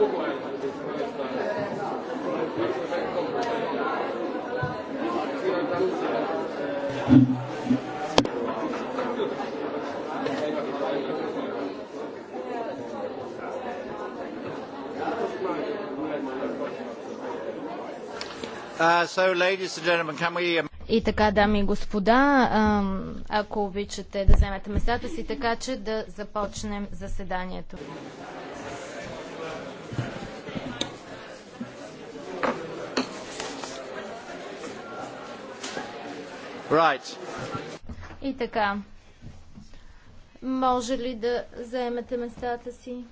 Uh, um, и така, дами и господа, ако обичате да вземете местата си, така че да започнем заседанието. Right. И така. Може ли да заемете местата си?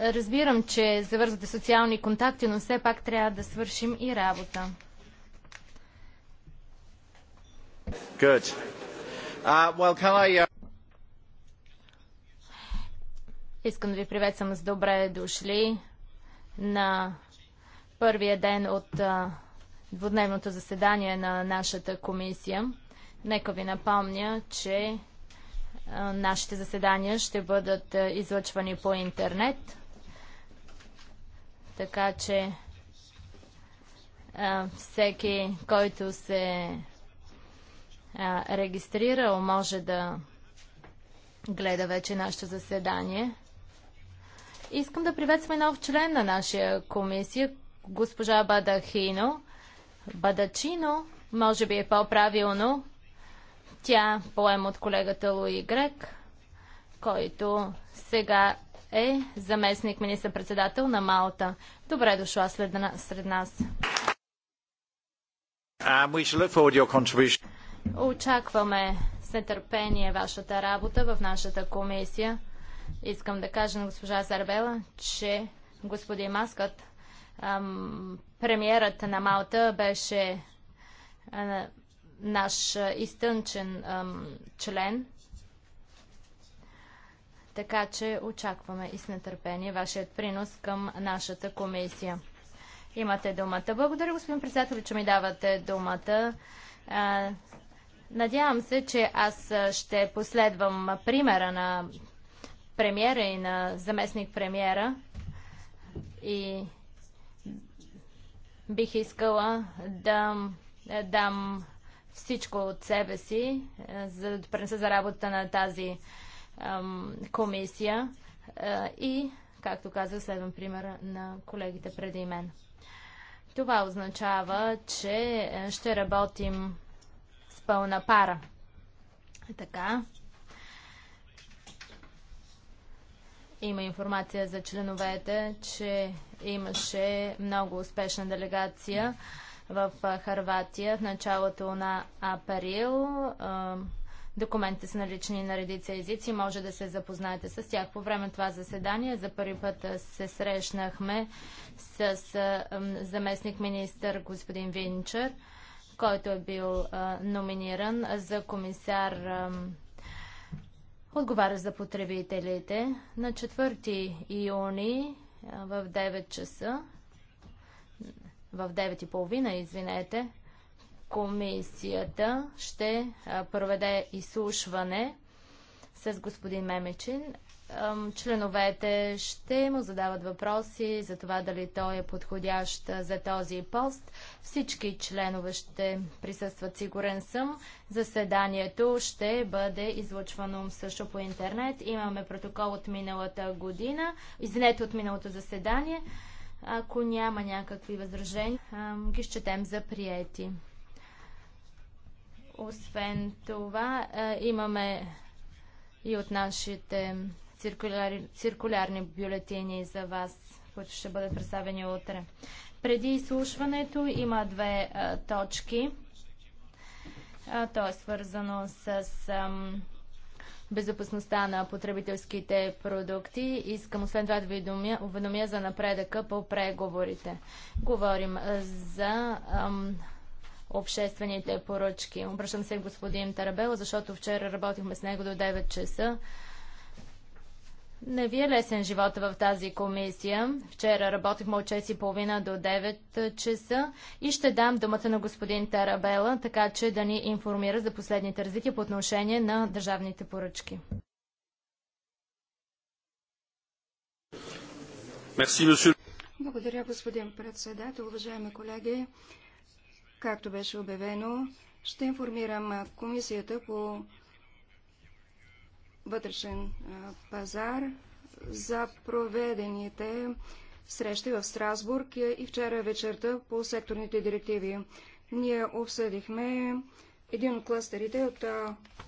Разбирам, че завързвате социални контакти, но все пак трябва да свършим и работа. Good. Uh, well, can I, uh... Искам да ви приветствам с добре дошли на първия ден от uh, двудневното заседание на нашата комисия. Нека ви напомня, че нашите заседания ще бъдат излъчвани по интернет, така че всеки, който се регистрирал, може да гледа вече нашето заседание. Искам да приветствам нов член на нашия комисия, госпожа Бадахино. Бадачино, може би е по-правилно. Тя поем от колегата Луи Грек, който сега е заместник министър-председател на Малта. Добре дошла след, сред нас. Um, Очакваме с нетърпение вашата работа в нашата комисия. Искам да кажа на госпожа Зарбела, че господин Маскът Ам, на Малта беше а, наш изтънчен ам, член. Така че очакваме и с нетърпение вашият принос към нашата комисия. Имате думата. Благодаря, господин председател, че ми давате думата. А, надявам се, че аз ще последвам примера на премиера и на заместник премиера и Бих искала да е, дам всичко от себе си, е, за да допринеса за работа на тази ем, комисия е, и, както казах, следвам примера на колегите преди мен. Това означава, че е, ще работим с пълна пара. Така. Има информация за членовете, че Имаше много успешна делегация в Харватия в началото на април. Документите са налични на редица езици, може да се запознаете с тях. По време това заседание за първи път се срещнахме с заместник министър господин Винчер, който е бил номиниран за комисар отговаря за потребителите. На 4 июни в 9 часа, в 9 и половина, извинете, комисията ще проведе изслушване с господин Мемечин членовете ще му задават въпроси за това дали той е подходящ за този пост. Всички членове ще присъстват, сигурен съм. Заседанието ще бъде излъчвано също по интернет. Имаме протокол от миналата година, извинете от миналото заседание. Ако няма някакви възражения, ги счетем за приети. Освен това, имаме и от нашите циркуляри, циркулярни бюлетини за вас, които ще бъдат представени утре. Преди изслушването има две а, точки. А, то е свързано с безопасността на потребителските продукти. Искам освен това да ви уведомя за напредъка по преговорите. Говорим за ам, обществените поръчки. Обръщам се господин Тарабело, защото вчера работихме с него до 9 часа. Не ви е лесен живота в тази комисия. Вчера работихме от 6.30 до 9 часа и ще дам думата на господин Тарабела, така че да ни информира за последните развития по отношение на държавните поръчки. Благодаря, господин председател. Уважаеми колеги, както беше обявено, ще информирам комисията по вътрешен пазар за проведените срещи в Страсбург и вчера вечерта по секторните директиви. Ние обсъдихме един от кластерите от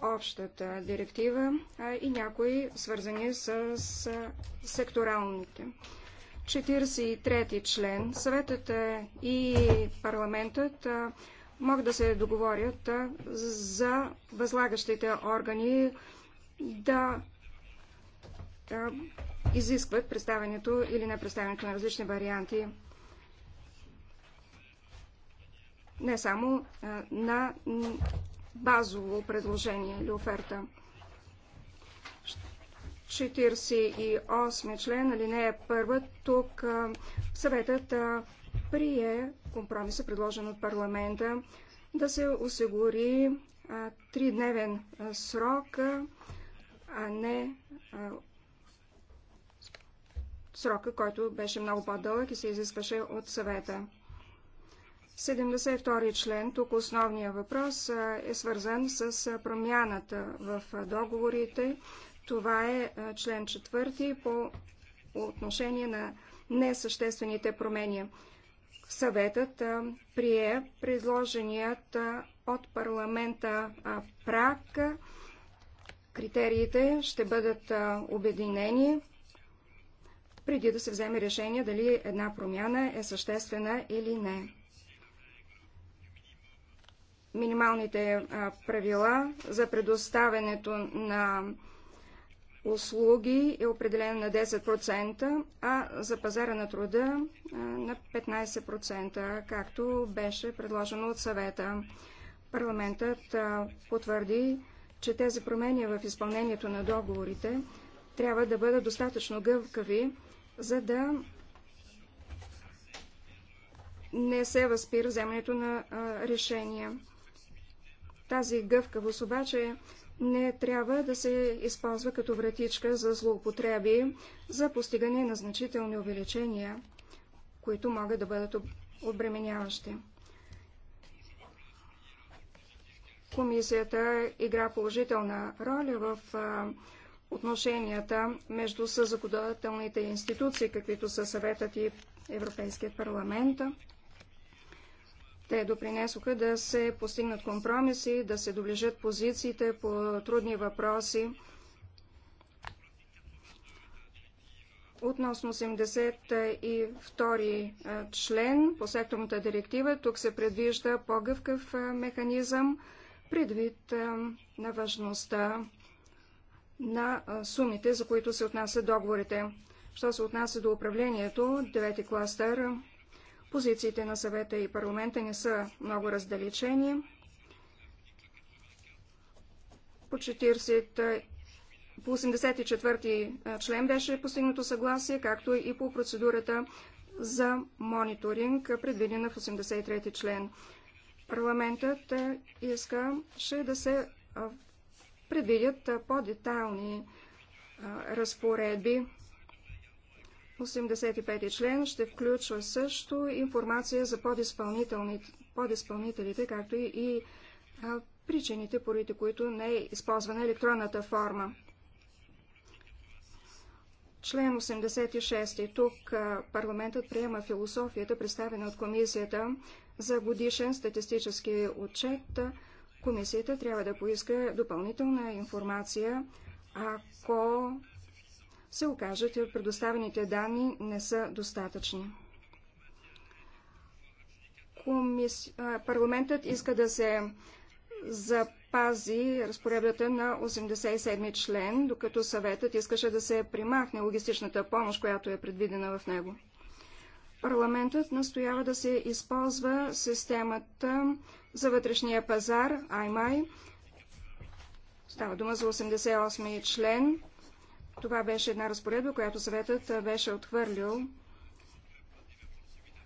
общата директива и някои свързани с секторалните. 43 член. Съветът и парламентът могат да се договорят за възлагащите органи да, да изискват представянето или не представянето на различни варианти не само на базово предложение или оферта. 48 член, алинея първа, тук съветът прие компромиса, предложен от парламента, да се осигури тридневен срок а не а, срока, който беше много по-дълъг и се изискваше от съвета. 72 член, тук основният въпрос е свързан с промяната в договорите. Това е член 4 по отношение на несъществените промени. Съветът прие предложеният от парламента прак Критериите ще бъдат обединени преди да се вземе решение дали една промяна е съществена или не. Минималните правила за предоставянето на услуги е определено на 10%, а за пазара на труда на 15%, както беше предложено от съвета. Парламентът потвърди че тези промени в изпълнението на договорите трябва да бъдат достатъчно гъвкави, за да не се възпира вземането на решения. Тази гъвкавост обаче не трябва да се използва като вратичка за злоупотреби за постигане на значителни увеличения, които могат да бъдат обременяващи. Комисията игра положителна роля в отношенията между съзакодателните институции, каквито са съветът и Европейският парламент. Те допринесоха да се постигнат компромиси, да се доближат позициите по трудни въпроси. Относно 82 член по секторната директива, тук се предвижда по-гъвкав механизъм предвид на важността на сумите, за които се отнасят договорите. Що се отнася до управлението, девети кластър, позициите на съвета и парламента не са много раздалечени. По 40 по 84-ти член беше постигнато съгласие, както и по процедурата за мониторинг, предвидена в 83-ти член. Парламентът е, искаше да се е, предвидят е, по детални разпоредби. 85 член ще включва също информация за подизпълнителите, както и причините, поради които не е използвана електронната форма. Член 86. Тук парламентът приема философията, представена от комисията за годишен статистически отчет комисията трябва да поиска допълнителна информация, ако се окаже, че предоставените данни не са достатъчни. Комис... Парламентът иска да се запази разпоредбата на 87 член, докато съветът искаше да се примахне логистичната помощ, която е предвидена в него. Парламентът настоява да се използва системата за вътрешния пазар, АйМай. Става дума за 88 член. Това беше една разпоредба, която съветът беше отхвърлил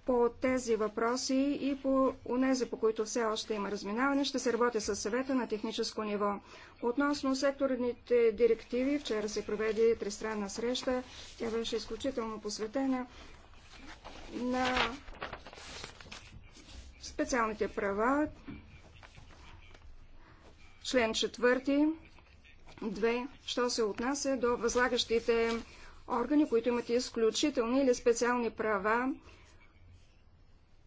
по тези въпроси и по унези, по които все още има разминаване, ще се работи с съвета на техническо ниво. Относно секторните директиви, вчера се проведе тристранна среща. Тя беше изключително посветена на специалните права, член 4, 2, що се отнася до възлагащите органи, които имат изключителни или специални права.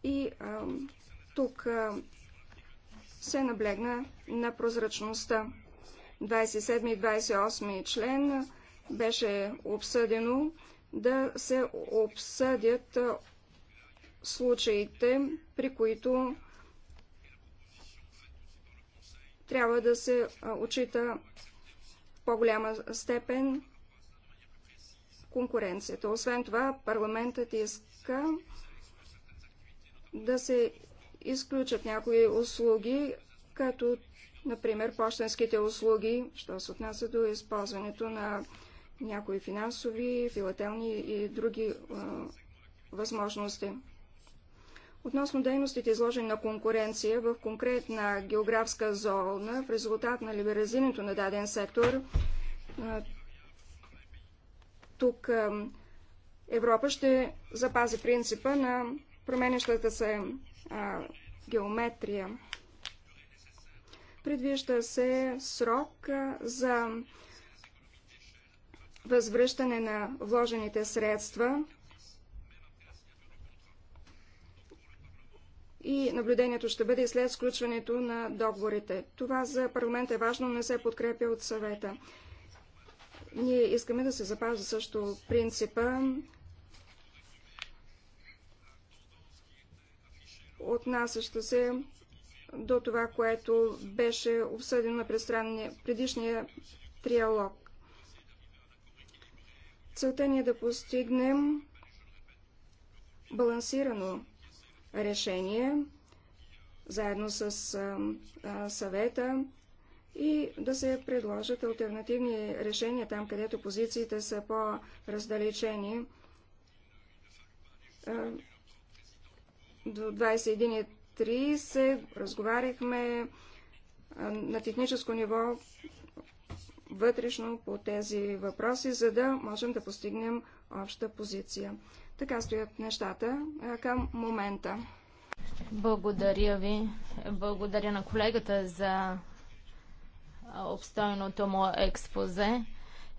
И а, тук а, се наблегна на прозрачността. 27 и 28 член беше обсъдено да се обсъдят случаите, при които трябва да се отчита в по-голяма степен конкуренцията. Освен това, парламентът иска да се изключат някои услуги, като например почтенските услуги, що се отнася до използването на някои финансови, филателни и други възможности. Относно дейностите изложени на конкуренция в конкретна географска зона в резултат на либерализирането на даден сектор, тук Европа ще запази принципа на променящата се геометрия. Предвижда се срок за възвръщане на вложените средства и наблюдението ще бъде след сключването на договорите. Това за парламент е важно, не се подкрепя от съвета. Ние искаме да се запази също принципа отнасяща се до това, което беше обсъдено на предишния триалог. Целта ни е да постигнем балансирано решение заедно с а, съвета и да се предложат альтернативни решения там, където позициите са по-раздалечени. До 21.30 разговаряхме на техническо ниво вътрешно по тези въпроси, за да можем да постигнем обща позиция. Така стоят нещата към момента. Благодаря ви. Благодаря на колегата за обстойното му експозе.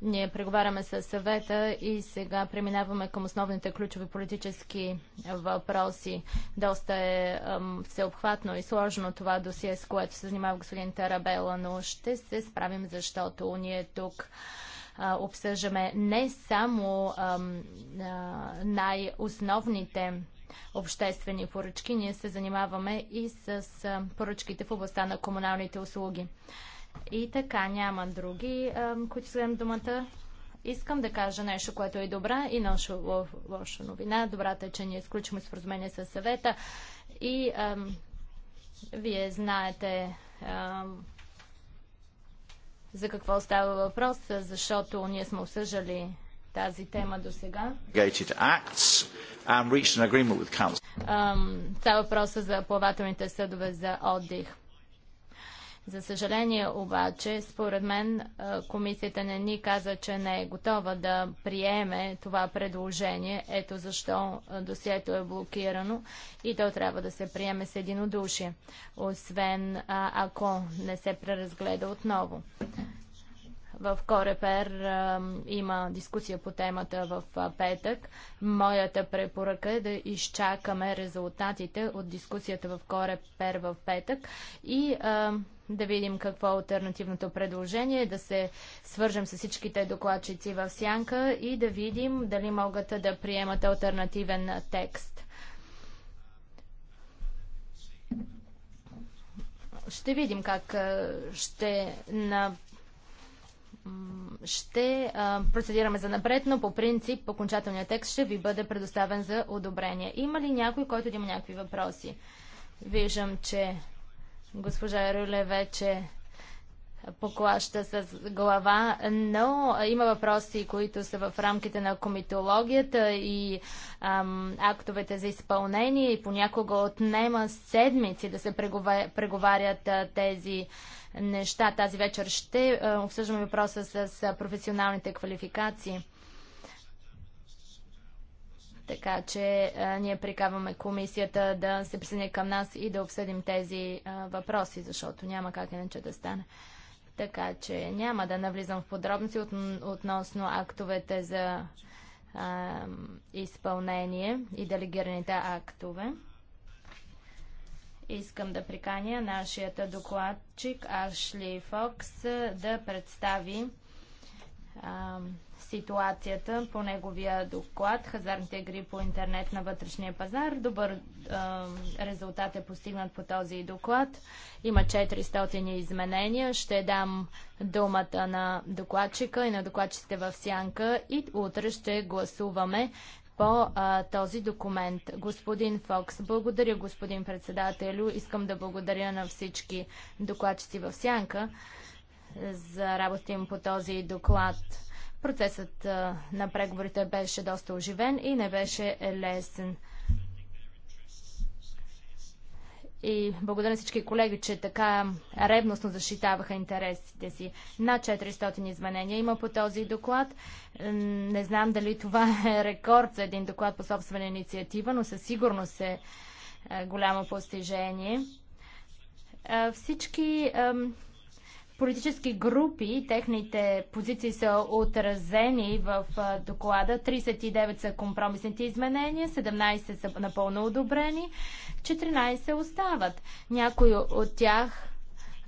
Ние преговаряме с съвета и сега преминаваме към основните ключови политически въпроси. Доста е ам, всеобхватно и сложно това досие, с което се занимава господин Тарабела, но ще се справим, защото ние тук обсъждаме не само най-основните обществени поръчки, ние се занимаваме и с поръчките в областта на комуналните услуги. И така, няма други, които следвам думата. Искам да кажа нещо, което е добра и наша лоша новина. Добрата е, че ние изключваме споразумение с съвета и ам, вие знаете ам, за какво става въпрос, защото ние сме обсъждали тази тема до сега. Става въпроса за плавателните съдове за отдих. За съжаление обаче, според мен, комисията не ни каза, че не е готова да приеме това предложение. Ето защо досието е блокирано и то трябва да се приеме с единодушие, освен ако не се преразгледа отново. В Корепер а, има дискусия по темата в а, петък. Моята препоръка е да изчакаме резултатите от дискусията в Корепер в петък и а, да видим какво е альтернативното предложение, да се свържем с всичките докладчици в сянка и да видим дали могат да приемат альтернативен текст. Ще видим как ще на ще а, процедираме за напред, но по принцип окончателният текст ще ви бъде предоставен за одобрение. Има ли някой, който има някакви въпроси? Виждам, че Госпожа Руле вече поклаща с глава, но има въпроси, които са в рамките на комитологията и ам, актовете за изпълнение и понякога отнема седмици да се преговарят, преговарят тези неща. Тази вечер ще обсъждаме въпроса с професионалните квалификации. Така че а, ние прикаваме комисията да се присъедини към нас и да обсъдим тези а, въпроси, защото няма как иначе да стане. Така че няма да навлизам в подробности от, относно актовете за а, изпълнение и делегираните актове. Искам да приканя нашията докладчик Ашли Фокс да представи ситуацията по неговия доклад Хазарните игри по интернет на вътрешния пазар. Добър а, резултат е постигнат по този доклад. Има 400 изменения. Ще дам думата на докладчика и на докладчите в сянка и утре ще гласуваме по а, този документ. Господин Фокс, благодаря господин председателю. Искам да благодаря на всички докладчици в сянка за работа им по този доклад. Процесът на преговорите беше доста оживен и не беше лесен. И благодаря на всички колеги, че така ревностно защитаваха интересите си. Над 400 изменения има по този доклад. Не знам дали това е рекорд за един доклад по собствена инициатива, но със сигурност е, е голямо постижение. Всички политически групи, техните позиции са отразени в доклада. 39 са компромисните изменения, 17 са напълно одобрени, 14 остават. Някои от тях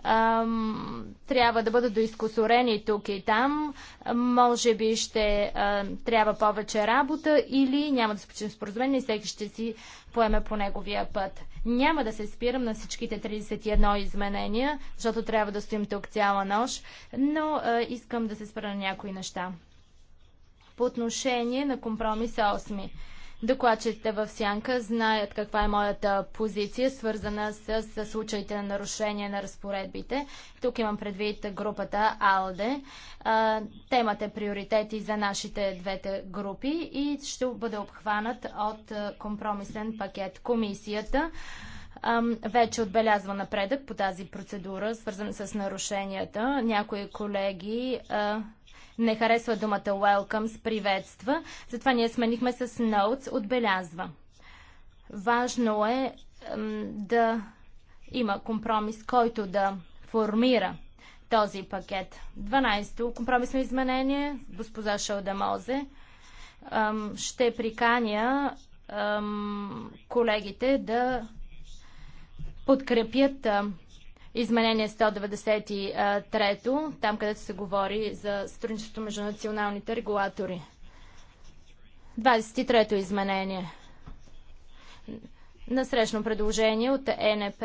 ам, трябва да бъдат доискосорени тук и там. Може би ще ам, трябва повече работа или няма да се споразумение и всеки ще си поеме по неговия път. Няма да се спирам на всичките 31 изменения, защото трябва да стоим тук цяла нощ, но а, искам да се спра на някои неща. По отношение на компромис 8. Докладчите в Сянка знаят каква е моята позиция, свързана с, с случаите на нарушение на разпоредбите. Тук имам предвид групата АЛДЕ. А, темата е приоритети за нашите двете групи и ще бъде обхванат от компромисен пакет. Комисията вече отбелязва напредък по тази процедура, свързана с нарушенията. Някои колеги а, не харесва думата welcomes, приветства. Затова ние сменихме с notes, отбелязва. Важно е да има компромис, който да формира този пакет. 12-то компромисно изменение, госпожа Шалдамозе, ще приканя колегите да подкрепят изменение 193, там където се говори за сътрудничеството между националните регулатори. 23-то изменение. Насрещно предложение от ЕНП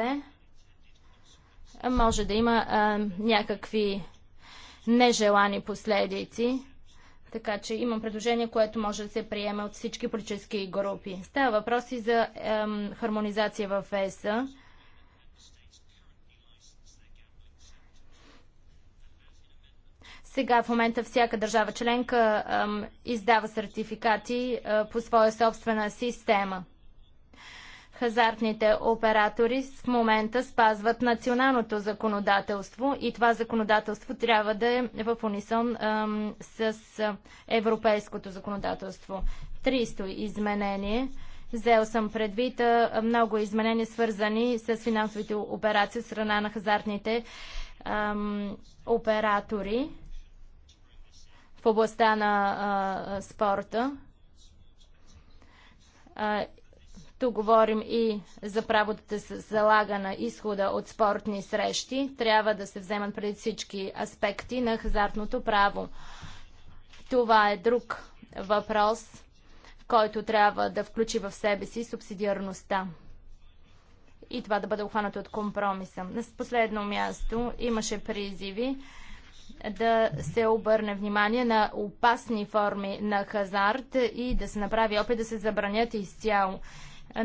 може да има а, някакви нежелани последици. Така че имам предложение, което може да се приеме от всички политически групи. Става въпроси за а, хармонизация в ЕСА. Сега в момента всяка държава членка ам, издава сертификати а, по своя собствена система. Хазартните оператори в момента спазват националното законодателство и това законодателство трябва да е в унисон ам, с европейското законодателство. 300 изменение. Взел съм предвид много изменения, свързани с финансовите операции от страна на хазартните ам, оператори в областта на а, спорта. А, тук говорим и за правото да се залага на изхода от спортни срещи. Трябва да се вземат преди всички аспекти на хазартното право. Това е друг въпрос, който трябва да включи в себе си субсидиарността. И това да бъде обхванато от компромиса. На последно място имаше призиви да се обърне внимание на опасни форми на хазарт и да се направи опит да се забранят изцяло.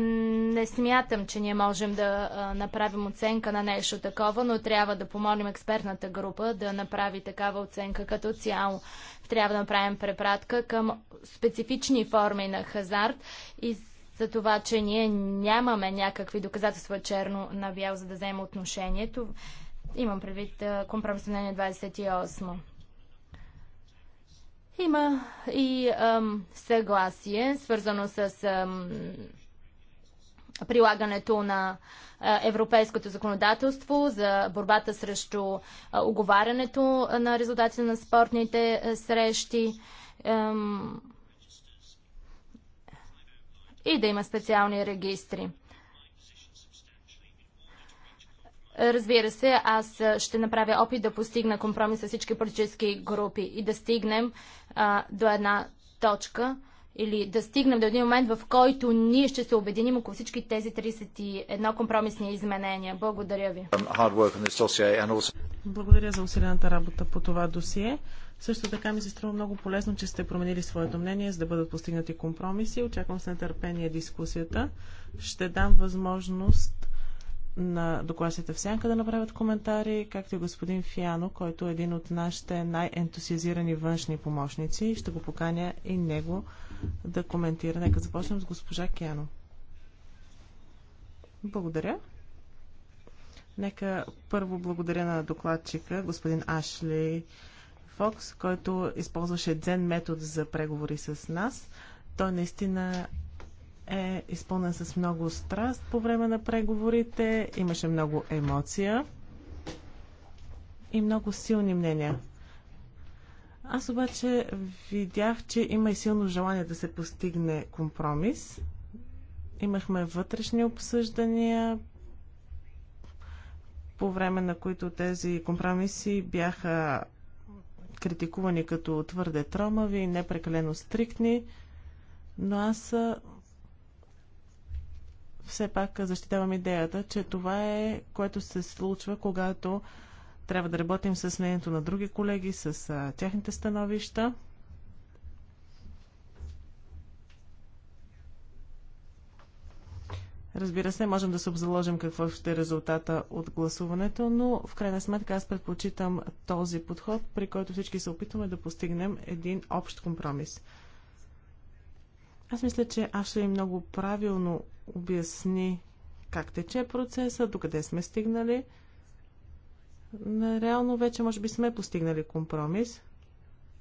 Не смятам, че ние можем да направим оценка на нещо такова, но трябва да помолим експертната група да направи такава оценка като цяло. Трябва да направим препратка към специфични форми на хазарт и за това, че ние нямаме някакви доказателства черно на бял, за да вземем отношението. Имам предвид компромисно 28. Има и ам, съгласие, свързано с ам, прилагането на европейското законодателство за борбата срещу уговарянето оговарянето на резултатите на спортните срещи и да има специални регистри. Разбира се, аз ще направя опит да постигна компромис с всички политически групи и да стигнем а, до една точка или да стигнем до един момент, в който ние ще се обединим около всички тези 31 компромисни изменения. Благодаря ви. Um, Благодаря за усилената работа по това досие. Също така ми се струва много полезно, че сте променили своето мнение, за да бъдат постигнати компромиси. Очаквам с нетърпение дискусията. Ще дам възможност на докладчите в сянка да направят коментари, както и господин Фиано, който е един от нашите най-ентусиазирани външни помощници. Ще го поканя и него да коментира. Нека започнем с госпожа Кяно. Благодаря. Нека първо благодаря на докладчика, господин Ашли Фокс, който използваше дзен метод за преговори с нас. Той наистина е изпълнен с много страст по време на преговорите, имаше много емоция и много силни мнения. Аз обаче видях, че има и силно желание да се постигне компромис. Имахме вътрешни обсъждания, по време на които тези компромиси бяха критикувани като твърде тромави, непрекалено стриктни, но аз все пак защитавам идеята, че това е което се случва, когато трябва да работим с мнението на други колеги, с а, тяхните становища. Разбира се, можем да се обзаложим какво ще е резултата от гласуването, но в крайна сметка аз предпочитам този подход, при който всички се опитваме да постигнем един общ компромис. Аз мисля, че Ашли и много правилно обясни как тече процеса, до къде сме стигнали. Реално вече може би сме постигнали компромис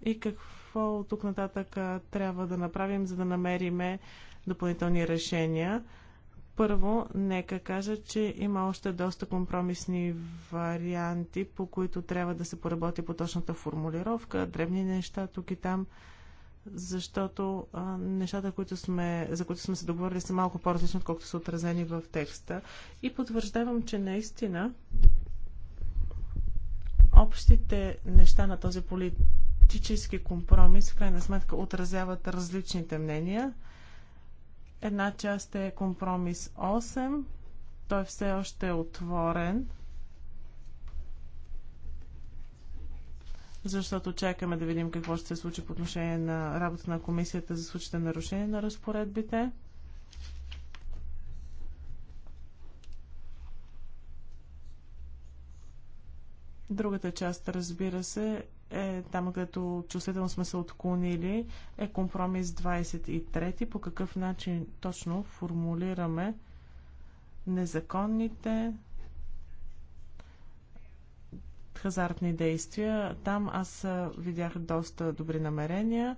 и какво тук нататък трябва да направим, за да намериме допълнителни решения. Първо, нека кажа, че има още доста компромисни варианти, по които трябва да се поработи по точната формулировка, древни неща тук и там – защото а, нещата, които сме, за които сме се договорили, са малко по-различни, отколкото са отразени в текста. И потвърждавам, че наистина общите неща на този политически компромис в крайна сметка отразяват различните мнения. Една част е компромис 8, той все още е отворен защото чакаме да видим какво ще се случи по отношение на работа на комисията за случаите на нарушение на разпоредбите. Другата част, разбира се, е там, където чувствително сме се отклонили, е компромис 23. По какъв начин точно формулираме незаконните хазартни действия. Там аз видях доста добри намерения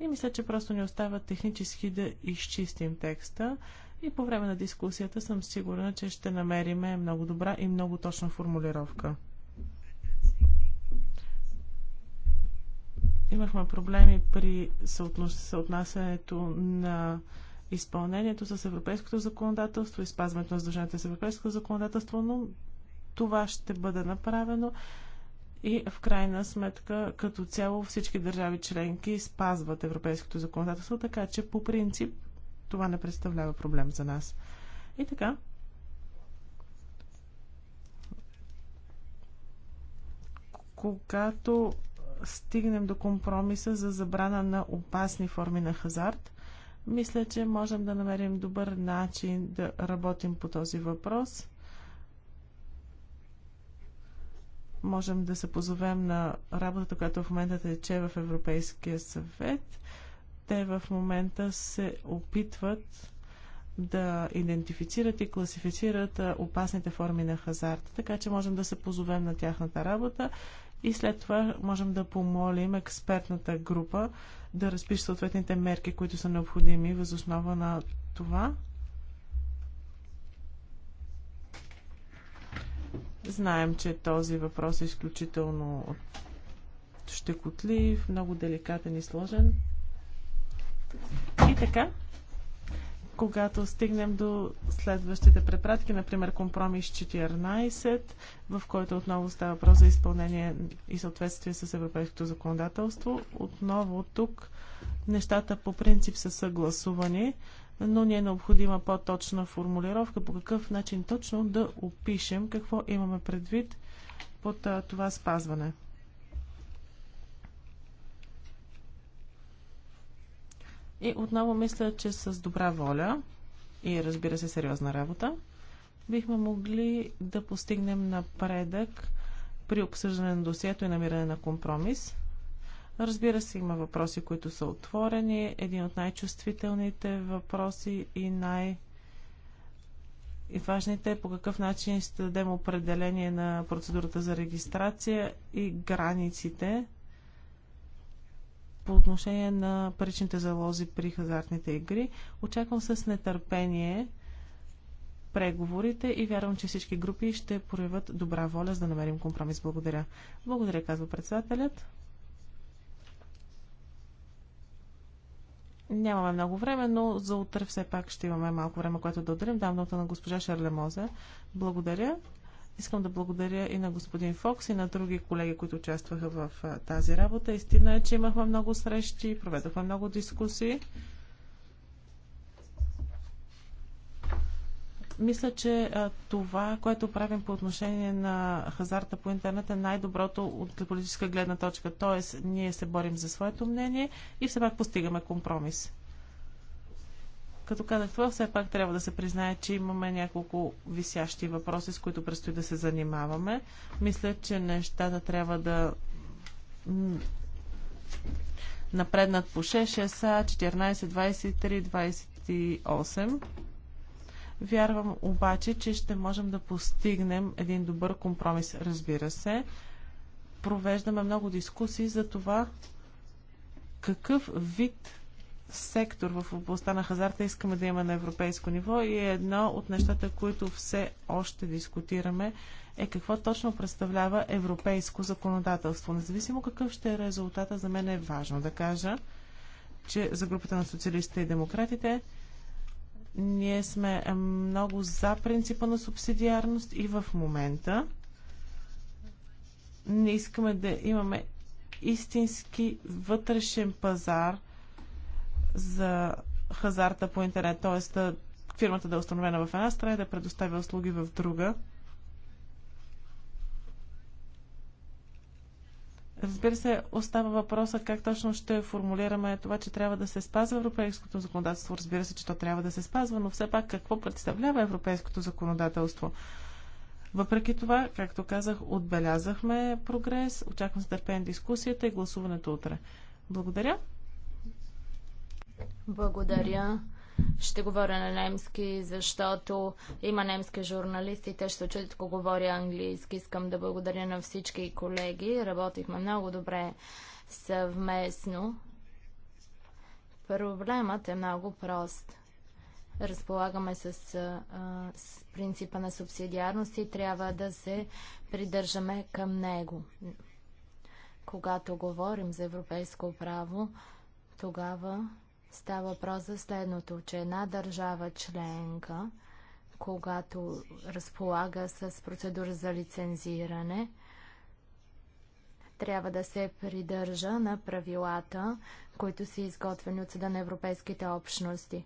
и мисля, че просто ни остава технически да изчистим текста. И по време на дискусията съм сигурна, че ще намериме много добра и много точна формулировка. Имахме проблеми при съотнасянето на изпълнението с европейското законодателство и спазването на задълженията с европейското законодателство, но това ще бъде направено и в крайна сметка като цяло всички държави членки спазват европейското законодателство, така че по принцип това не представлява проблем за нас. И така. Когато стигнем до компромиса за забрана на опасни форми на хазарт, мисля, че можем да намерим добър начин да работим по този въпрос – можем да се позовем на работата, която в момента тече в Европейския съвет. Те в момента се опитват да идентифицират и класифицират опасните форми на хазарт. Така че можем да се позовем на тяхната работа и след това можем да помолим експертната група да разпише съответните мерки, които са необходими възоснова на това. Знаем, че този въпрос е изключително щекотлив, много деликатен и сложен. И така, когато стигнем до следващите препратки, например компромис 14, в който отново става въпрос за изпълнение и съответствие с европейското законодателство, отново тук нещата по принцип са съгласувани, но ни е необходима по-точна формулировка по какъв начин точно да опишем какво имаме предвид под това спазване. И отново мисля, че с добра воля и разбира се сериозна работа бихме могли да постигнем напредък при обсъждане на досието и намиране на компромис. Разбира се, има въпроси, които са отворени. Един от най-чувствителните въпроси и най- и важните е по какъв начин ще дадем определение на процедурата за регистрация и границите по отношение на паричните залози при хазартните игри. Очаквам с нетърпение преговорите и вярвам, че всички групи ще проявят добра воля, за да намерим компромис. Благодаря. Благодаря, казва председателят. Нямаме много време, но за утре все пак ще имаме малко време, което да отделим. Дам нота на госпожа Шарлемоза. Благодаря. Искам да благодаря и на господин Фокс, и на други колеги, които участваха в тази работа. Истина е, че имахме много срещи, проведохме много дискусии. Мисля, че това, което правим по отношение на хазарта по интернет е най-доброто от политическа гледна точка. Тоест, ние се борим за своето мнение и все пак постигаме компромис. Като казах това, все пак трябва да се признае, че имаме няколко висящи въпроси, с които предстои да се занимаваме. Мисля, че нещата трябва да напреднат по 6, 6, 14, 23, 28. Вярвам обаче, че ще можем да постигнем един добър компромис, разбира се. Провеждаме много дискусии за това какъв вид сектор в областта на хазарта искаме да има на европейско ниво и едно от нещата, които все още дискутираме е какво точно представлява европейско законодателство. Независимо какъв ще е резултата, за мен е важно да кажа, че за групата на социалистите и демократите ние сме е, много за принципа на субсидиарност и в момента не искаме да имаме истински вътрешен пазар за хазарта по интернет, т.е. фирмата да е установена в една страна и да предоставя услуги в друга. Разбира се, остава въпроса как точно ще формулираме това, че трябва да се спазва европейското законодателство. Разбира се, че то трябва да се спазва, но все пак какво представлява европейското законодателство? Въпреки това, както казах, отбелязахме прогрес. Очаквам с търпение дискусията и гласуването утре. Благодаря. Благодаря. Ще говоря на немски, защото има немски журналисти, те ще чуят, ако говоря английски. Искам да благодаря на всички колеги. Работихме много добре съвместно. Проблемът е много прост. Разполагаме с, а, с принципа на субсидиарност и трябва да се придържаме към него. Когато говорим за европейско право, тогава Става въпрос за следното, че една държава членка, когато разполага с процедура за лицензиране, трябва да се придържа на правилата, които са изготвени от Съда на Европейските общности.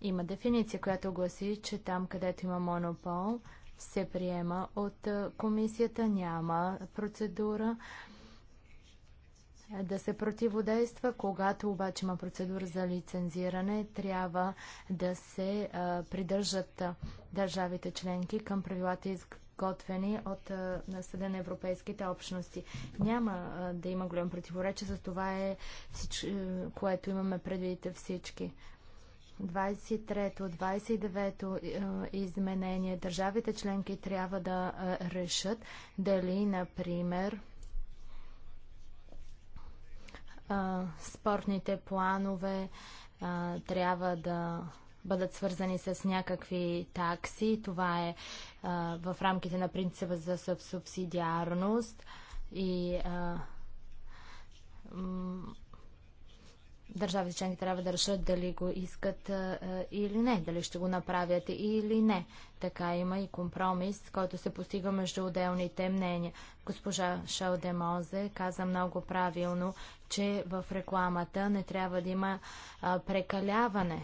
Има дефиниция, която гласи, че там, където има монопол, се приема от комисията, няма процедура да се противодейства. Когато обаче има процедура за лицензиране, трябва да се а, придържат държавите членки към правилата изготвени от а, на Съда на Европейските общности. Няма а, да има голям противоречие, за това е всич... което имаме предвидите всички. 23-то, 29-то изменение. Държавите членки трябва да решат дали, например, спортните планове а, трябва да бъдат свързани с някакви такси. Това е а, в рамките на принципа за субсидиарност и а, държавите членки трябва да решат дали го искат а, или не, дали ще го направят или не. Така има и компромис, който се постига между отделните мнения. Госпожа Шалдемозе каза много правилно, че в рекламата не трябва да има а, прекаляване.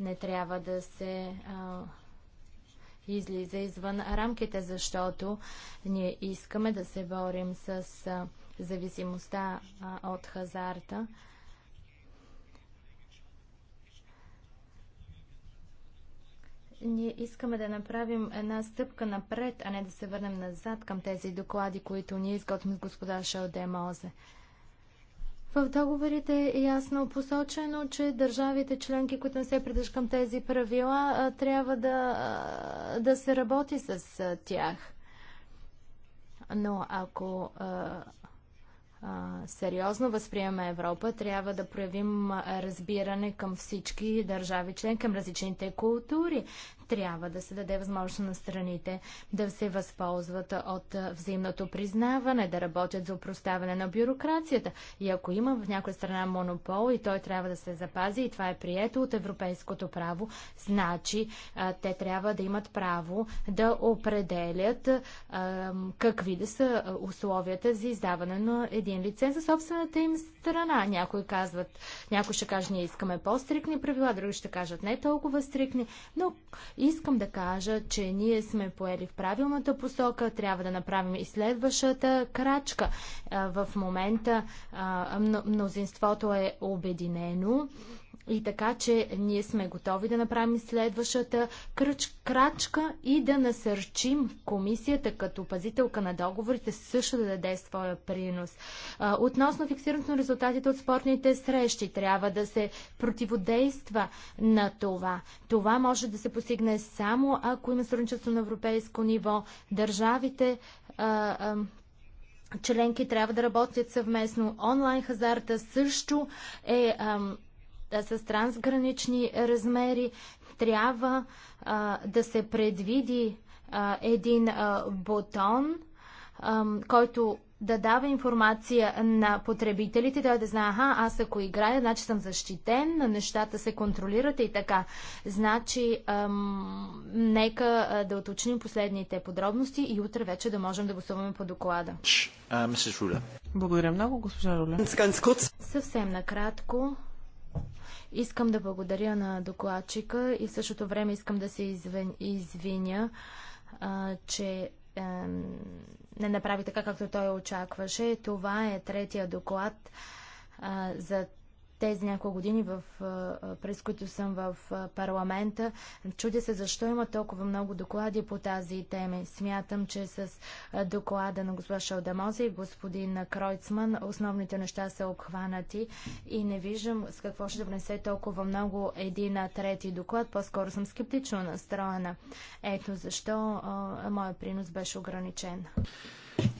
Не трябва да се а, излиза извън рамките, защото ние искаме да се борим с а, зависимостта а, от хазарта. Ние искаме да направим една стъпка напред, а не да се върнем назад към тези доклади, които ние изготвим с господа Шалдемозе. Мозе. В договорите е ясно посочено, че държавите членки, които не се придържат към тези правила, трябва да, да се работи с тях. Но ако а, а, сериозно възприема Европа, трябва да проявим разбиране към всички държави член, към различните култури. Трябва да се даде възможност на страните да се възползват от взаимното признаване, да работят за упроставане на бюрокрацията. И ако има в някоя страна монопол и той трябва да се запази и това е прието от европейското право, значи те трябва да имат право да определят какви да са условията за издаване на един лиценз за собствената им страна. Някои казват, някои ще каже, ние искаме по-стрикни правила, други ще кажат не толкова стрикни, но Искам да кажа, че ние сме поели в правилната посока, трябва да направим и следващата крачка. В момента мнозинството е обединено и така, че ние сме готови да направим следващата крачка и да насърчим комисията като пазителка на договорите също да даде своя принос. Относно фиксирането на резултатите от спортните срещи, трябва да се противодейства на това. Това може да се постигне само ако има сътрудничество на европейско ниво. Държавите а, а, членки трябва да работят съвместно. Онлайн хазарта също е ам, с трансгранични размери, трябва а, да се предвиди а, един а, бутон, а, който да дава информация на потребителите, той да знае, аха, аз ако играя, значи съм защитен, нещата се контролират и така. Значи, ам, нека да уточним последните подробности и утре вече да можем да гласуваме по доклада. Благодаря много, госпожа Руля. Съвсем накратко, Искам да благодаря на докладчика и в същото време искам да се извиня, а, че не направи така, както той очакваше. Това е третия доклад а, за тези няколко години, в, през които съм в парламента. Чудя се защо има толкова много доклади по тази тема. Смятам, че с доклада на госпожа Шалдамоза и господин Кройцман основните неща са обхванати и не виждам с какво ще внесе толкова много един на трети доклад. По-скоро съм скептично настроена. Ето защо а, моят принос беше ограничен.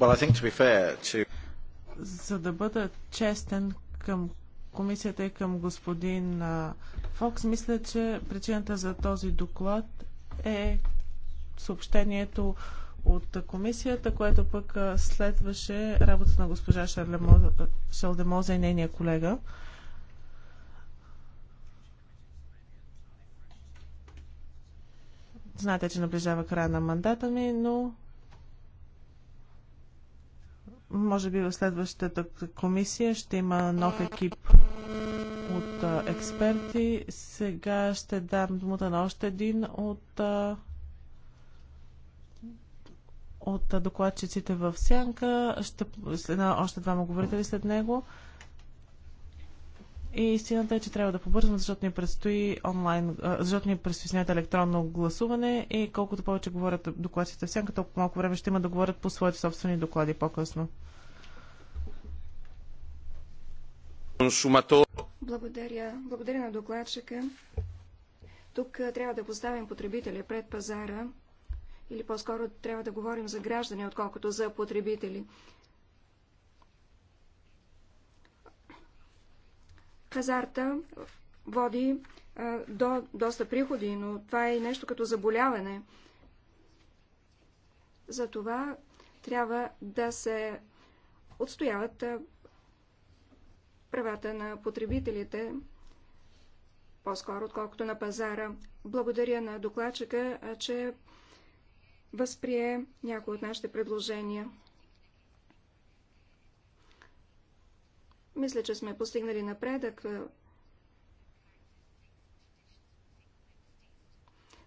Well, I think to be fair to... За да бъда честен към комисията и е към господин Фокс. Мисля, че причината за този доклад е съобщението от комисията, което пък следваше работата на госпожа Шалдемоза и нейния колега. Знаете, че наближава края на мандата ми, но може би в следващата комисия ще има нов екип от експерти. Сега ще дам думата на още един от от докладчиците в сянка. Ще, една, още двама говорители след него. И истината е, че трябва да побързам, защото ни предстои онлайн, защото ни предстои снят електронно гласуване и колкото повече говорят докладците в сянка, толкова малко време ще има да говорят по своите собствени доклади по-късно. Благодаря. Благодаря на докладчика. Тук трябва да поставим потребителя пред пазара, или по-скоро трябва да говорим за граждани, отколкото за потребители. Хазарта води до доста приходи, но това е нещо като заболяване. Затова трябва да се отстояват правата на потребителите, по-скоро отколкото на пазара. Благодаря на докладчика, че възприе някои от нашите предложения. Мисля, че сме постигнали напредък.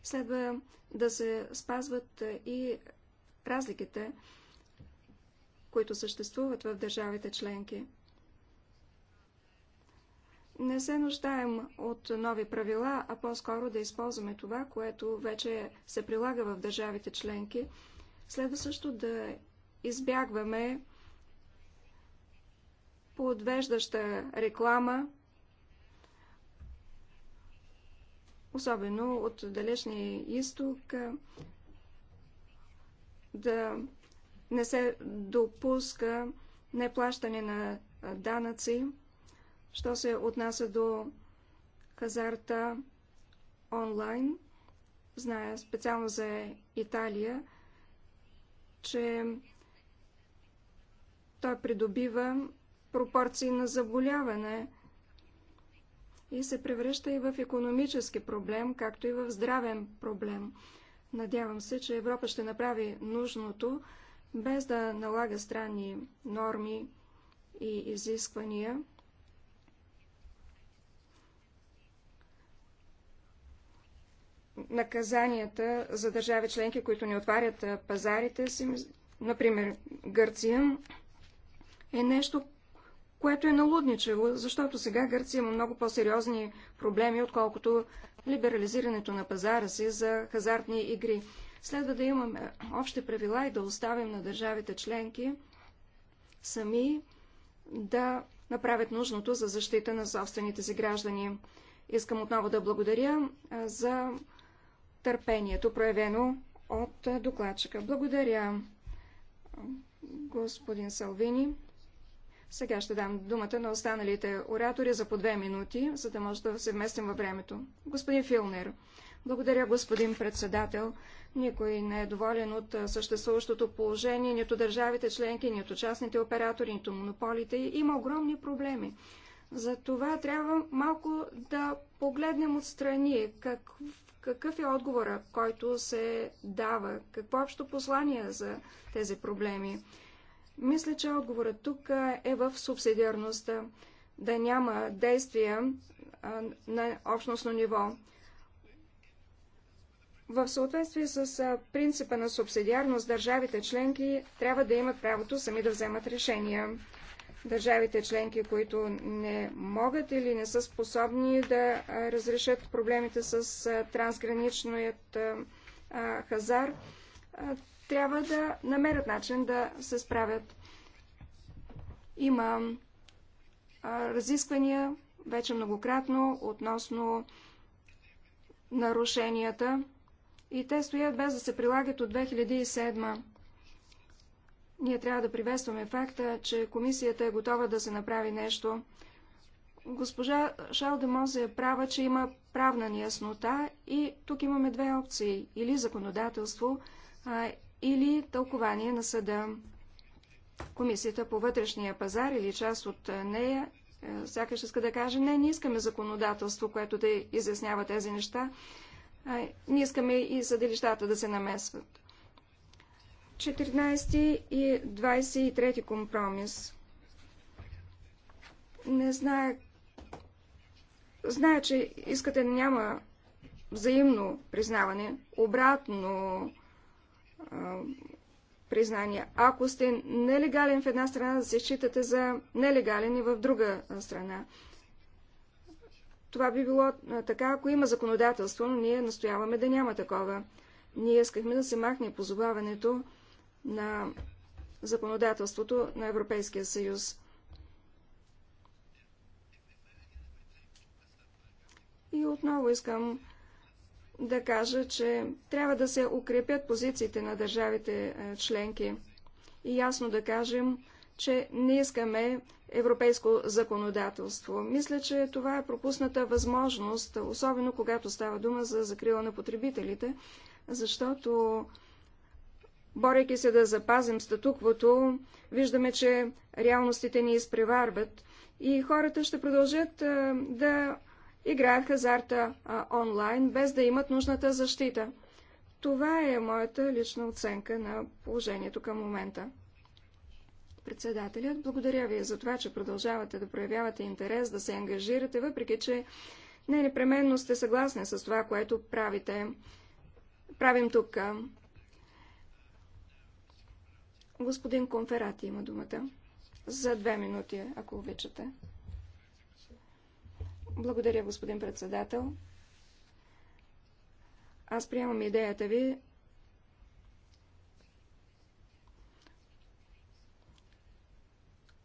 Следва да се спазват и разликите, които съществуват в държавите членки. Не се нуждаем от нови правила, а по-скоро да използваме това, което вече се прилага в държавите членки. Следва също да избягваме подвеждаща реклама, особено от далечния изток, да не се допуска неплащане на данъци, що се отнася до хазарта онлайн. Зная специално за Италия, че той придобива пропорции на заболяване и се превръща и в економически проблем, както и в здравен проблем. Надявам се, че Европа ще направи нужното, без да налага странни норми и изисквания. Наказанията за държави членки, които не отварят пазарите си, например Гърция, е нещо, което е налудничево, защото сега Гърция има много по-сериозни проблеми, отколкото либерализирането на пазара си за хазартни игри. Следва да имаме общи правила и да оставим на държавите членки сами да направят нужното за защита на собствените си граждани. Искам отново да благодаря за търпението, проявено от докладчика. Благодаря, господин Салвини. Сега ще дам думата на останалите оратори за по две минути, за да може да се вместим във времето. Господин Филнер, благодаря, господин председател. Никой не е доволен от съществуващото положение, нито държавите членки, нито частните оператори, нито монополите. Има огромни проблеми. За това трябва малко да погледнем отстрани как, какъв е отговора, който се дава, какво общо послание за тези проблеми. Мисля, че отговорът тук е в субсидиарността, да няма действия на общностно ниво. В съответствие с принципа на субсидиарност, държавите членки трябва да имат правото сами да вземат решения. Държавите членки, които не могат или не са способни да разрешат проблемите с трансграничният хазар, трябва да намерят начин да се справят. Има разисквания вече многократно относно нарушенията и те стоят без да се прилагат от 2007. Ние трябва да приветстваме факта, че комисията е готова да се направи нещо. Госпожа Шалдемозе е права, че има правна неяснота и тук имаме две опции. Или законодателство, или тълкование на съда. Комисията по вътрешния пазар или част от нея е, сякаш иска да каже, не, не искаме законодателство, което да изяснява тези неща. Не искаме и съдилищата да се намесват. 14 и 23 компромис. Не знае. Знае, че искате няма взаимно признаване, обратно признания. Ако сте нелегален в една страна, да се считате за нелегален и в друга страна. Това би било така, ако има законодателство, но ние настояваме да няма такова. Ние искахме да се махне позоваването на законодателството на Европейския съюз. И отново искам да кажа, че трябва да се укрепят позициите на държавите е, членки и ясно да кажем, че не искаме европейско законодателство. Мисля, че това е пропусната възможност, особено когато става дума за закрила на потребителите, защото борейки се да запазим статуквото, виждаме, че реалностите ни изпреварват и хората ще продължат е, да играят хазарта а, онлайн, без да имат нужната защита. Това е моята лична оценка на положението към момента. Председателят, благодаря ви за това, че продължавате да проявявате интерес, да се ангажирате, въпреки че не непременно сте съгласни с това, което правите. Правим тук. Господин Конферати има думата. За две минути, ако обичате. Благодаря, господин председател. Аз приемам идеята ви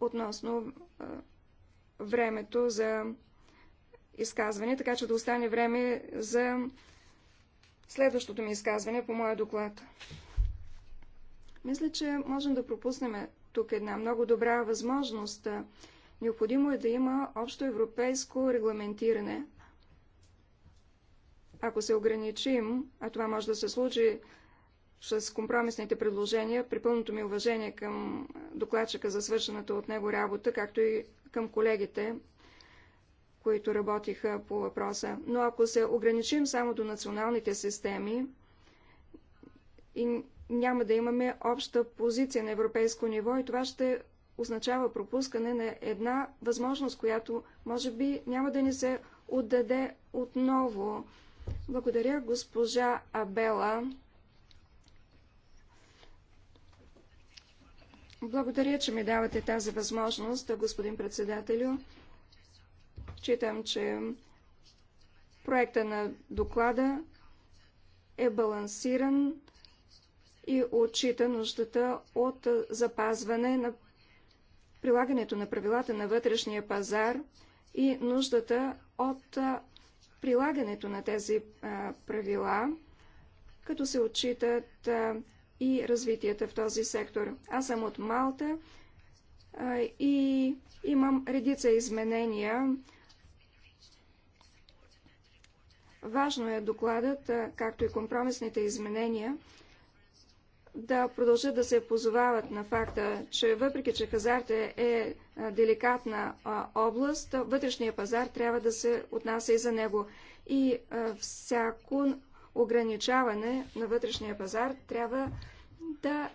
относно а, времето за изказване, така че да остане време за следващото ми изказване по моя доклад. Мисля, че можем да пропуснем тук една много добра възможност Необходимо е да има общо европейско регламентиране. Ако се ограничим, а това може да се случи с компромисните предложения, при пълното ми уважение към докладчика за свършената от него работа, както и към колегите, които работиха по въпроса. Но ако се ограничим само до националните системи, и няма да имаме обща позиция на европейско ниво и това ще означава пропускане на една възможност, която може би няма да ни се отдаде отново. Благодаря госпожа Абела. Благодаря, че ми давате тази възможност, господин председателю. Читам, че проекта на доклада е балансиран и отчита нуждата от запазване на прилагането на правилата на вътрешния пазар и нуждата от прилагането на тези правила, като се отчитат и развитията в този сектор. Аз съм от Малта и имам редица изменения. Важно е докладът, както и компромисните изменения, да продължат да се позовават на факта, че въпреки, че хазарта е деликатна област, вътрешния пазар трябва да се отнася и за него. И всяко ограничаване на вътрешния пазар трябва да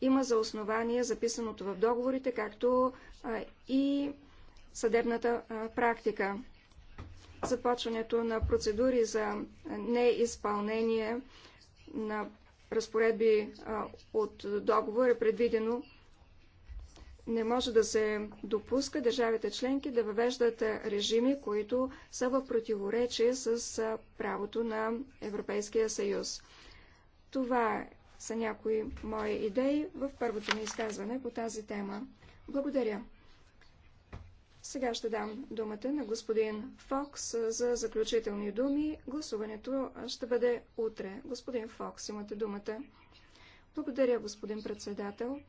има за основание записаното в договорите, както и съдебната практика. Започването на процедури за неизпълнение на разпоредби от договор е предвидено не може да се допуска държавите членки да въвеждат режими, които са в противоречие с правото на Европейския съюз. Това са някои мои идеи в първото ми изказване по тази тема. Благодаря. Сега ще дам думата на господин Фокс за заключителни думи. Гласуването ще бъде утре. Господин Фокс, имате думата. Благодаря, господин председател.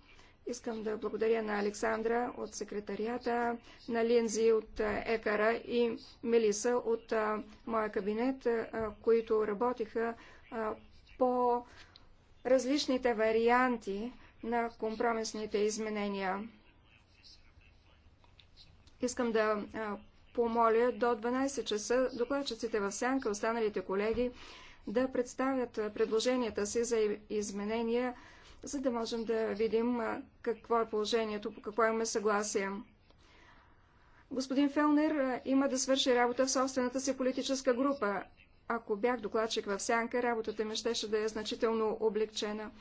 Искам да благодаря на Александра от секретарията, на Линзи от ЕКАРА и Мелиса от моя кабинет, които работиха по различните варианти на компромисните изменения. Искам да помоля до 12 часа докладчиците в сянка, останалите колеги, да представят предложенията си за изменения, за да можем да видим какво е положението, по какво имаме съгласие. Господин Фелнер има да свърши работа в собствената си политическа група. Ако бях докладчик в сянка, работата ми щеше да е значително облегчена.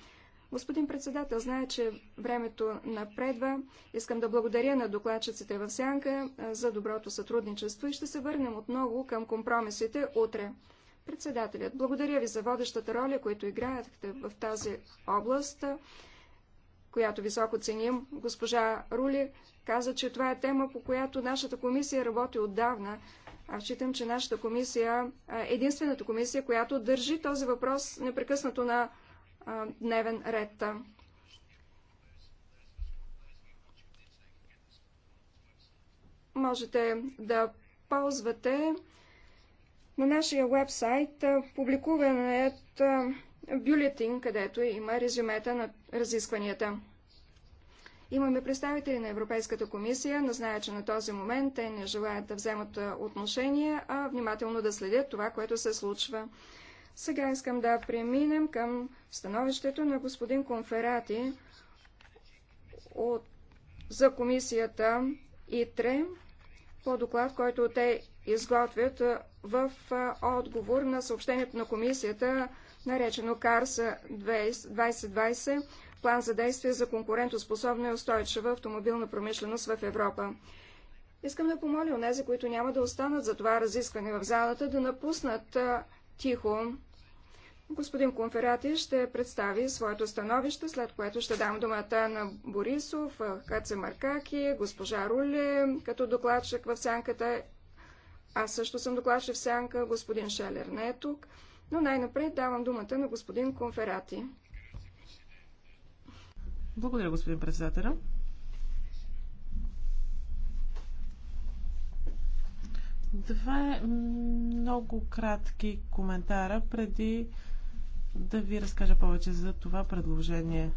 Господин председател, знае, че времето напредва. Искам да благодаря на докладчиците в Сянка за доброто сътрудничество и ще се върнем отново към компромисите утре. Председателят, благодаря ви за водещата роля, която играехте в тази област, която високо ценим. Госпожа Рули каза, че това е тема, по която нашата комисия работи отдавна. Аз считам, че нашата комисия е единствената комисия, която държи този въпрос непрекъснато на дневен ред. Можете да ползвате на нашия вебсайт публикуваният бюлетин, където има резюмета на разискванията. Имаме представители на Европейската комисия, но знаят, че на този момент те не желаят да вземат отношение, а внимателно да следят това, което се случва. Сега искам да преминем към становището на господин Конферати от, за комисията ИТРЕ по доклад, който те изготвят в отговор на съобщението на комисията, наречено КАРСА 2020, план за действие за конкурентоспособна и устойчива автомобилна промишленост в Европа. Искам да помоля онези, които няма да останат за това разискване в залата, да напуснат тихо. Господин Конферати ще представи своето становище, след което ще дам думата на Борисов, Маркаки, госпожа Руле, като докладчик в сянката. Аз също съм докладчик в сянка, господин Шелер не е тук, но най-напред давам думата на господин Конферати. Благодаря, господин председател. Два много кратки коментара преди да ви разкажа повече за това предложение.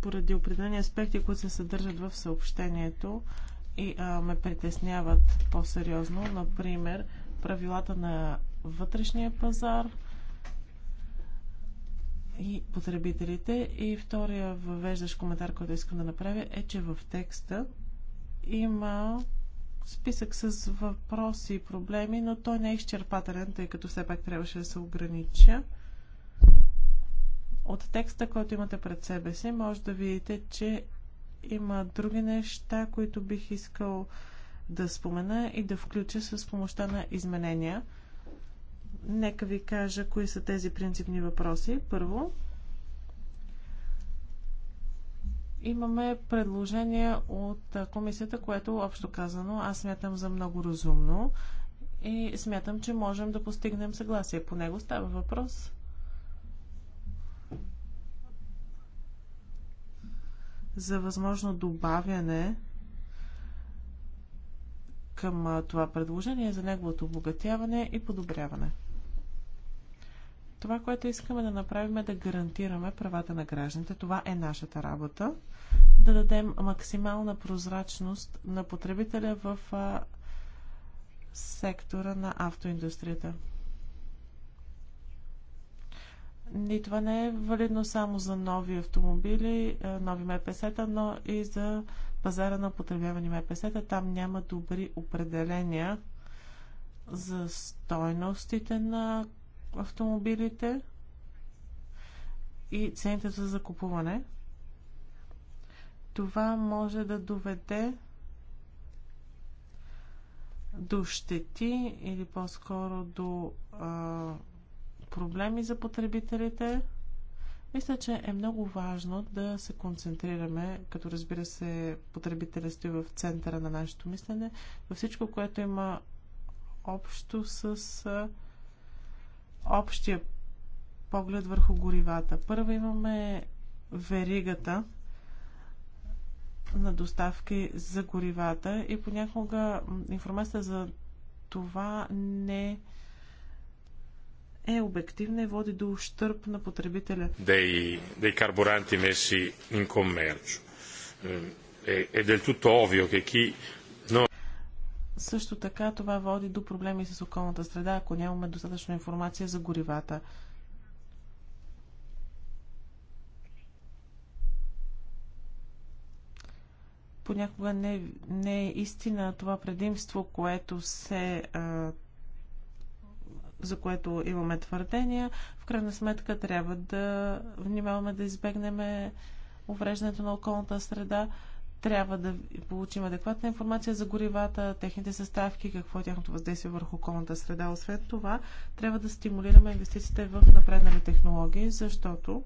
Поради определени аспекти, които се съдържат в съобщението и а, ме притесняват по-сериозно, например, правилата на вътрешния пазар и потребителите. И втория въвеждащ коментар, който искам да направя е, че в текста има списък с въпроси и проблеми, но той не е изчерпателен, тъй като все пак трябваше да се огранича. От текста, който имате пред себе си, може да видите, че има други неща, които бих искал да спомена и да включа с помощта на изменения. Нека ви кажа кои са тези принципни въпроси. Първо, имаме предложение от комисията, което общо казано аз смятам за много разумно и смятам, че можем да постигнем съгласие. По него става въпрос. За възможно добавяне към това предложение за неговото обогатяване и подобряване. Това, което искаме да направим е да гарантираме правата на гражданите. Това е нашата работа. Да дадем максимална прозрачност на потребителя в сектора на автоиндустрията. И това не е валидно само за нови автомобили, нови МПС-та, но и за пазара на потребявани МПС-та. Там няма добри определения за стойностите на автомобилите и цените за закупуване. Това може да доведе до щети или по-скоро до а, проблеми за потребителите. Мисля, че е много важно да се концентрираме, като разбира се, потребителят стои в центъра на нашето мислене, във всичко, което има общо с общия поглед върху горивата. Първо имаме веригата на доставки за горивата и понякога информацията за това не е обективна и води до ущърп на потребителя. Дей, dei carburanti messi in commercio. Ehm, è, è del също така това води до проблеми с околната среда, ако нямаме достатъчно информация за горивата. понякога не, не е истина това предимство, което се. А, за което имаме твърдения. В крайна сметка трябва да внимаваме да избегнем увреждането на околната среда. Трябва да получим адекватна информация за горивата, техните съставки, какво е тяхното въздействие върху околната среда. Освен това, трябва да стимулираме инвестициите в напреднали технологии, защото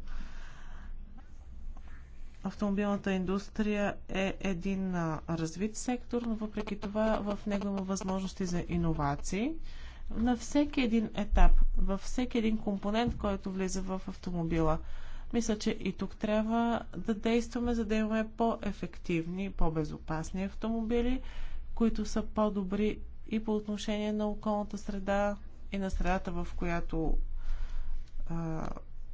автомобилната индустрия е един развит сектор, но въпреки това в него има възможности за иновации. На всеки един етап, във всеки един компонент, който влиза в автомобила – мисля, че и тук трябва да действаме, за да имаме по-ефективни, по-безопасни автомобили, които са по-добри и по отношение на околната среда и на средата, в която а,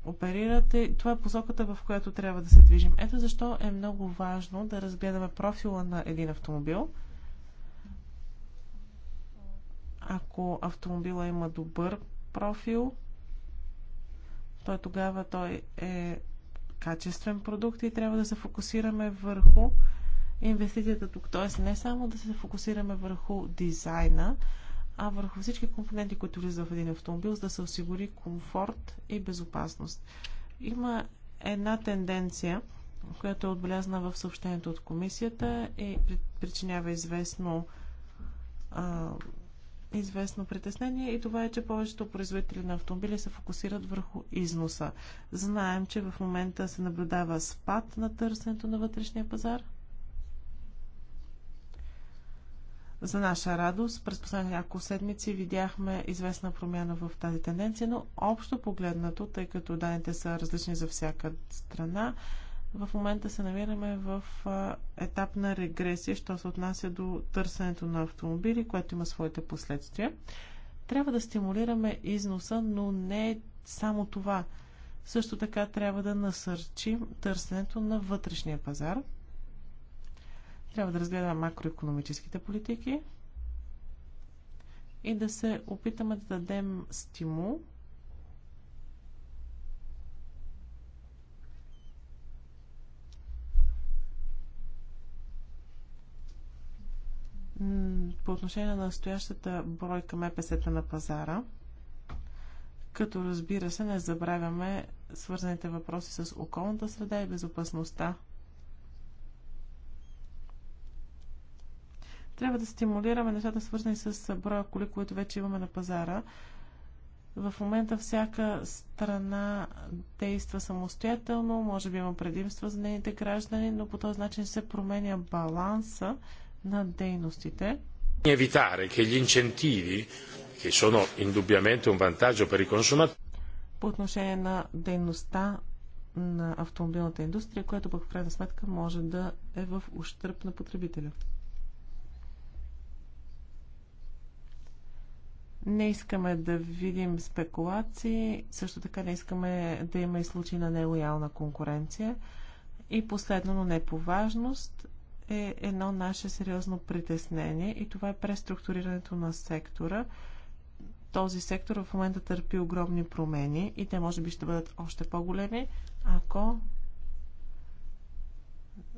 оперирате. Това е посоката, в която трябва да се движим. Ето защо е много важно да разгледаме профила на един автомобил. Ако автомобила има добър профил, той тогава той е качествен продукт и трябва да се фокусираме върху инвестицията тук. Тоест не само да се фокусираме върху дизайна, а върху всички компоненти, които влизат в един автомобил, за да се осигури комфорт и безопасност. Има една тенденция, която е отбелязана в съобщението от комисията и причинява известно а, известно притеснение и това е, че повечето производители на автомобили се фокусират върху износа. Знаем, че в момента се наблюдава спад на търсенето на вътрешния пазар. За наша радост, през последните няколко седмици видяхме известна промяна в тази тенденция, но общо погледнато, тъй като данните са различни за всяка страна, в момента се намираме в етап на регресия, що се отнася до търсенето на автомобили, което има своите последствия. Трябва да стимулираме износа, но не само това. Също така трябва да насърчим търсенето на вътрешния пазар. Трябва да разгледаме макроекономическите политики и да се опитаме да дадем стимул – по отношение на настоящата бройка МПС-та на пазара, като разбира се не забравяме свързаните въпроси с околната среда и безопасността. Трябва да стимулираме нещата свързани с броя коли, които вече имаме на пазара. В момента всяка страна действа самостоятелно, може би има предимства за нейните граждани, но по този начин се променя баланса на дейностите. По отношение на дейността на автомобилната индустрия, което пък в крайна сметка може да е в ущърп на потребителя. Не искаме да видим спекулации, също така не искаме да има и случаи на нелоялна конкуренция. И последно, но не по важност, е едно наше сериозно притеснение и това е преструктурирането на сектора. Този сектор в момента търпи огромни промени и те може би ще бъдат още по-големи, ако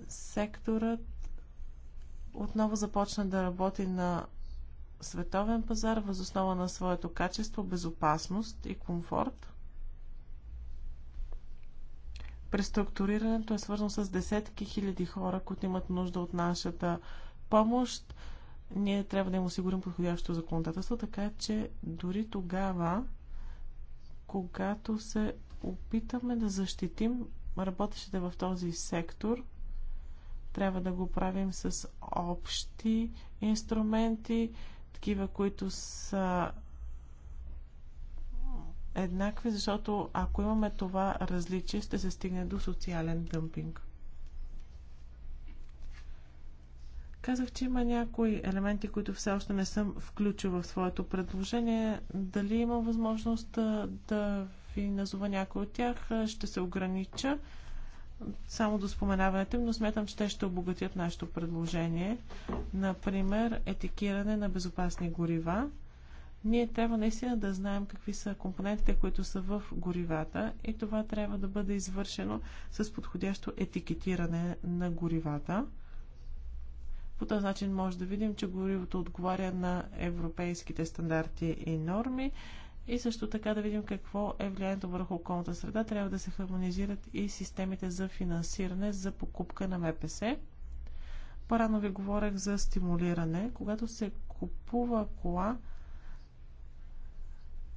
секторът отново започне да работи на световен пазар възоснова на своето качество, безопасност и комфорт – Преструктурирането е свързано с десетки хиляди хора, които имат нужда от нашата помощ. Ние трябва да им осигурим подходящо законодателство, така че дори тогава, когато се опитаме да защитим работещите в този сектор, трябва да го правим с общи инструменти, такива, които са еднакви, защото ако имаме това различие, ще се стигне до социален дъмпинг. Казах, че има някои елементи, които все още не съм включил в своето предложение. Дали има възможност да, да ви назова някой от тях, ще се огранича само до споменаването им, но смятам, че те ще обогатят нашето предложение. Например, етикиране на безопасни горива. Ние трябва наистина да знаем какви са компонентите, които са в горивата и това трябва да бъде извършено с подходящо етикетиране на горивата. По този начин може да видим, че горивото отговаря на европейските стандарти и норми и също така да видим какво е влиянието върху околната среда. Трябва да се хармонизират и системите за финансиране за покупка на МПС. Парано ви говорех за стимулиране. Когато се купува кола,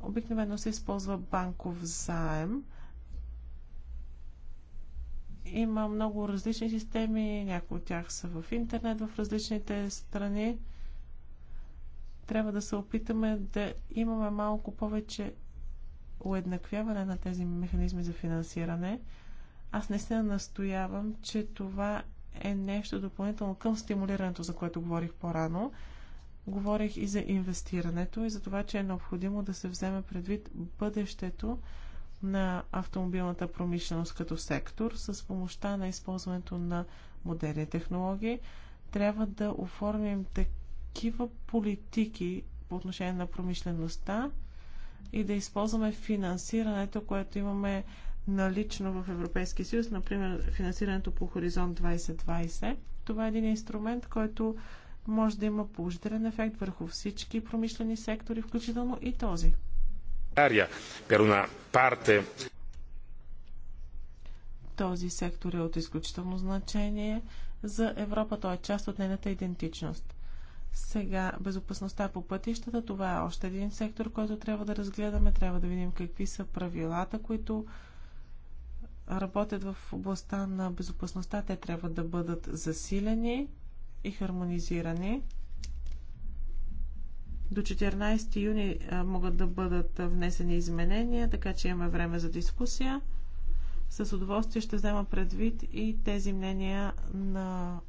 Обикновено се използва банков заем. Има много различни системи, някои от тях са в интернет в различните страни. Трябва да се опитаме да имаме малко повече уеднаквяване на тези механизми за финансиране. Аз не се настоявам, че това е нещо допълнително към стимулирането, за което говорих по-рано. Говорих и за инвестирането и за това, че е необходимо да се вземе предвид бъдещето на автомобилната промишленост като сектор с помощта на използването на модерни технологии. Трябва да оформим такива политики по отношение на промишлеността и да използваме финансирането, което имаме налично в Европейския съюз, например финансирането по Хоризонт 2020. Това е един инструмент, който може да има положителен ефект върху всички промишлени сектори, включително и този. Този сектор е от изключително значение за Европа. Той е част от нейната идентичност. Сега, безопасността по пътищата, това е още един сектор, който трябва да разгледаме. Трябва да видим какви са правилата, които работят в областта на безопасността. Те трябва да бъдат засилени и хармонизирани. До 14 юни могат да бъдат внесени изменения, така че имаме време за дискусия. С удоволствие ще взема предвид и тези мнения на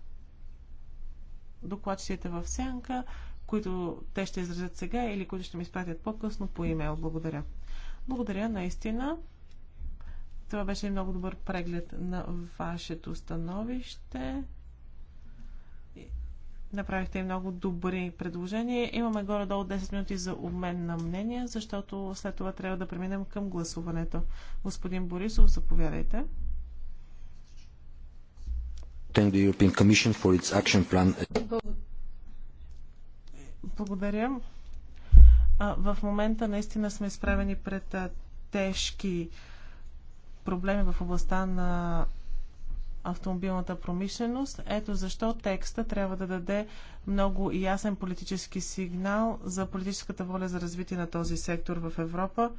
докладчиците в сянка, които те ще изразят сега или които ще ми изпратят по-късно по имейл. Благодаря. Благодаря наистина. Това беше много добър преглед на вашето становище. Направихте и много добри предложения. Имаме горе-долу 10 минути за обмен на мнения, защото след това трябва да преминем към гласуването. Господин Борисов, заповядайте. Благодаря. В момента наистина сме изправени пред тежки проблеми в областта на автомобилната промишленост. Ето защо текста трябва да даде много ясен политически сигнал за политическата воля за развитие на този сектор в Европа.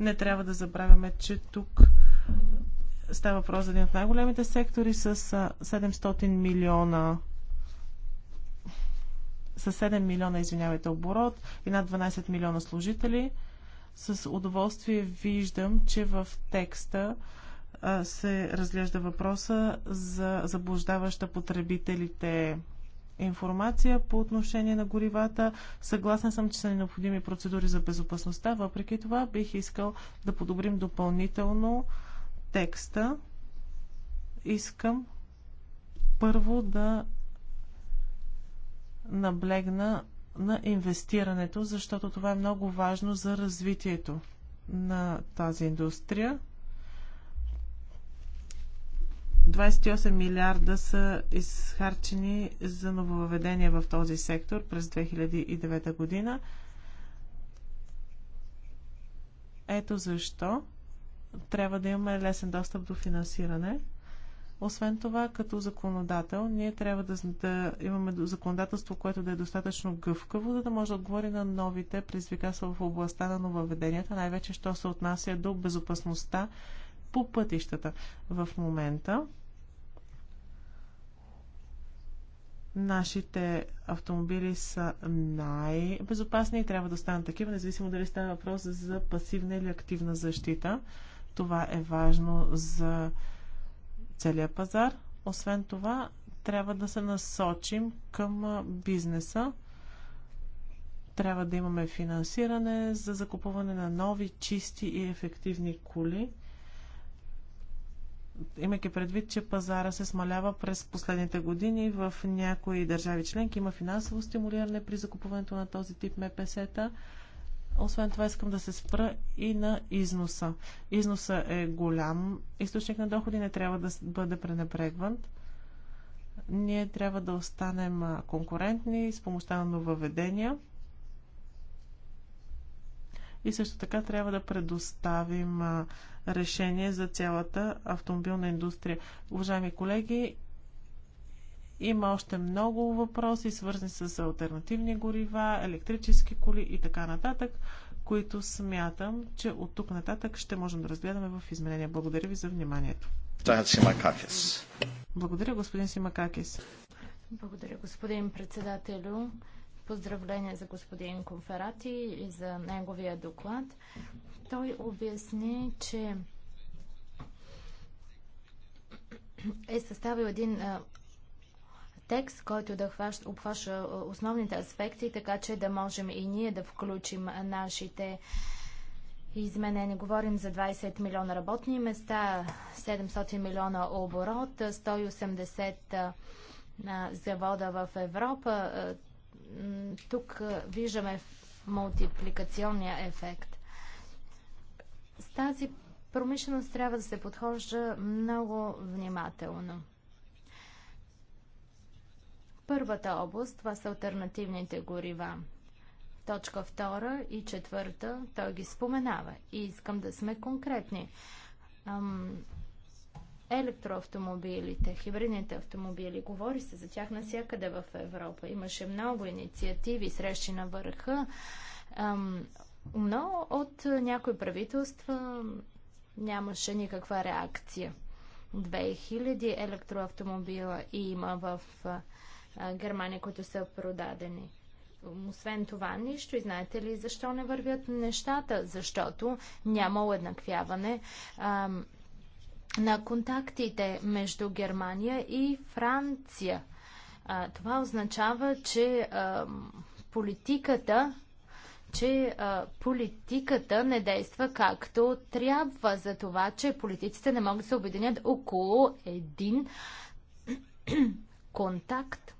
Не трябва да забравяме, че тук става въпрос за един от най-големите сектори с 700 милиона с 7 милиона, извинявайте, оборот и над 12 милиона служители. С удоволствие виждам, че в текста се разглежда въпроса за заблуждаваща потребителите информация по отношение на горивата. Съгласна съм, че са необходими процедури за безопасността. Въпреки това бих искал да подобрим допълнително текста. Искам първо да наблегна на инвестирането, защото това е много важно за развитието на тази индустрия. 28 милиарда са изхарчени за нововъведения в този сектор през 2009 година. Ето защо трябва да имаме лесен достъп до финансиране. Освен това, като законодател, ние трябва да, да имаме законодателство, което да е достатъчно гъвкаво, за да може да отговори на новите предизвикателства в областта на нововведенията, най-вече що се отнася до безопасността по пътищата. В момента нашите автомобили са най-безопасни и трябва да станат такива, независимо дали става въпрос за пасивна или активна защита. Това е важно за целия пазар. Освен това, трябва да се насочим към бизнеса. Трябва да имаме финансиране за закупуване на нови, чисти и ефективни коли – имайки предвид, че пазара се смалява през последните години. В някои държави членки има финансово стимулиране при закупуването на този тип МПС-та. Освен това искам да се спра и на износа. Износа е голям източник на доходи, не трябва да бъде пренебрегван. Ние трябва да останем конкурентни с помощта на нововведения. И също така трябва да предоставим решение за цялата автомобилна индустрия. Уважаеми колеги, има още много въпроси, свързани с альтернативни горива, електрически коли и така нататък, които смятам, че от тук нататък ще можем да разгледаме в изменения. Благодаря ви за вниманието. Благодаря, господин Симакакис. Благодаря, господин председателю. Поздравление за господин Конферати и за неговия доклад. Той обясни, че е съставил един а, текст, който да обхваща основните аспекти, така че да можем и ние да включим нашите изменени. Говорим за 20 милиона работни места, 700 милиона оборот, 180 а, завода в Европа тук виждаме мултипликационния ефект. С тази промишленост трябва да се подхожда много внимателно. Първата област, това са альтернативните горива. Точка втора и четвърта, той ги споменава. И искам да сме конкретни електроавтомобилите, хибридните автомобили. Говори се за тях навсякъде в Европа. Имаше много инициативи, срещи на върха, но от някои правителства нямаше никаква реакция. 2000 електроавтомобила има в Германия, които са продадени. Освен това нищо. И знаете ли защо не вървят нещата? Защото няма уеднаквяване на контактите между Германия и Франция. А, това означава, че а, политиката че а, политиката не действа както трябва за това, че политиците не могат да се обединят около един контакт.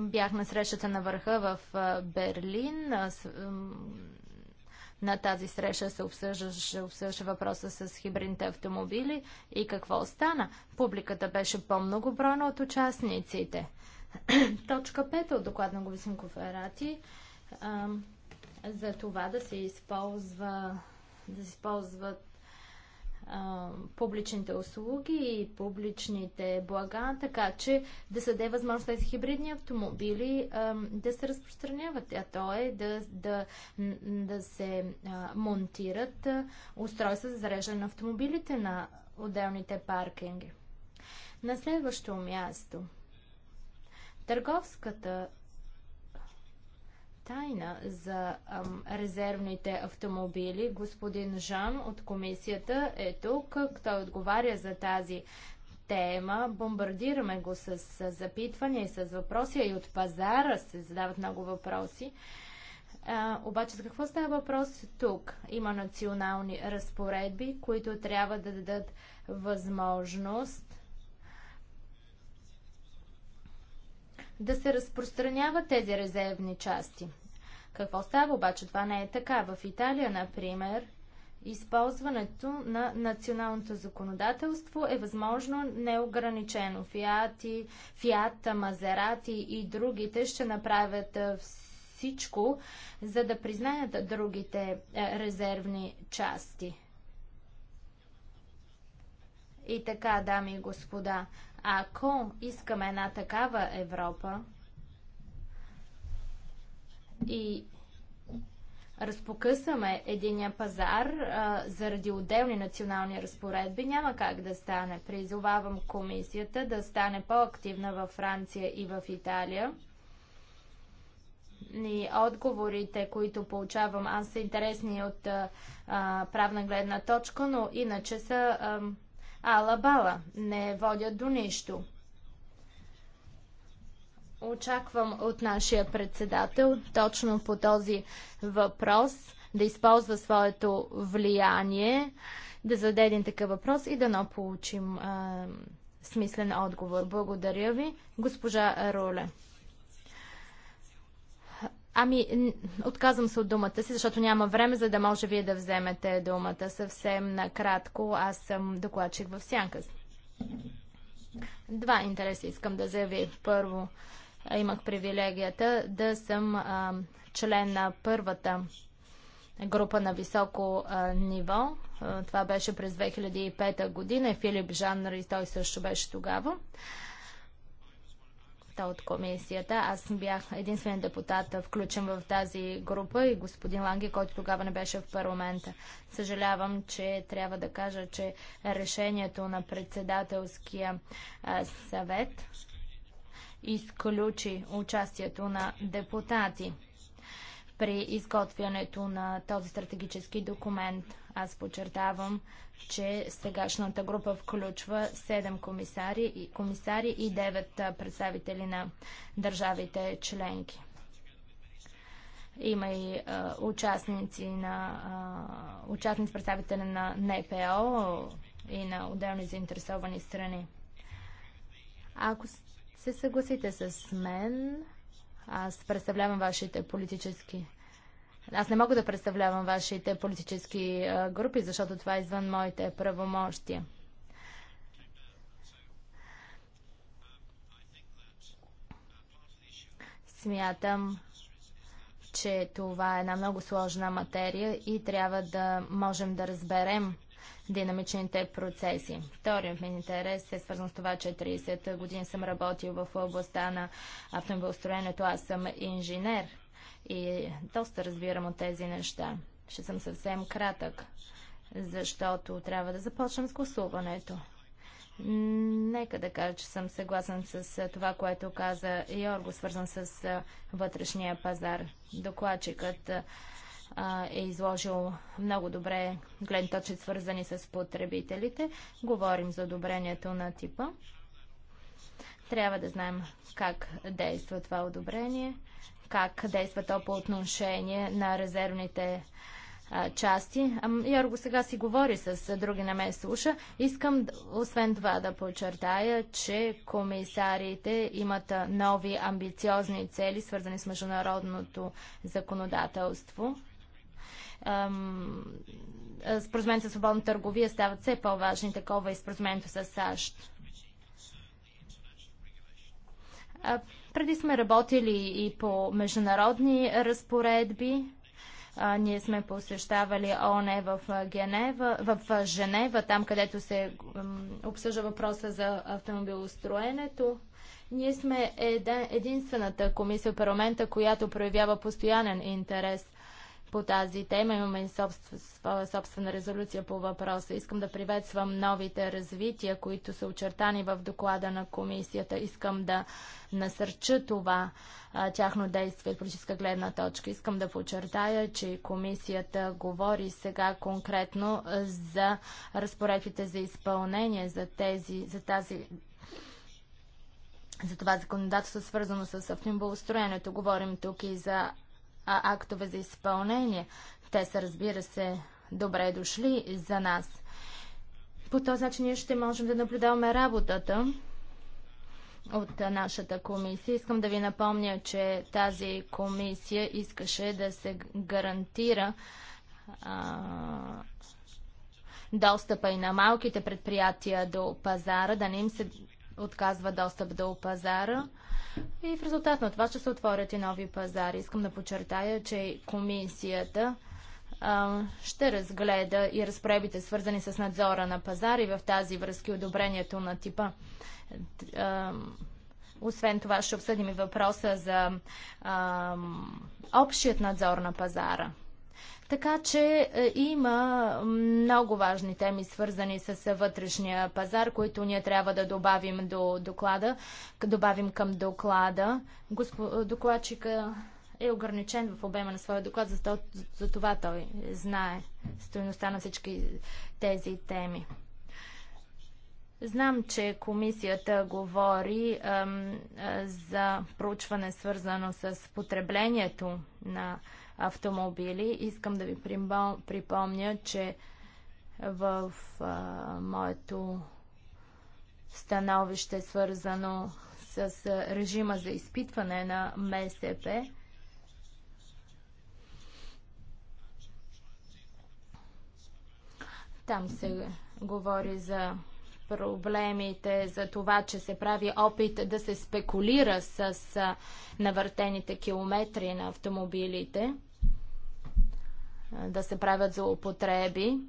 Бях на срещата на върха в Берлин. Аз, на тази среща се обсъждаше обсъжда въпроса с хибридните автомобили и какво стана. Публиката беше по-многобройна от участниците. Точка 5 от доклад на Говисен Коферати за това да се използва да се използват публичните услуги и публичните блага, така че да се даде възможност тези хибридни автомобили да се разпространяват, а то е да, да, да се монтират устройства за зареждане на автомобилите на отделните паркинги. На следващо място. Търговската тайна за ам, резервните автомобили. Господин Жан от комисията е тук. Той отговаря за тази тема. Бомбардираме го с, с запитвания и с въпроси, и от пазара се задават много въпроси. А, обаче за какво става въпрос тук? Има национални разпоредби, които трябва да дадат възможност да се разпространяват тези резервни части. Какво става обаче? Това не е така. В Италия, например, използването на националното законодателство е възможно неограничено. Фиати, Фиата, Мазерати и другите ще направят всичко, за да признаят другите е, резервни части. И така, дами и господа, ако искаме една такава Европа и разпокъсаме единия пазар а, заради отделни национални разпоредби, няма как да стане. Призовавам комисията да стане по-активна във Франция и в Италия. И отговорите, които получавам аз, са интересни от а, правна гледна точка, но иначе са. А, ала-бала, не водят до нищо. Очаквам от нашия председател точно по този въпрос да използва своето влияние, да зададе един такъв въпрос и да но получим е, смислен отговор. Благодаря ви, госпожа Роле. Ами, отказвам се от думата си, защото няма време, за да може вие да вземете думата съвсем накратко. Аз съм докладчик в Сянка. Два интереса искам да заявя. Първо, имах привилегията да съм а, член на първата група на високо а, ниво. А, това беше през 2005 година. Филип Жанр и той също беше тогава. А, от комисията. Аз бях единствен депутат, включен в тази група и господин Ланги, който тогава не беше в парламента. Съжалявам, че трябва да кажа, че решението на председателския съвет изключи участието на депутати при изготвянето на този стратегически документ. Аз подчертавам, че сегашната група включва 7 комисари и, комисари и 9 представители на държавите членки. Има и а, участници на а, участници представители на НПО и на отделни заинтересовани страни. Ако се съгласите с мен, аз представлявам вашите политически аз не мога да представлявам вашите политически групи, защото това е извън моите правомощия. Смятам, че това е една много сложна материя и трябва да можем да разберем динамичните процеси. Вторият ми интерес е свързан с това, че 30 години съм работил в областта на автомобилостроенето. Аз съм инженер и доста разбирам от тези неща. Ще съм съвсем кратък, защото трябва да започнем с гласуването. Нека да кажа, че съм съгласен с това, което каза Йорго, свързан с вътрешния пазар. Докладчикът е изложил много добре гледни точки, свързани с потребителите. Говорим за одобрението на типа. Трябва да знаем как действа това одобрение как действа то по отношение на резервните части. Йорго сега си говори с други на мен слуша. Искам, освен това, да подчертая, че комисарите имат нови амбициозни цели, свързани с международното законодателство. Споразумението за свободна търговия стават все по-важни, такова е и споразумението с САЩ. Преди сме работили и по международни разпоредби. А, ние сме посещавали ООН в Генева, в Женева, там където се обсъжда въпроса за автомобилостроенето. Ние сме единствената комисия в парламента, която проявява постоянен интерес – по тази тема. Имаме своя собствена резолюция по въпроса. Искам да приветствам новите развития, които са очертани в доклада на комисията. Искам да насърча това а, тяхно действие от политическа гледна точка. Искам да подчертая, че комисията говори сега конкретно за разпоредбите за изпълнение, за, тези, за тази за това законодателство, свързано с автомобилостроенето. Говорим тук и за а, актове за изпълнение. Те са, разбира се, добре дошли за нас. По този начин ние ще можем да наблюдаваме работата от нашата комисия. Искам да ви напомня, че тази комисия искаше да се гарантира а, достъпа и на малките предприятия до пазара, да не им се отказва достъп до пазара. И в резултат на това ще се отворят и нови пазари. Искам да подчертая, че комисията ще разгледа и разпребите, свързани с надзора на пазари в тази връзки одобрението на типа. Освен това ще обсъдим и въпроса за общият надзор на пазара. Така че е, има много важни теми, свързани с е, вътрешния пазар, които ние трябва да добавим до доклада, добавим към доклада. Госпо, докладчика е ограничен в обема на своя доклад, затова, това той знае стоеността на всички тези теми. Знам, че комисията говори ам, за проучване свързано с потреблението на автомобили. Искам да ви припомня, че в а, моето становище, свързано с режима за изпитване на МСП, там се говори за проблемите за това, че се прави опит да се спекулира с навъртените километри на автомобилите, да се правят злоупотреби. употреби.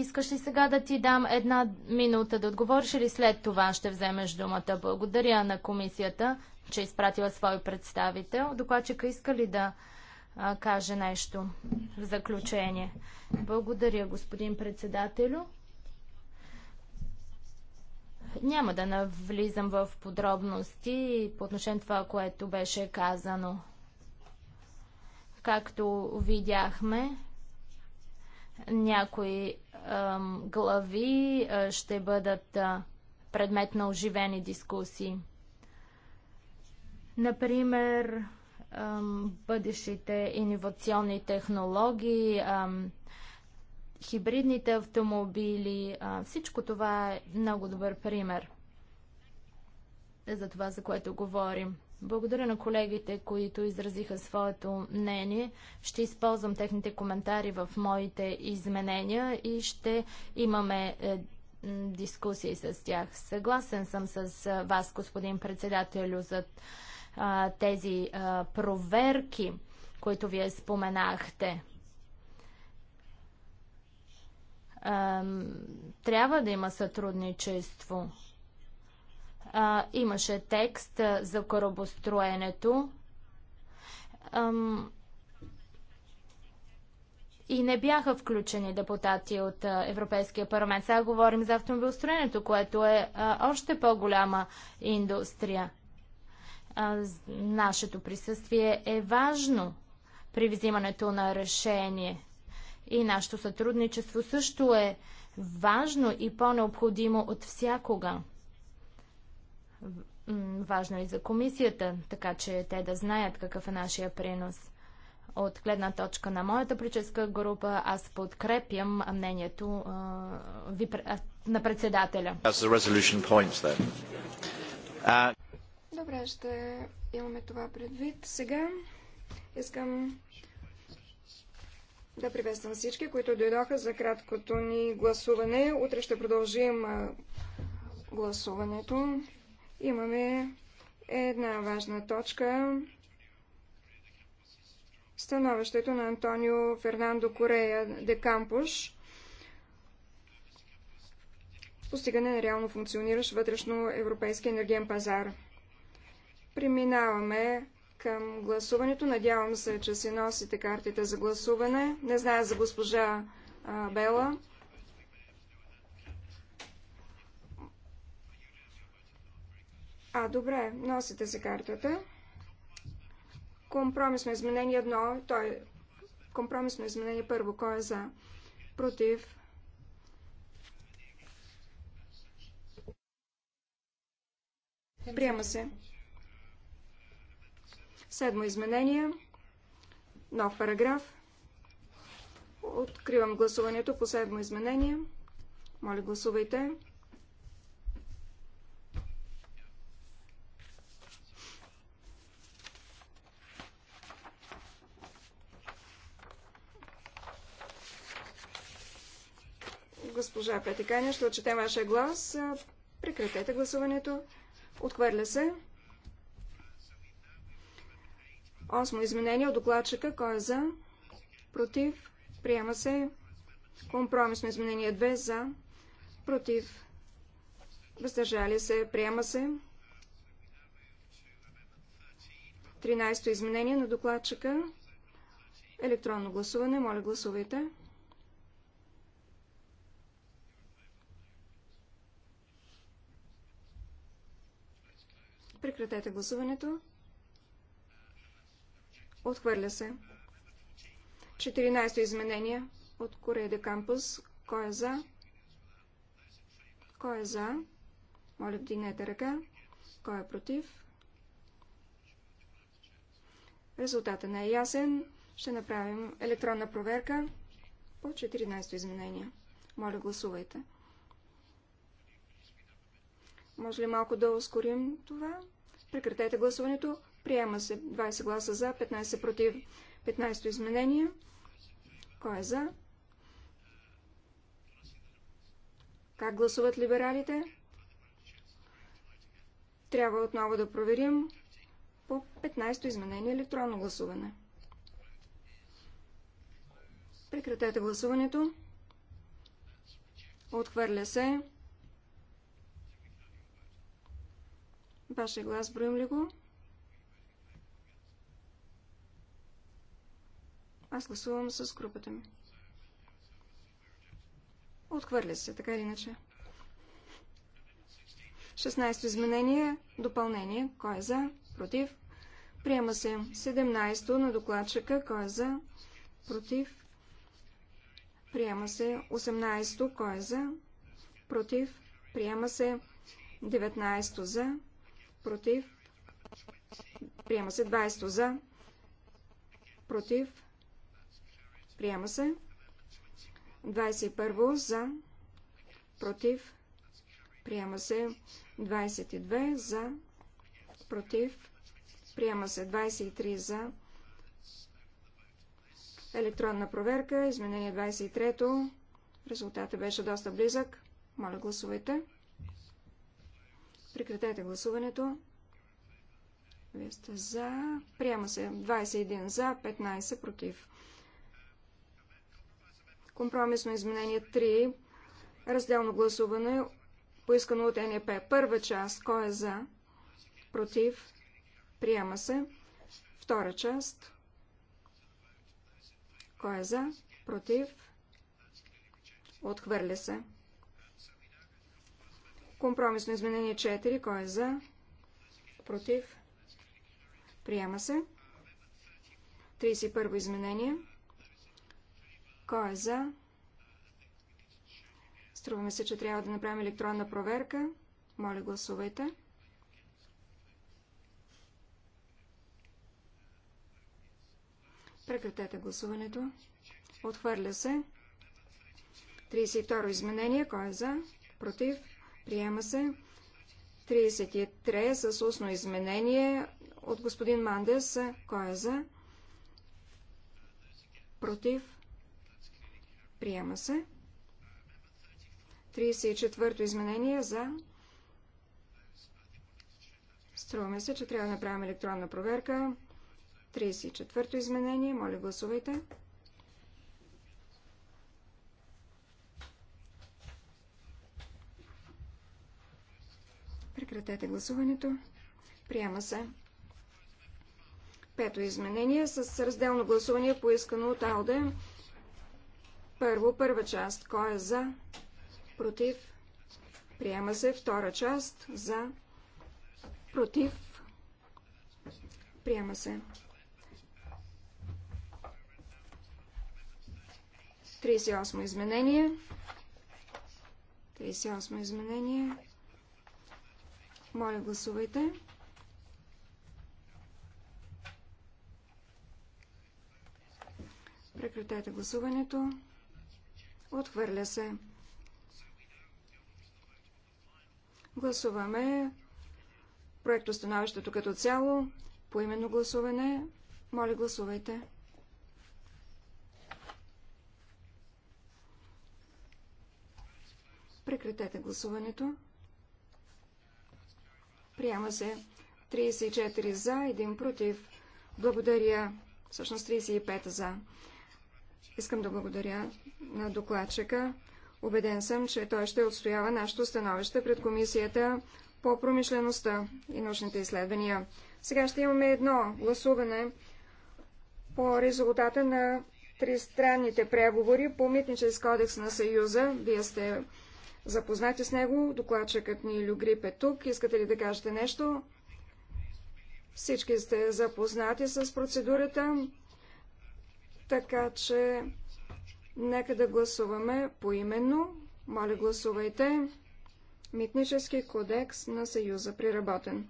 искаш ли сега да ти дам една минута да отговориш или след това ще вземеш думата? Благодаря на комисията, че изпратила свой представител. Докладчика иска ли да а, каже нещо в заключение. Благодаря, господин председателю. Няма да навлизам в подробности по отношение това, което беше казано. Както видяхме, някои глави ще бъдат предмет на оживени дискусии. Например, бъдещите иновационни технологии, хибридните автомобили. Всичко това е много добър пример за това, за което говорим. Благодаря на колегите, които изразиха своето мнение. Ще използвам техните коментари в моите изменения и ще имаме е, дискусии с тях. Съгласен съм с вас, господин председателю, за а, тези а, проверки, които вие споменахте. А, трябва да има сътрудничество. А, имаше текст а, за корабостроенето. Ам, и не бяха включени депутати от а, Европейския парламент. Сега говорим за автомобилостроенето, което е а, още по-голяма индустрия. А, нашето присъствие е важно при взимането на решение. И нашето сътрудничество също е важно и по-необходимо от всякога. Важно е и за комисията, така че те да знаят какъв е нашия принос. От гледна точка на моята прическа група, аз подкрепям мнението а, ви, а, на председателя. Добре, ще имаме това предвид. Сега искам да приветствам всички, които дойдоха за краткото ни гласуване. Утре ще продължим гласуването. Имаме една важна точка. Становището на Антонио Фернандо Корея де Кампуш постигане на реално функциониращ вътрешно европейски енергиен пазар. Преминаваме към гласуването. Надявам се, че си носите картите за гласуване. Не зная за госпожа а, Бела. А, добре, носите се картата. Компромисно изменение едно, той компромисно изменение първо, кой е за? Против? Приема се. Седмо изменение. Нов параграф. Откривам гласуването по седмо изменение. Моля, гласувайте. Госпожа Петиканя, ще отчете вашия глас. Прекратете гласуването. Отхвърля се. Осмо изменение от докладчика. Кой е за? Против. Приема се. Компромисно изменение 2 за. Против. Въздържали се. Приема се. 13-то изменение на докладчика. Електронно гласуване. Моля, гласувайте. Прекратете гласуването. Отхвърля се. 14 изменение от Корея де Кампус. Кой е за? Кой е за? Моля, вдигнете ръка. Кой е против? Резултата не е ясен. Ще направим електронна проверка по 14-то изменение. Моля, гласувайте. Може ли малко да ускорим това? Прекратете гласуването. Приема се 20 гласа за, 15 против. 15 изменение. Кой е за? Как гласуват либералите? Трябва отново да проверим по 15-то изменение електронно гласуване. Прекратете гласуването. Отхвърля се. Ваше глас, броим ли го? Аз гласувам с групата ми. Отхвърля се, така или иначе. 16 изменение, допълнение. Кой е за? Против? Приема се 17 то на докладчика. Кой е за? Против? Приема се 18 то Кой е за? Против? Приема се 19 то за? Против? Приема се 20 то за? Против? Приема се. 21 за. Против. Приема се. 22 за. Против. Приема се. 23 за. Електронна проверка. Изменение 23-то. Резултатът беше доста близък. Моля, гласувайте. Прекратете гласуването. Вие сте за. Приема се 21 за, 15 против. Компромисно изменение 3. Разделно гласуване, поискано от НЕП. Първа част. Кой е за? Против? Приема се. Втора част. Кой е за? Против? Отхвърля се. Компромисно изменение 4. Кой е за? Против? Приема се. 31 изменение. Кой е за? Струваме се, че трябва да направим електронна проверка. Моля, гласувайте. Прекратете гласуването. Отхвърля се. 32 изменение. Кой е за? Против? Приема се. 33 с устно изменение от господин Мандес. Кой е за? Против? Приема се. 34-то изменение за. Струваме се, че трябва да направим електронна проверка. 34-то изменение. Моля, гласувайте. Прекратете гласуването. Приема се. Пето изменение с разделно гласуване, поискано от АЛДЕ. Първо, първа част. Кой е за? Против? Приема се. Втора част. За? Против? Приема се. 38 изменение. 38 изменение. Моля, гласувайте. Прекратете гласуването. Отхвърля се. Гласуваме проектостановището като цяло. По именно гласуване. Моля, гласувайте. Прекратете гласуването. Приема се 34 за, 1 против. Благодаря. Всъщност 35 за. Искам да благодаря на докладчика. Обеден съм, че той ще отстоява нашето становище пред Комисията по промишлеността и научните изследвания. Сега ще имаме едно гласуване по резултата на тристранните преговори по Митничес кодекс на Съюза. Вие сте запознати с него. Докладчикът ни Люгрип е тук. Искате ли да кажете нещо? Всички сте запознати с процедурата. Така че нека да гласуваме поименно. Моля, гласувайте. Митнически кодекс на Съюза приработен.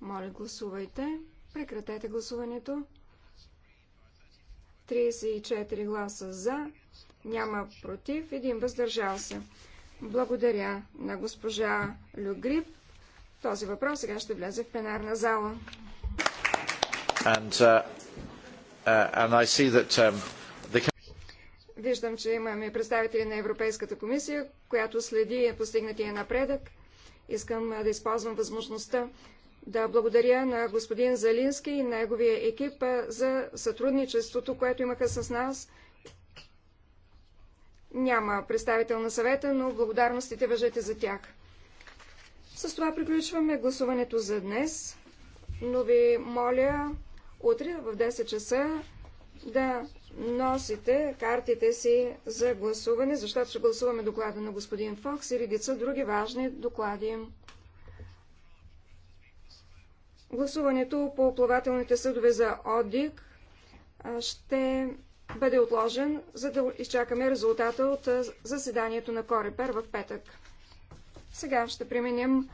Моля, гласувайте. Прекратете гласуването. 34 гласа за, няма против, един въздържал се. Благодаря на госпожа Люгрип. Този въпрос сега ще влезе в пленарна зала. And, uh, Uh, um, Виждам, че имаме представители на Европейската комисия, която следи постигнатия напредък. Искам да използвам възможността да благодаря на господин Залински и неговия екип за сътрудничеството, което имаха с нас. Няма представител на съвета, но благодарностите въжете за тях. С това приключваме гласуването за днес, но ви моля утре в 10 часа да носите картите си за гласуване, защото ще гласуваме доклада на господин Фокс и редица други важни доклади. Гласуването по плавателните съдове за Одик ще бъде отложен, за да изчакаме резултата от заседанието на Корепер в петък. Сега ще преминем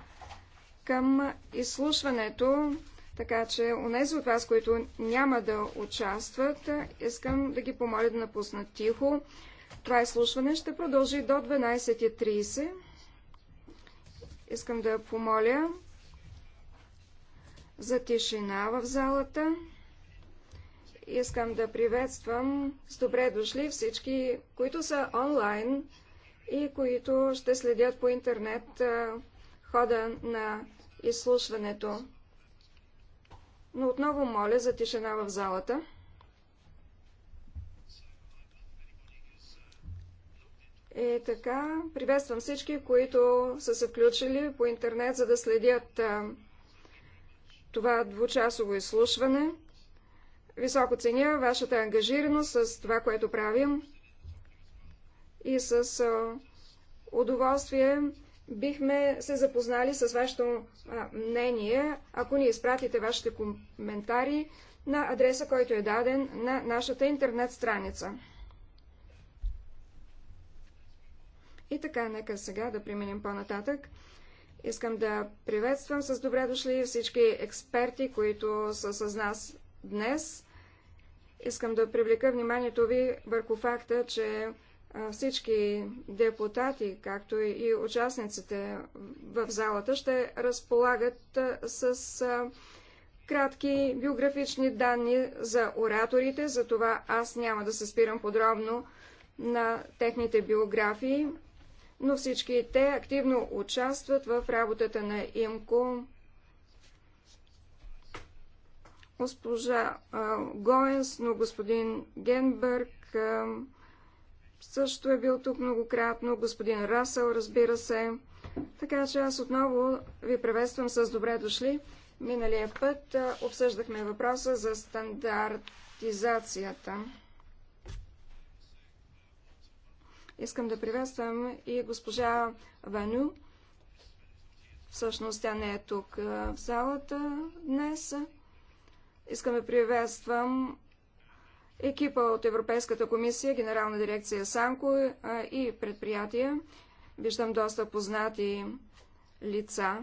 към изслушването така че, онези от вас, които няма да участват, искам да ги помоля да напуснат тихо. Това изслушване ще продължи до 12.30. Искам да помоля за тишина в залата. Искам да приветствам с добре дошли всички, които са онлайн и които ще следят по интернет хода на изслушването но отново моля за тишина в залата. И е, така, приветствам всички, които са се включили по интернет, за да следят а, това двучасово изслушване. Високо ценя вашата ангажираност с това, което правим и с а, удоволствие бихме се запознали с вашето мнение, ако ни изпратите вашите коментари на адреса, който е даден на нашата интернет страница. И така, нека сега да преминем по-нататък. Искам да приветствам с добре дошли всички експерти, които са с нас днес. Искам да привлека вниманието ви върху факта, че всички депутати, както и участниците в залата, ще разполагат с кратки биографични данни за ораторите, затова аз няма да се спирам подробно на техните биографии, но всички те активно участват в работата на ИМКО. Госпожа Гоенс, но господин Генбърг, също е бил тук многократно, господин Расъл, разбира се. Така че аз отново ви приветствам с добре дошли. Миналия път обсъждахме въпроса за стандартизацията. Искам да приветствам и госпожа Ваню. Всъщност тя не е тук в залата днес. Искам да приветствам екипа от Европейската комисия, Генерална дирекция Санко и предприятия. Виждам доста познати лица.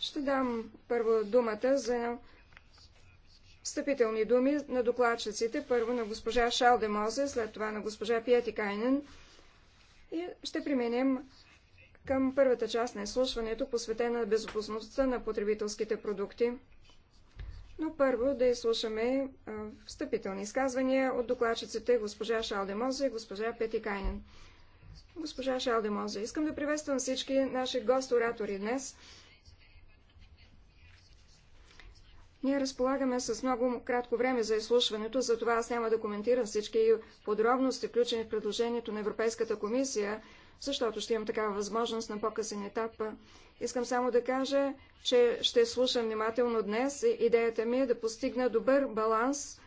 Ще дам първо думата за встъпителни думи на докладчиците. Първо на госпожа Шалде Мозе, след това на госпожа Пиети Кайнен. И ще преминем към първата част на изслушването, посветена безопасността на потребителските продукти. Но първо да изслушаме встъпителни изказвания от докладчиците госпожа Шалдемоза и госпожа Кайнен. Госпожа Шалдемоза, искам да приветствам всички наши гост-оратори днес. Ние разполагаме с много кратко време за изслушването, затова аз няма да коментирам всички подробности, включени в предложението на Европейската комисия защото ще имам такава възможност на по-късен етап. Искам само да кажа, че ще слушам внимателно днес. Идеята ми е да постигна добър баланс,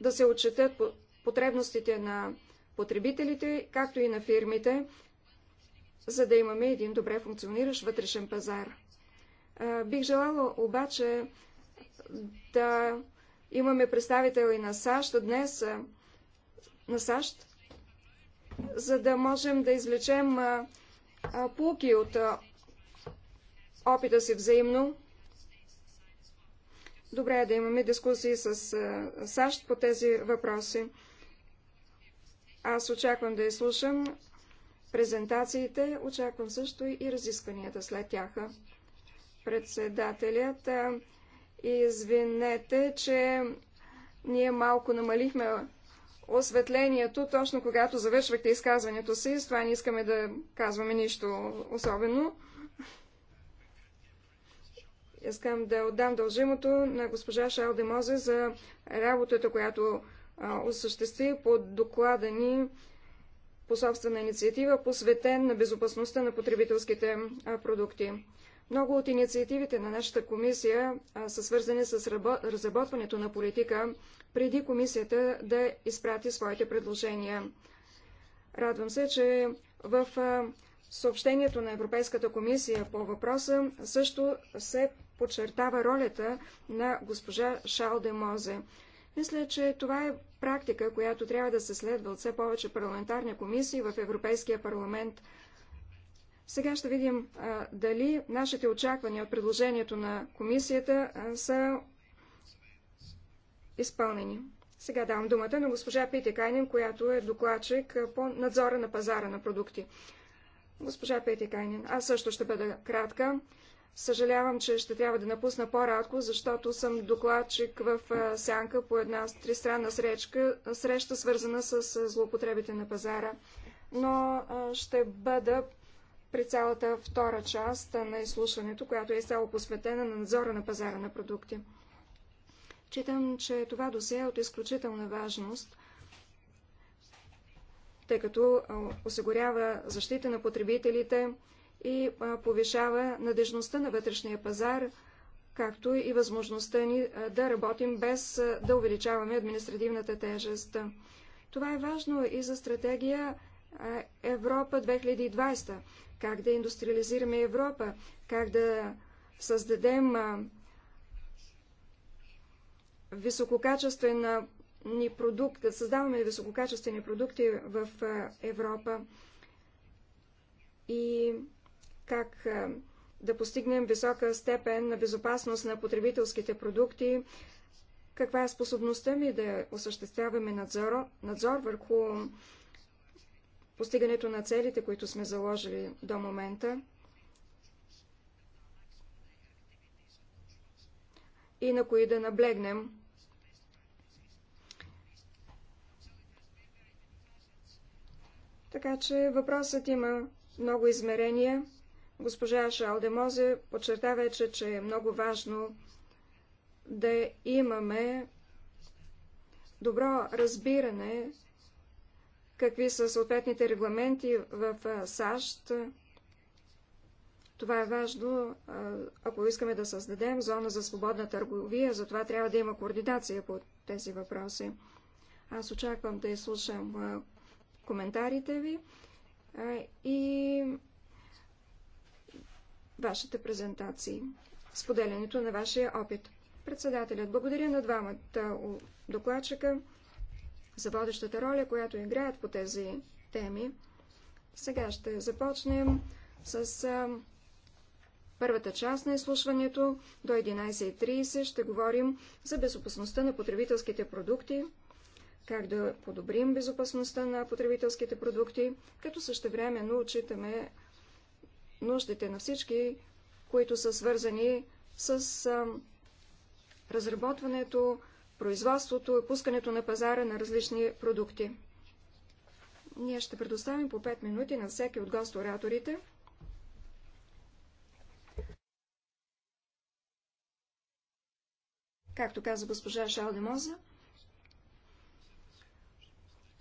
да се отчетат потребностите на потребителите, както и на фирмите, за да имаме един добре функциониращ вътрешен пазар. Бих желала обаче да имаме представители на САЩ днес, на САЩ, за да можем да извлечем полки от опита си взаимно. Добре е да имаме дискусии с САЩ по тези въпроси. Аз очаквам да изслушам презентациите, очаквам също и разискванията след тях. Председателят, извинете, че ние малко намалихме осветлението, точно когато завършвахте изказването си, с това не искаме да казваме нищо особено. Искам да отдам дължимото на госпожа Шалде Мозе за работата, която а, осъществи по доклада ни по собствена инициатива, посветен на безопасността на потребителските а, продукти. Много от инициативите на нашата комисия а, са свързани с разработването на политика преди комисията да изпрати своите предложения. Радвам се, че в съобщението на Европейската комисия по въпроса също се подчертава ролята на госпожа Шал де Мозе. Мисля, че това е практика, която трябва да се следва от все повече парламентарни комисии в Европейския парламент. Сега ще видим а, дали нашите очаквания от предложението на комисията а, са изпълнени. Сега давам думата на госпожа Пети Кайнин, която е докладчик по надзора на пазара на продукти. Госпожа Пети Кайнин, аз също ще бъда кратка. Съжалявам, че ще трябва да напусна по-радко, защото съм докладчик в сянка по една тристранна срещка, среща, свързана с злоупотребите на пазара. Но ще бъда при цялата втора част на изслушването, която е изцяло посветена на надзора на пазара на продукти. Читам, че това досе е от изключителна важност, тъй като осигурява защита на потребителите и повишава надежността на вътрешния пазар, както и възможността ни да работим без да увеличаваме административната тежест. Това е важно и за стратегия Европа 2020. Как да индустриализираме Европа, как да създадем висококачествена ни продукт, да създаваме висококачествени продукти в Европа и как да постигнем висока степен на безопасност на потребителските продукти, каква е способността ми да осъществяваме надзор, надзор върху постигането на целите, които сме заложили до момента. И на кои да наблегнем Така че въпросът има много измерения. Госпожа Шалдемозе подчерта вече, че е много важно да имаме добро разбиране какви са съответните регламенти в САЩ. Това е важно, ако искаме да създадем зона за свободна търговия, затова трябва да има координация по тези въпроси. Аз очаквам да изслушам коментарите ви и вашите презентации, споделянето на вашия опит. Председателят, благодаря на двамата докладчика за водещата роля, която играят по тези теми. Сега ще започнем с а, първата част на изслушването. До 11.30 ще говорим за безопасността на потребителските продукти как да подобрим безопасността на потребителските продукти, като същевременно отчитаме нуждите на всички, които са свързани с а, разработването, производството и пускането на пазара на различни продукти. Ние ще предоставим по 5 минути на всеки от гост-ораторите. Както каза госпожа Шалдемоза,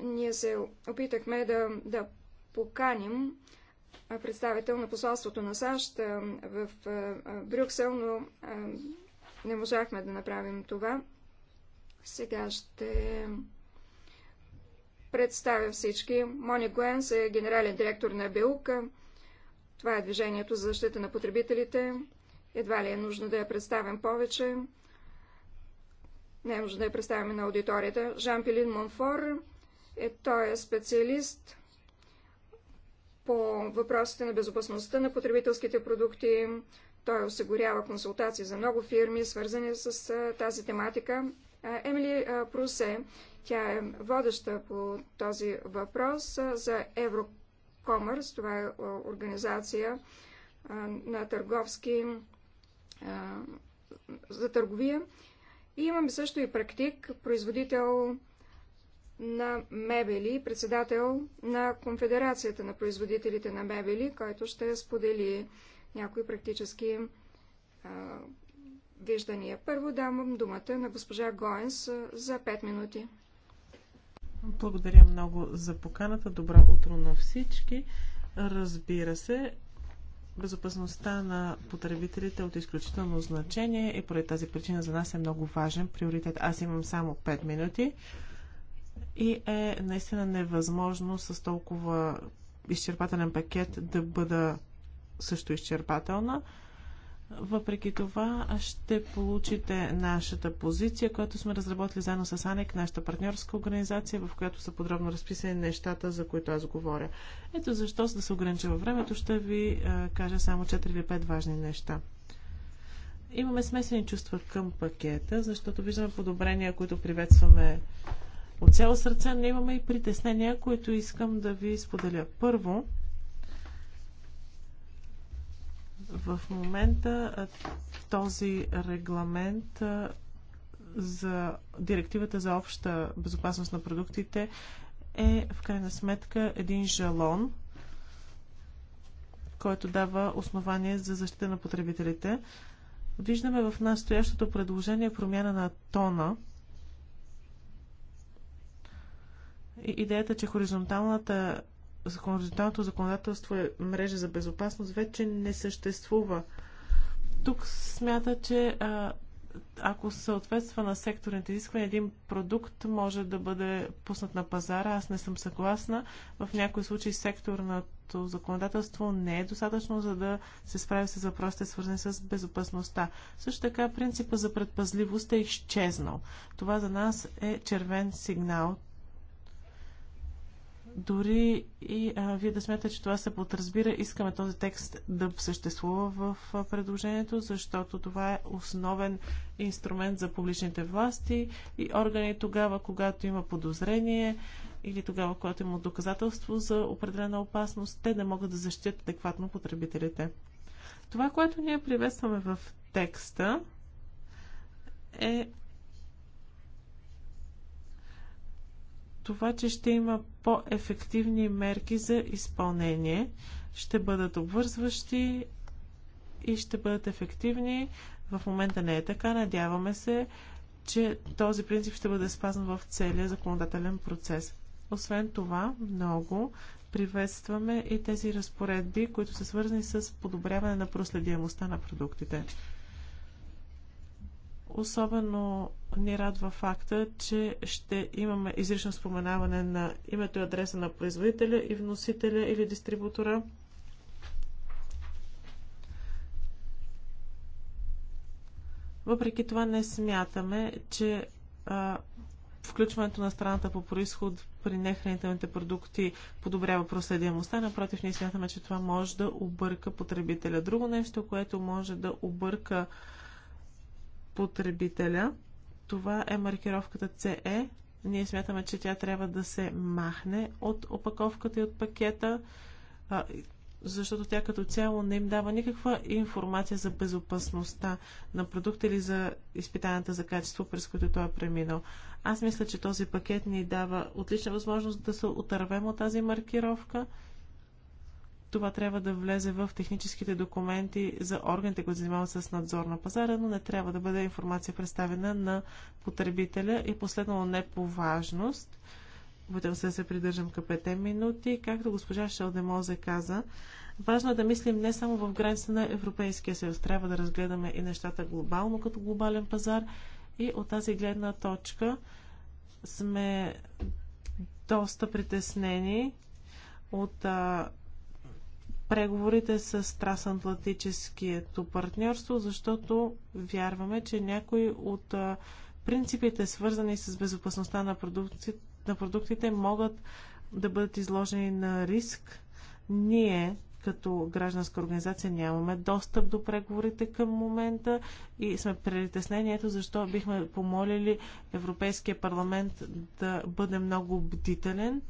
ние се опитахме да, да поканим представител на посолството на САЩ в Брюксел, но не можахме да направим това. Сега ще представя всички. Мони Гуенс е генерален директор на БИЛК. Това е движението за защита на потребителите. Едва ли е нужно да я представям повече. Не е нужно да я представяме на аудиторията. Жан Пилин Монфор е, той е специалист по въпросите на безопасността на потребителските продукти. Той осигурява консултации за много фирми, свързани с тази тематика. Емили Прусе, тя е водеща по този въпрос за Еврокомърс. Това е организация на търговски за търговия. И имаме също и практик, производител на мебели, председател на Конфедерацията на производителите на мебели, който ще сподели някои практически а, виждания. Първо давам думата на госпожа Гоенс за 5 минути. Благодаря много за поканата. Добро утро на всички. Разбира се, безопасността на потребителите е от изключително значение и поради тази причина за нас е много важен приоритет. Аз имам само 5 минути и е наистина невъзможно с толкова изчерпателен пакет да бъда също изчерпателна. Въпреки това ще получите нашата позиция, която сме разработили заедно с АНЕК, нашата партньорска организация, в която са подробно разписани нещата, за които аз говоря. Ето защо, за да се огранича във времето, ще ви е, кажа само 4 или 5 важни неща. Имаме смесени чувства към пакета, защото виждаме подобрения, които приветстваме от цяло сърце не имаме и притеснения, които искам да ви споделя. Първо, в момента този регламент за директивата за обща безопасност на продуктите е в крайна сметка един жалон, който дава основание за защита на потребителите. Виждаме в настоящото предложение промяна на тона – Идеята, че хоризонталната хоризонталното законодателство е мрежа за безопасност, вече не съществува. Тук смята, че а, ако съответства на секторните изисквания, един продукт може да бъде пуснат на пазара. Аз не съм съгласна. В някои случаи секторното законодателство не е достатъчно, за да се справи с въпросите, свързани с безопасността. Също така, принципа за предпазливост е изчезнал. Това за нас е червен сигнал. Дори и а, вие да смятате, че това се подразбира, искаме този текст да съществува в предложението, защото това е основен инструмент за публичните власти и органи тогава, когато има подозрение или тогава, когато има доказателство за определена опасност, те да могат да защитят адекватно потребителите. Това, което ние приветстваме в текста, е това, че ще има по-ефективни мерки за изпълнение, ще бъдат обвързващи и ще бъдат ефективни. В момента не е така. Надяваме се, че този принцип ще бъде спазен в целия законодателен процес. Освен това, много приветстваме и тези разпоредби, които са свързани с подобряване на проследимостта на продуктите. Особено ни радва факта, че ще имаме изрично споменаване на името и адреса на производителя и вносителя или дистрибутора. Въпреки това не смятаме, че а, включването на страната по происход при нехранителните продукти подобрява проследимостта. Напротив, ние смятаме, че това може да обърка потребителя. Друго нещо, което може да обърка а, потребителя. Това е маркировката CE. Ние смятаме, че тя трябва да се махне от опаковката и от пакета, защото тя като цяло не им дава никаква информация за безопасността на продукта или за изпитанията за качество, през които той е преминал. Аз мисля, че този пакет ни дава отлична възможност да се отървем от тази маркировка това трябва да влезе в техническите документи за органите, които занимават с надзор на пазара, но не трябва да бъде информация представена на потребителя. И последно, не по важност, Будем се да се придържам към 5 минути, както госпожа Шелдемозе каза, Важно е да мислим не само в граница на Европейския съюз. Трябва да разгледаме и нещата глобално като глобален пазар. И от тази гледна точка сме доста притеснени от а, преговорите с трансатлантическото партньорство, защото вярваме, че някои от принципите, свързани с безопасността на, продукци, на продуктите, могат да бъдат изложени на риск. Ние, като гражданска организация, нямаме достъп до преговорите към момента и сме притеснени. Ето защо бихме помолили Европейския парламент да бъде много бдителен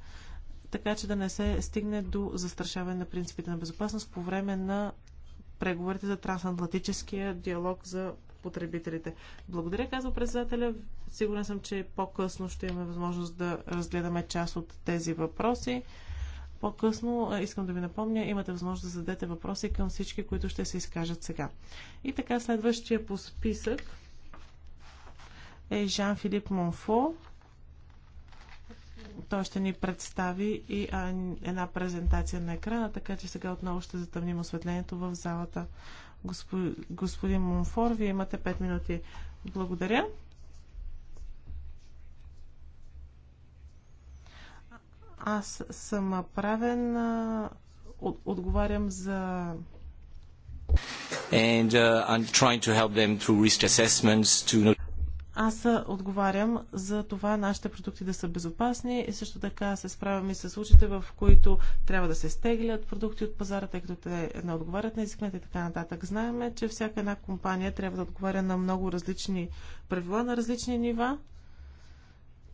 така че да не се стигне до застрашаване на принципите на безопасност по време на преговорите за трансатлантическия диалог за потребителите. Благодаря, казва председателя. Сигурен съм, че по-късно ще имаме възможност да разгледаме част от тези въпроси. По-късно е, искам да ви напомня, имате възможност да зададете въпроси към всички, които ще се изкажат сега. И така, следващия по списък е Жан-Филип Монфо. Той ще ни представи и а, една презентация на екрана, така че сега отново ще затъмним осветлението в залата. Господин Монфор, вие имате 5 минути. Благодаря. Аз съм правен. А, От, отговарям за. And uh, I'm trying to help them through risk assessments to аз отговарям за това нашите продукти да са безопасни и също така се справяме и с случаите, в които трябва да се стеглят продукти от пазара, тъй като те не отговарят на изискванията и така нататък. Знаеме, че всяка една компания трябва да отговаря на много различни правила на различни нива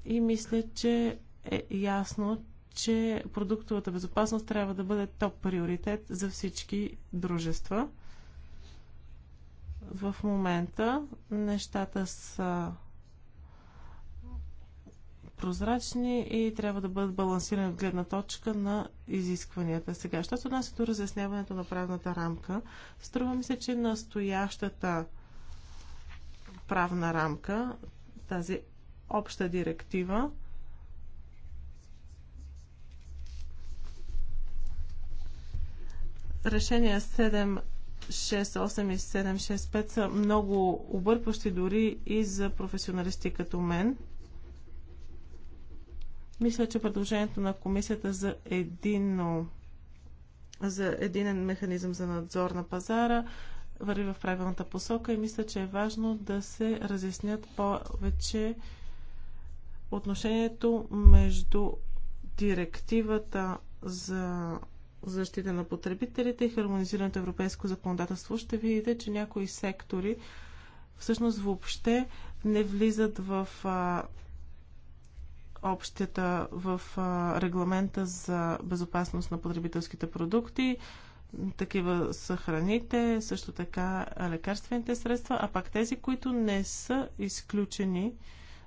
и мисля, че е ясно, че продуктовата безопасност трябва да бъде топ приоритет за всички дружества. В момента нещата са прозрачни и трябва да бъдат балансирани от гледна точка на изискванията. Сега, що се отнася до разясняването на правната рамка, струва ми се, че настоящата правна рамка, тази обща директива, решение 7 6, 8 и 7, 6, 5 са много объркващи дори и за професионалисти като мен. Мисля, че предложението на комисията за един за единен механизъм за надзор на пазара върви в правилната посока и мисля, че е важно да се разяснят повече отношението между директивата за защита на потребителите и хармонизираното европейско законодателство, ще видите, че някои сектори всъщност въобще не влизат в а, общата, в а, регламента за безопасност на потребителските продукти. Такива са храните, също така лекарствените средства, а пак тези, които не са изключени,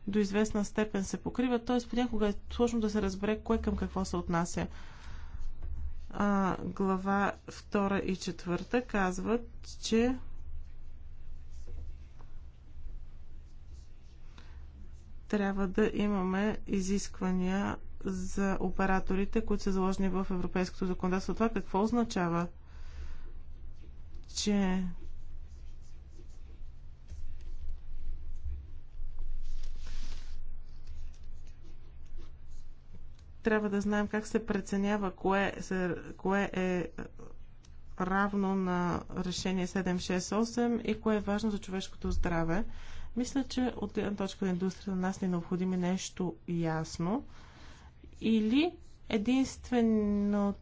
до известна степен се покриват, т.е. понякога е сложно да се разбере кое към какво се отнася а, глава 2 и 4 казват, че трябва да имаме изисквания за операторите, които са заложени в европейското законодателство. Това какво означава? Че трябва да знаем как се преценява кое, се, кое е равно на решение 768 и кое е важно за човешкото здраве. Мисля, че от една точка на индустрията на нас не е необходимо нещо ясно или единствено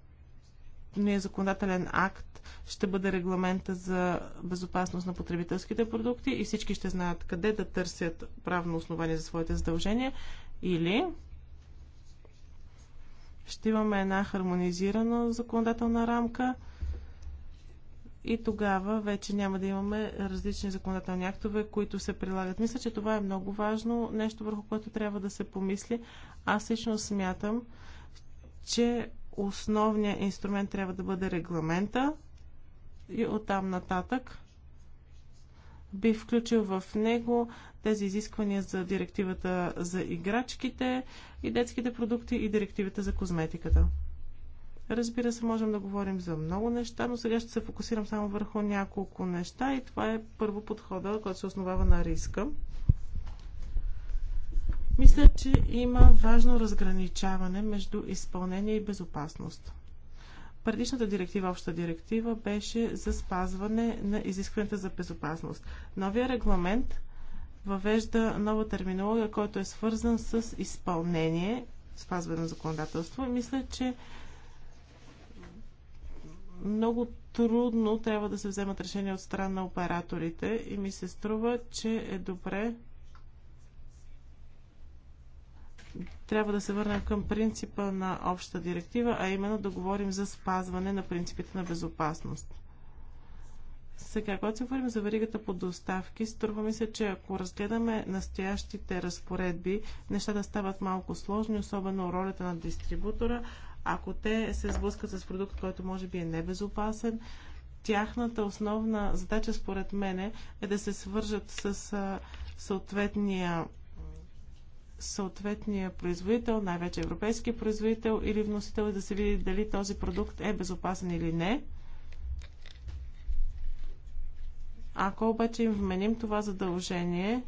не е законодателен акт ще бъде регламента за безопасност на потребителските продукти и всички ще знаят къде да търсят правно основание за своите задължения или ще имаме една хармонизирана законодателна рамка и тогава вече няма да имаме различни законодателни актове, които се прилагат. Мисля, че това е много важно, нещо върху което трябва да се помисли. Аз лично смятам, че основният инструмент трябва да бъде регламента и оттам нататък би включил в него тези изисквания за директивата за играчките и детските продукти и директивата за козметиката. Разбира се, можем да говорим за много неща, но сега ще се фокусирам само върху няколко неща и това е първо подхода, който се основава на риска. Мисля, че има важно разграничаване между изпълнение и безопасност. Предишната директива, обща директива, беше за спазване на изискването за безопасност. Новия регламент въвежда нова терминология, който е свързан с изпълнение, спазване на законодателство. И мисля, че много трудно трябва да се вземат решения от страна на операторите и ми се струва, че е добре трябва да се върнем към принципа на общата директива, а именно да говорим за спазване на принципите на безопасност. Сега, когато се говорим за веригата по доставки, струва ми се, че ако разгледаме настоящите разпоредби, нещата стават малко сложни, особено ролята на дистрибутора. Ако те се сблъскат с продукт, който може би е небезопасен, тяхната основна задача, според мен, е да се свържат с съответния съответния производител, най-вече европейски производител или вносител и да се види дали този продукт е безопасен или не. Ако обаче им вменим това задължение,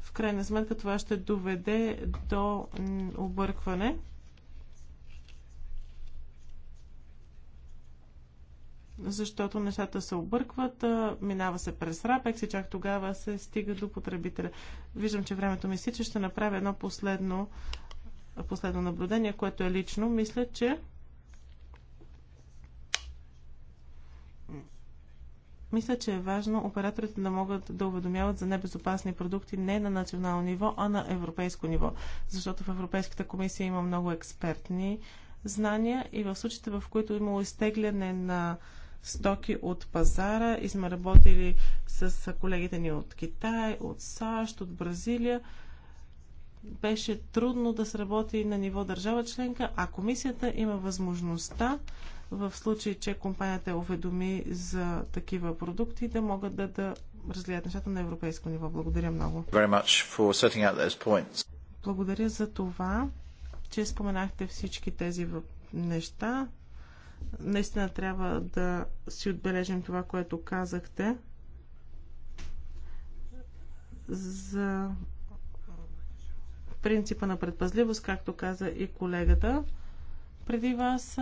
в крайна сметка това ще доведе до объркване. защото нещата се объркват, минава се през Рапекс и чак тогава се стига до потребителя. Виждам, че времето ми си, че ще направя едно последно, последно наблюдение, което е лично. Мисля, че Мисля, че е важно операторите да могат да уведомяват за небезопасни продукти не на национално ниво, а на европейско ниво. Защото в Европейската комисия има много експертни знания и в случаите, в които е имало изтегляне на стоки от пазара и сме работили с колегите ни от Китай, от САЩ, от Бразилия. Беше трудно да се работи на ниво държава членка, а комисията има възможността в случай, че компанията е уведоми за такива продукти, да могат да, да разгледат нещата на европейско ниво. Благодаря много. Благодаря за това, че споменахте всички тези неща. Наистина трябва да си отбележим това, което казахте за принципа на предпазливост, както каза и колегата. Преди вас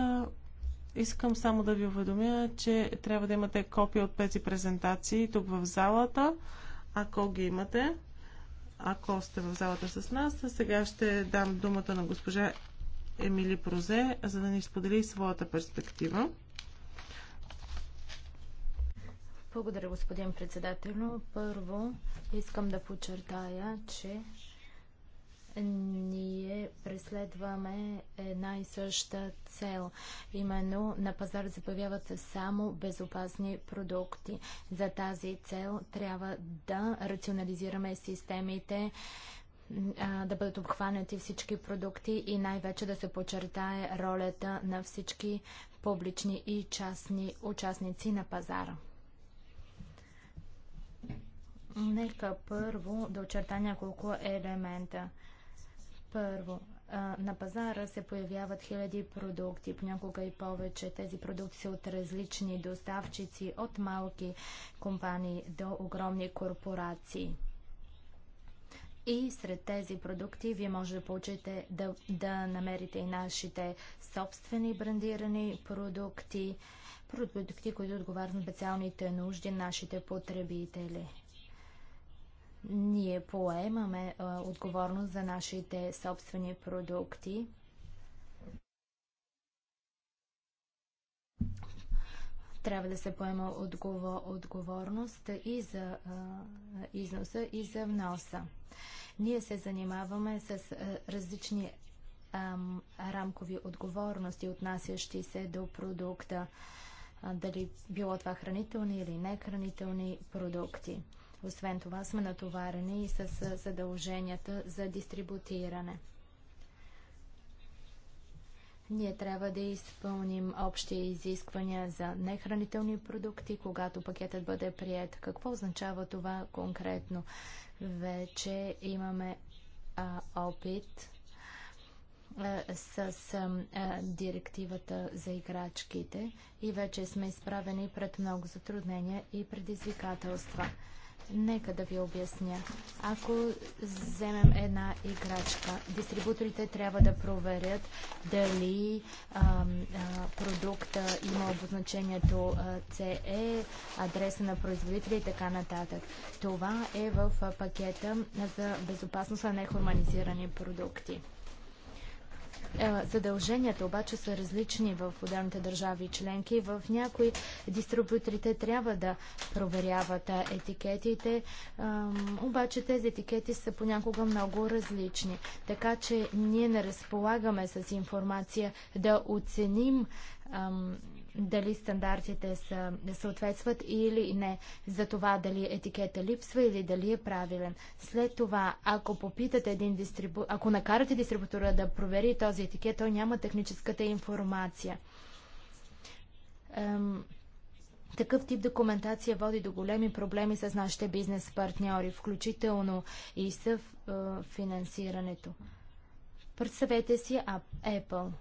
искам само да ви уведомя, че трябва да имате копия от тези презентации тук в залата, ако ги имате. Ако сте в залата с нас, сега ще дам думата на госпожа Емили Прозе, за да ни сподели своята перспектива. Благодаря, господин председател. Първо искам да подчертая, че ние преследваме една и съща цел. Именно на пазар се само безопасни продукти. За тази цел трябва да рационализираме системите, да бъдат обхванати всички продукти и най-вече да се подчертае ролята на всички публични и частни участници на пазара. Нека първо да очерта няколко елемента. Първо, на пазара се появяват хиляди продукти, понякога и повече. Тези продукти са от различни доставчици, от малки компании до огромни корпорации. И сред тези продукти вие може да получите да, да намерите и нашите собствени брандирани продукти, продукти, които отговарят на специалните нужди на нашите потребители. Ние поемаме а, отговорност за нашите собствени продукти Трябва да се поема отговор, отговорност и за а, износа, и за вноса. Ние се занимаваме с а, различни а, рамкови отговорности, отнасящи се до продукта, а, дали било това хранителни или нехранителни продукти. Освен това сме натоварени и с задълженията за дистрибутиране. Ние трябва да изпълним общи изисквания за нехранителни продукти, когато пакетът бъде прият. Какво означава това конкретно? Вече имаме а, опит а, с а, директивата за играчките и вече сме изправени пред много затруднения и предизвикателства. Нека да ви обясня. Ако вземем една играчка, дистрибуторите трябва да проверят дали а, а, продукта има обозначението CE, адреса на производителя и така нататък. Това е в пакета за безопасност на нехорманизирани продукти. Е, задълженията обаче са различни в отделните държави и членки. В някои дистрибуторите трябва да проверяват етикетите, обаче тези етикети са понякога много различни. Така че ние не разполагаме с информация да оценим дали стандартите са, съответстват или не, за това дали етикета липсва или дали е правилен. След това, ако попитате един дистрибу... ако накарате дистрибутора да провери този етикет, той няма техническата информация. Ем... Такъв тип документация води до големи проблеми с нашите бизнес партньори, включително и с е, финансирането. Представете си Apple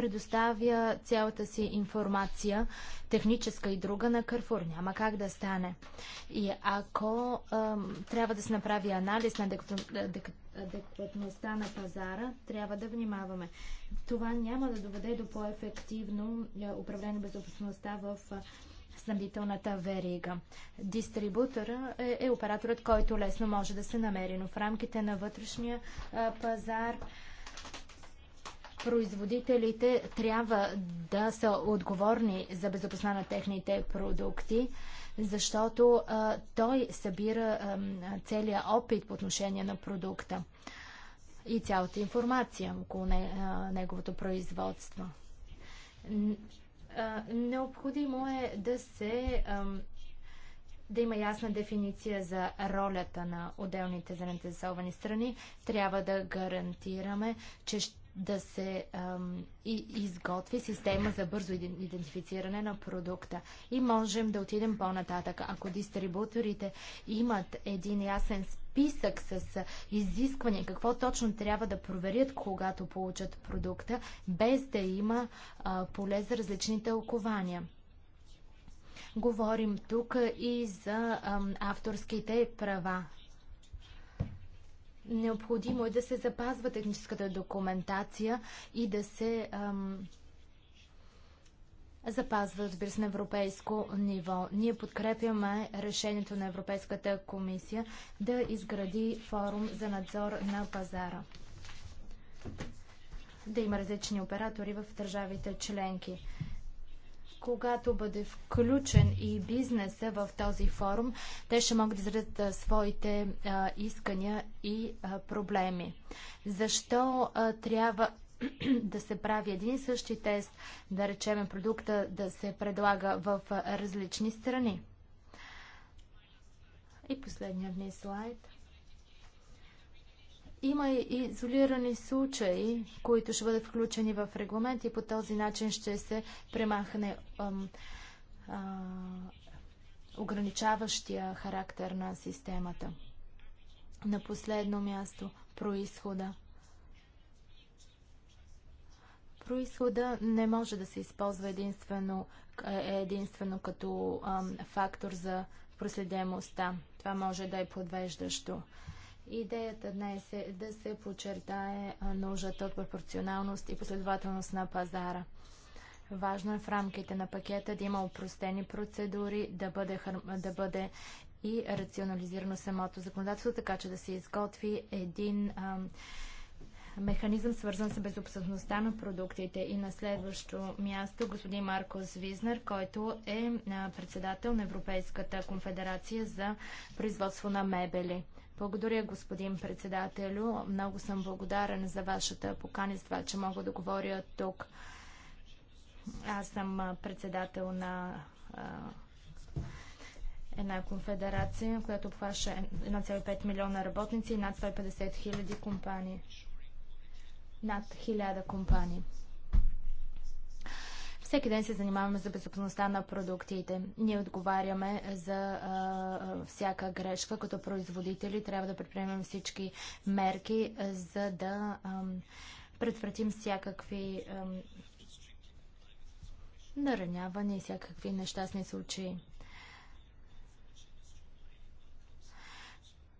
предоставя цялата си информация, техническа и друга, на Карфур. Няма как да стане. И ако ем, трябва да се направи анализ на адекватността на пазара, трябва да внимаваме. Това няма да доведе до по-ефективно е, управление на безопасността в снабдителната верига. Дистрибутора е, е операторът, който лесно може да се намери, но в рамките на вътрешния а, пазар производителите трябва да са отговорни за безопасността на техните продукти, защото а, той събира а, целият опит по отношение на продукта и цялата информация около не, а, неговото производство. Необходимо е да се да има ясна дефиниция за ролята на отделните заинтересовани страни. Трябва да гарантираме, че ще да се ам, и, изготви система за бързо идентифициране на продукта. И можем да отидем по-нататък. Ако дистрибуторите имат един ясен списък с изисквания, какво точно трябва да проверят, когато получат продукта, без да има а, поле за различни тълкования. Говорим тук и за ам, авторските права. Необходимо е да се запазва техническата документация и да се ам, запазва, разбира се, на европейско ниво. Ние подкрепяме решението на Европейската комисия да изгради форум за надзор на пазара. Да има различни оператори в държавите членки когато бъде включен и бизнеса в този форум, те ще могат да изразят своите а, искания и а, проблеми. Защо а, трябва да се прави един и същи тест, да речеме продукта да се предлага в различни страни? И последният ни слайд – има и изолирани случаи, които ще бъдат включени в регламент и по този начин ще се премахне ам, а, ограничаващия характер на системата. На последно място происхода. Происхода не може да се използва единствено, е, е единствено като ам, фактор за проследемостта. Това може да е подвеждащо. Идеята днес е да се подчертае нуждата от пропорционалност и последователност на пазара. Важно е в рамките на пакета да има упростени процедури, да бъде, да бъде и рационализирано самото законодателство, така че да се изготви един а, механизъм, свързан с безопасността на продуктите. И на следващо място господин Маркос Визнер, който е председател на Европейската конфедерация за производство на мебели. Благодаря, господин председателю. Много съм благодарен за вашата покани, с това, че мога да говоря тук. Аз съм председател на една конфедерация, която обхваща 1,5 милиона работници и над 150 хиляди компании. Над 1000 компании. Всеки ден се занимаваме за безопасността на продуктите. Ние отговаряме за а, всяка грешка. Като производители трябва да предприемем всички мерки, за да а, предвратим всякакви наранявания и всякакви нещастни случаи.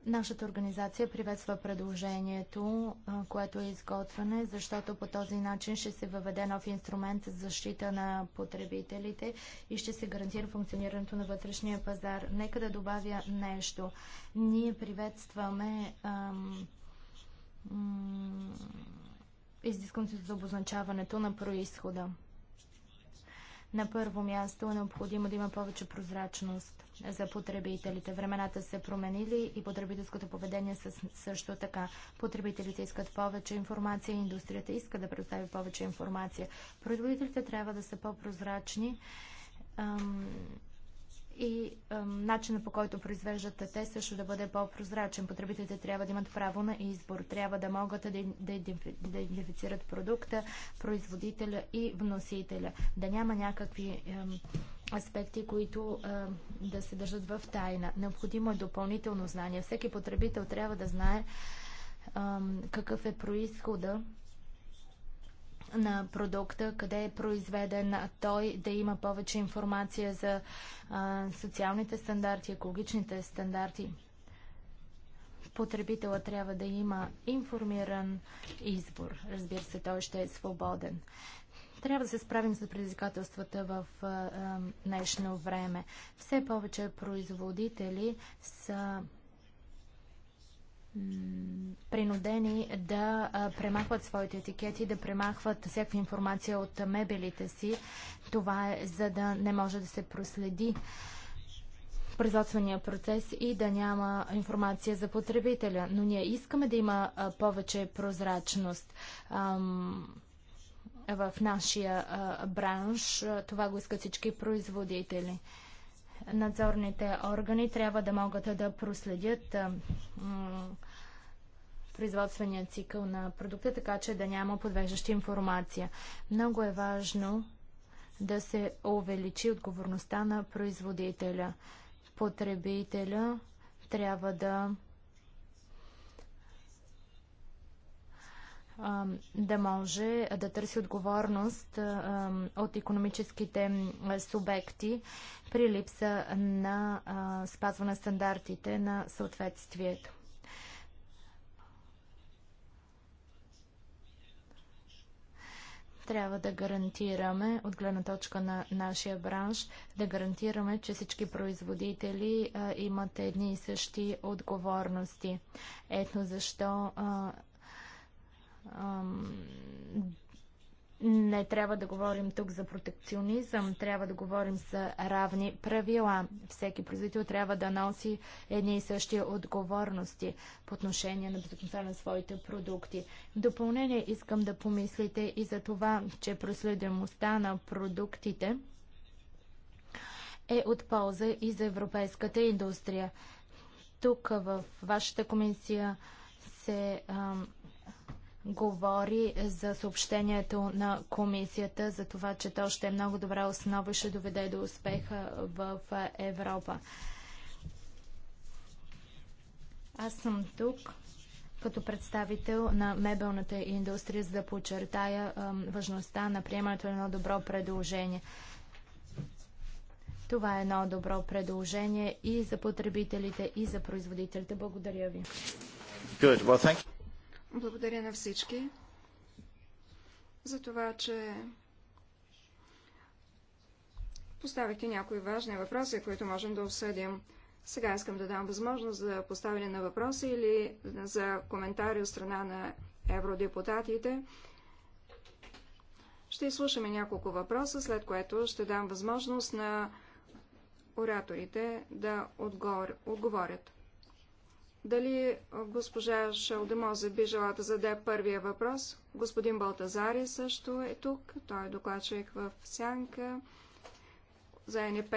Нашата организация приветства предложението, което е изготвяне, защото по този начин ще се въведе нов инструмент за защита на потребителите и ще се гарантира функционирането на вътрешния пазар. Нека да добавя нещо. Ние приветстваме ам, изискването за обозначаването на происхода. На първо място е необходимо да има повече прозрачност за потребителите. Времената се променили и потребителското поведение също така. Потребителите искат повече информация, индустрията иска да предостави повече информация. Производителите трябва да са по-прозрачни и начина по който произвеждат те също да бъде по-прозрачен. Потребителите трябва да имат право на избор, трябва да могат да, да, да идентифицират продукта, производителя и вносителя. Да няма някакви а, аспекти, които а, да се държат в тайна. Необходимо е допълнително знание. Всеки потребител трябва да знае а, какъв е происхода на продукта, къде е произведен той, да има повече информация за а, социалните стандарти, екологичните стандарти. Потребителът трябва да има информиран избор. Разбира се, той ще е свободен. Трябва да се справим с предизвикателствата в а, а, днешно време. Все повече производители са принудени да премахват своите етикети, да премахват всякаква информация от мебелите си. Това е за да не може да се проследи производствения процес и да няма информация за потребителя. Но ние искаме да има повече прозрачност. в нашия бранш това го искат всички производители надзорните органи трябва да могат да проследят производствения цикъл на продукта, така че да няма подвеждаща информация. Много е важно да се увеличи отговорността на производителя. Потребителя трябва да да може да търси отговорност от економическите субекти при липса на спазване стандартите на съответствието. трябва да гарантираме, от гледна точка на нашия бранш, да гарантираме, че всички производители имат едни и същи отговорности. Ето защо а, не трябва да говорим тук за протекционизъм, трябва да говорим за равни правила. Всеки производител трябва да носи едни и същи отговорности по отношение на безопасността на своите продукти. В допълнение искам да помислите и за това, че проследимостта на продуктите е от полза и за европейската индустрия. Тук в вашата комисия се ам, говори за съобщението на комисията, за това, че то ще е много добра основа и ще доведе до успеха в Европа. Аз съм тук като представител на мебелната индустрия, за да подчертая е, важността на приемането на едно добро предложение. Това е едно добро предложение и за потребителите, и за производителите. Благодаря ви. Good. Well, thank you. Благодаря на всички за това, че поставихте някои важни въпроси, които можем да обсъдим. Сега искам да дам възможност за поставяне на въпроси или за коментари от страна на евродепутатите. Ще изслушаме няколко въпроса, след което ще дам възможност на ораторите да отговорят. Дали госпожа Шалдемозе би жела да зададе първия въпрос? Господин Балтазари също е тук. Той е докладчик в Сянка за НП.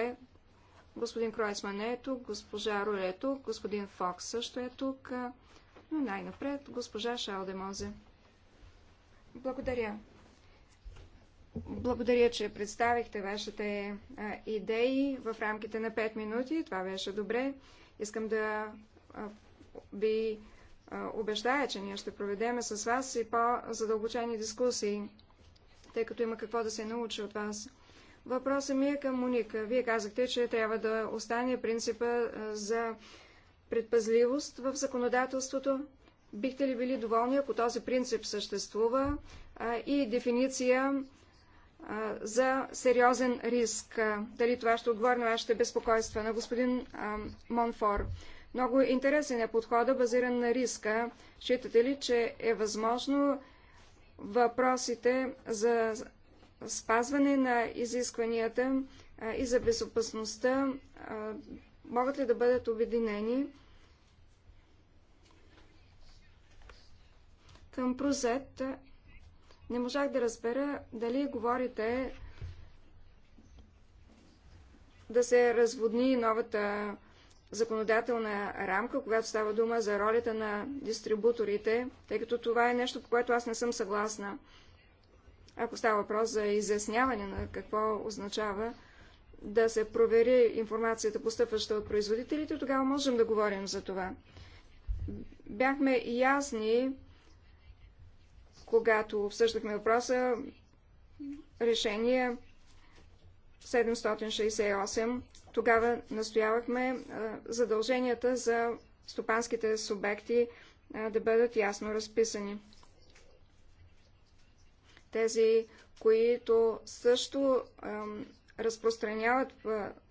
Господин Кройсман е тук, госпожа Руле е тук, господин Фокс също е тук, но най-напред госпожа Шалдемозе. Благодаря. Благодаря, че представихте вашите идеи в рамките на 5 минути. Това беше добре. Искам да ви обещая, че ние ще проведеме с вас и по-задълбочени дискусии, тъй като има какво да се научи от вас. Въпросът ми е към Моника. Вие казахте, че трябва да остане принципа за предпазливост в законодателството. Бихте ли били доволни, ако този принцип съществува и дефиниция за сериозен риск? Дали това ще отговори на вашите безпокойства на господин Монфор? Много е интересен е подхода, базиран на риска. Считате ли, че е възможно въпросите за спазване на изискванията и за безопасността могат ли да бъдат обединени към прозет? Не можах да разбера дали говорите да се разводни новата законодателна рамка, когато става дума за ролята на дистрибуторите, тъй като това е нещо, по което аз не съм съгласна. Ако става въпрос за изясняване на какво означава да се провери информацията, постъпваща от производителите, тогава можем да говорим за това. Бяхме ясни, когато обсъждахме въпроса, решение 768 тогава настоявахме задълженията за стопанските субекти да бъдат ясно разписани. Тези, които също разпространяват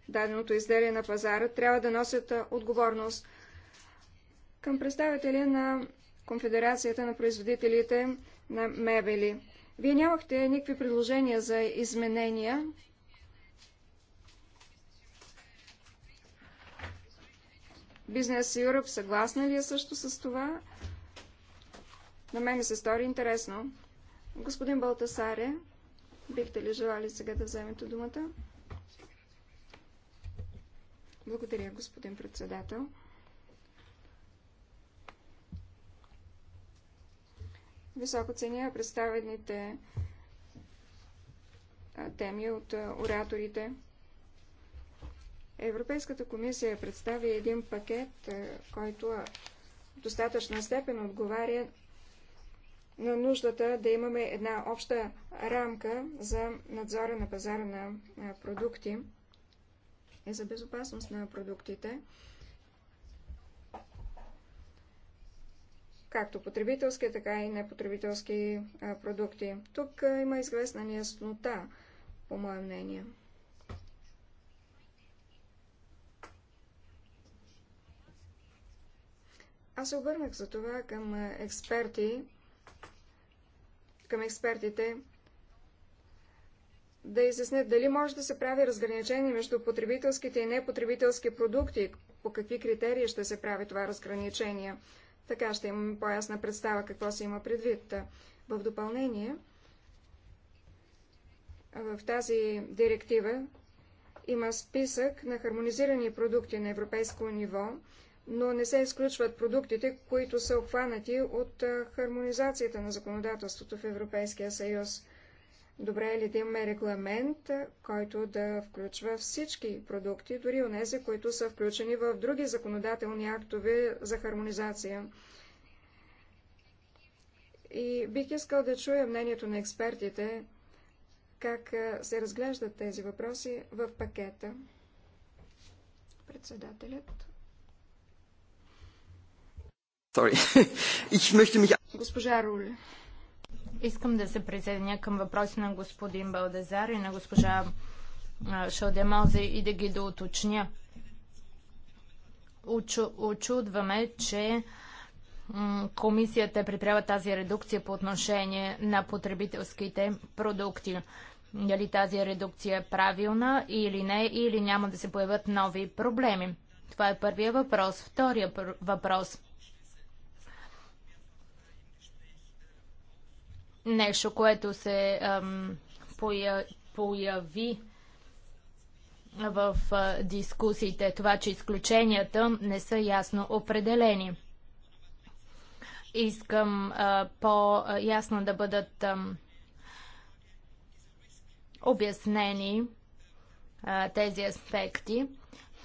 даденото изделие на пазара, трябва да носят отговорност. Към представителя на Конфедерацията на производителите на мебели. Вие нямахте никакви предложения за изменения. Бизнес Юръп съгласна ли е също с това? На мен ми се стори интересно. Господин Балтасаре, бихте ли желали сега да вземете думата? Благодаря, господин председател. Високо ценя представените теми от ораторите. Европейската комисия представи един пакет, е, който е в достатъчна степен отговаря на нуждата да имаме една обща рамка за надзора на пазара на продукти и за безопасност на продуктите. както потребителски, така и непотребителски продукти. Тук има известна неяснота, по мое мнение. Аз се обърнах за това към експерти, към експертите, да изяснят дали може да се прави разграничение между потребителските и непотребителски продукти, по какви критерии ще се прави това разграничение. Така ще имаме по-ясна представа какво се има предвид. В допълнение, в тази директива има списък на хармонизирани продукти на европейско ниво, но не се изключват продуктите, които са обхванати от хармонизацията на законодателството в Европейския съюз. Добре е ли да имаме регламент, който да включва всички продукти, дори онези, които са включени в други законодателни актове за хармонизация? И бих искал да чуя мнението на експертите, как се разглеждат тези въпроси в пакета. Председателят. Mich... Госпожа Руле. Искам да се присъединя към въпроси на господин Балдезар и на госпожа Шалдемалзе и да ги доуточня. очудваме, че комисията е тази редукция по отношение на потребителските продукти. Дали тази редукция е правилна или не, или няма да се появят нови проблеми. Това е първия въпрос. Втория въпрос – нещо, което се ам, поя, появи в а, дискусиите, това, че изключенията не са ясно определени. Искам по-ясно да бъдат ам, обяснени а, тези аспекти.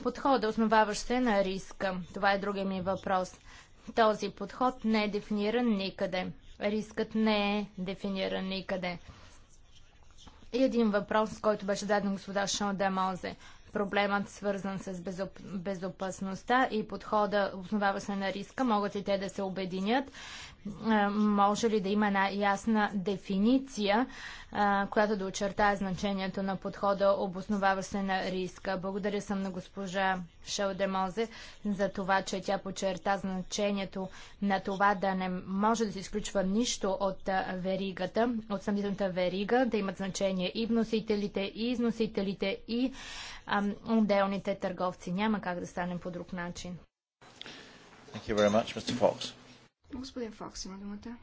Подхода, основаващ се на риска. Това е другия ми въпрос. Този подход не е дефиниран никъде. Рискът не е дефиниран никъде. И един въпрос, който беше даден господа Шон Демозе. Проблемът свързан с безоп... безопасността и подхода, основава се на риска, могат ли те да се обединят? Е, може ли да има една ясна дефиниция, е, която да очертае значението на подхода, обосновава се на риска? Благодаря съм на госпожа Шелдемозе за това, че тя подчерта значението на това да не може да се изключва нищо от е, веригата, от съмнителната верига, да имат значение и вносителите, и износителите, и ам, отделните търговци. Няма как да стане по друг начин. Thank you very much, Mr. Fox. Господин Фокс има думата.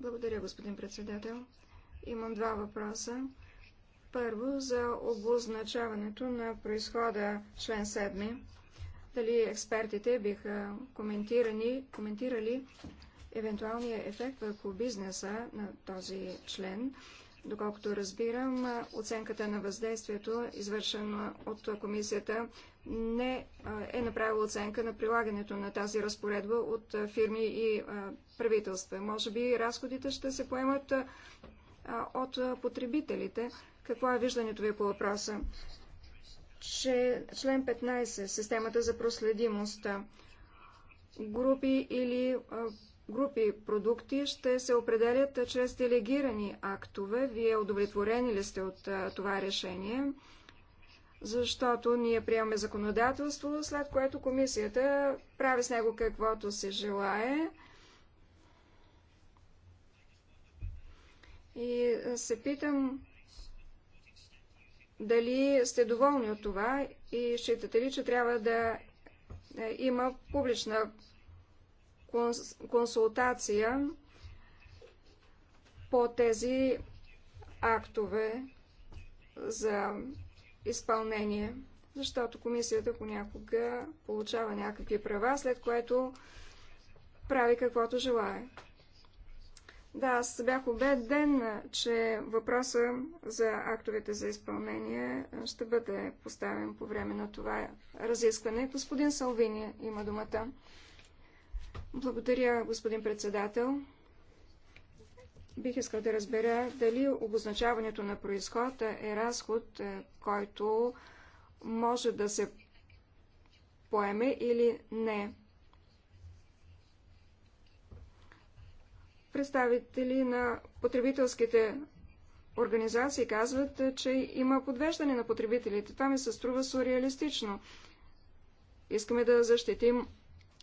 Благодаря, господин председател. Имам два въпроса. Първо, за обозначаването на происхода член 7. Дали експертите биха коментирани, коментирали евентуалния ефект върху бизнеса на този член. Доколкото разбирам, оценката на въздействието, извършена от комисията, не е направила оценка на прилагането на тази разпоредба от фирми и правителства. Може би разходите ще се поемат от потребителите. Какво е виждането ви по въпроса? Че член 15, системата за проследимост, групи или групи продукти ще се определят чрез делегирани актове. Вие удовлетворени ли сте от това решение? защото ние приемаме законодателство, след което комисията прави с него каквото се желае. И се питам дали сте доволни от това и считате ли, че трябва да е, има публична консултация по тези актове за изпълнение, защото комисията понякога получава някакви права, след което прави каквото желая. Да, аз бях убеден, че въпроса за актовете за изпълнение ще бъде поставен по време на това разискване. Господин Салвини има думата. Благодаря, господин председател. Бих искал да разбера дали обозначаването на происход е разход, е, който може да се поеме или не. Представители на потребителските организации казват, е, че има подвеждане на потребителите. Това ми се струва сюрреалистично. Искаме да защитим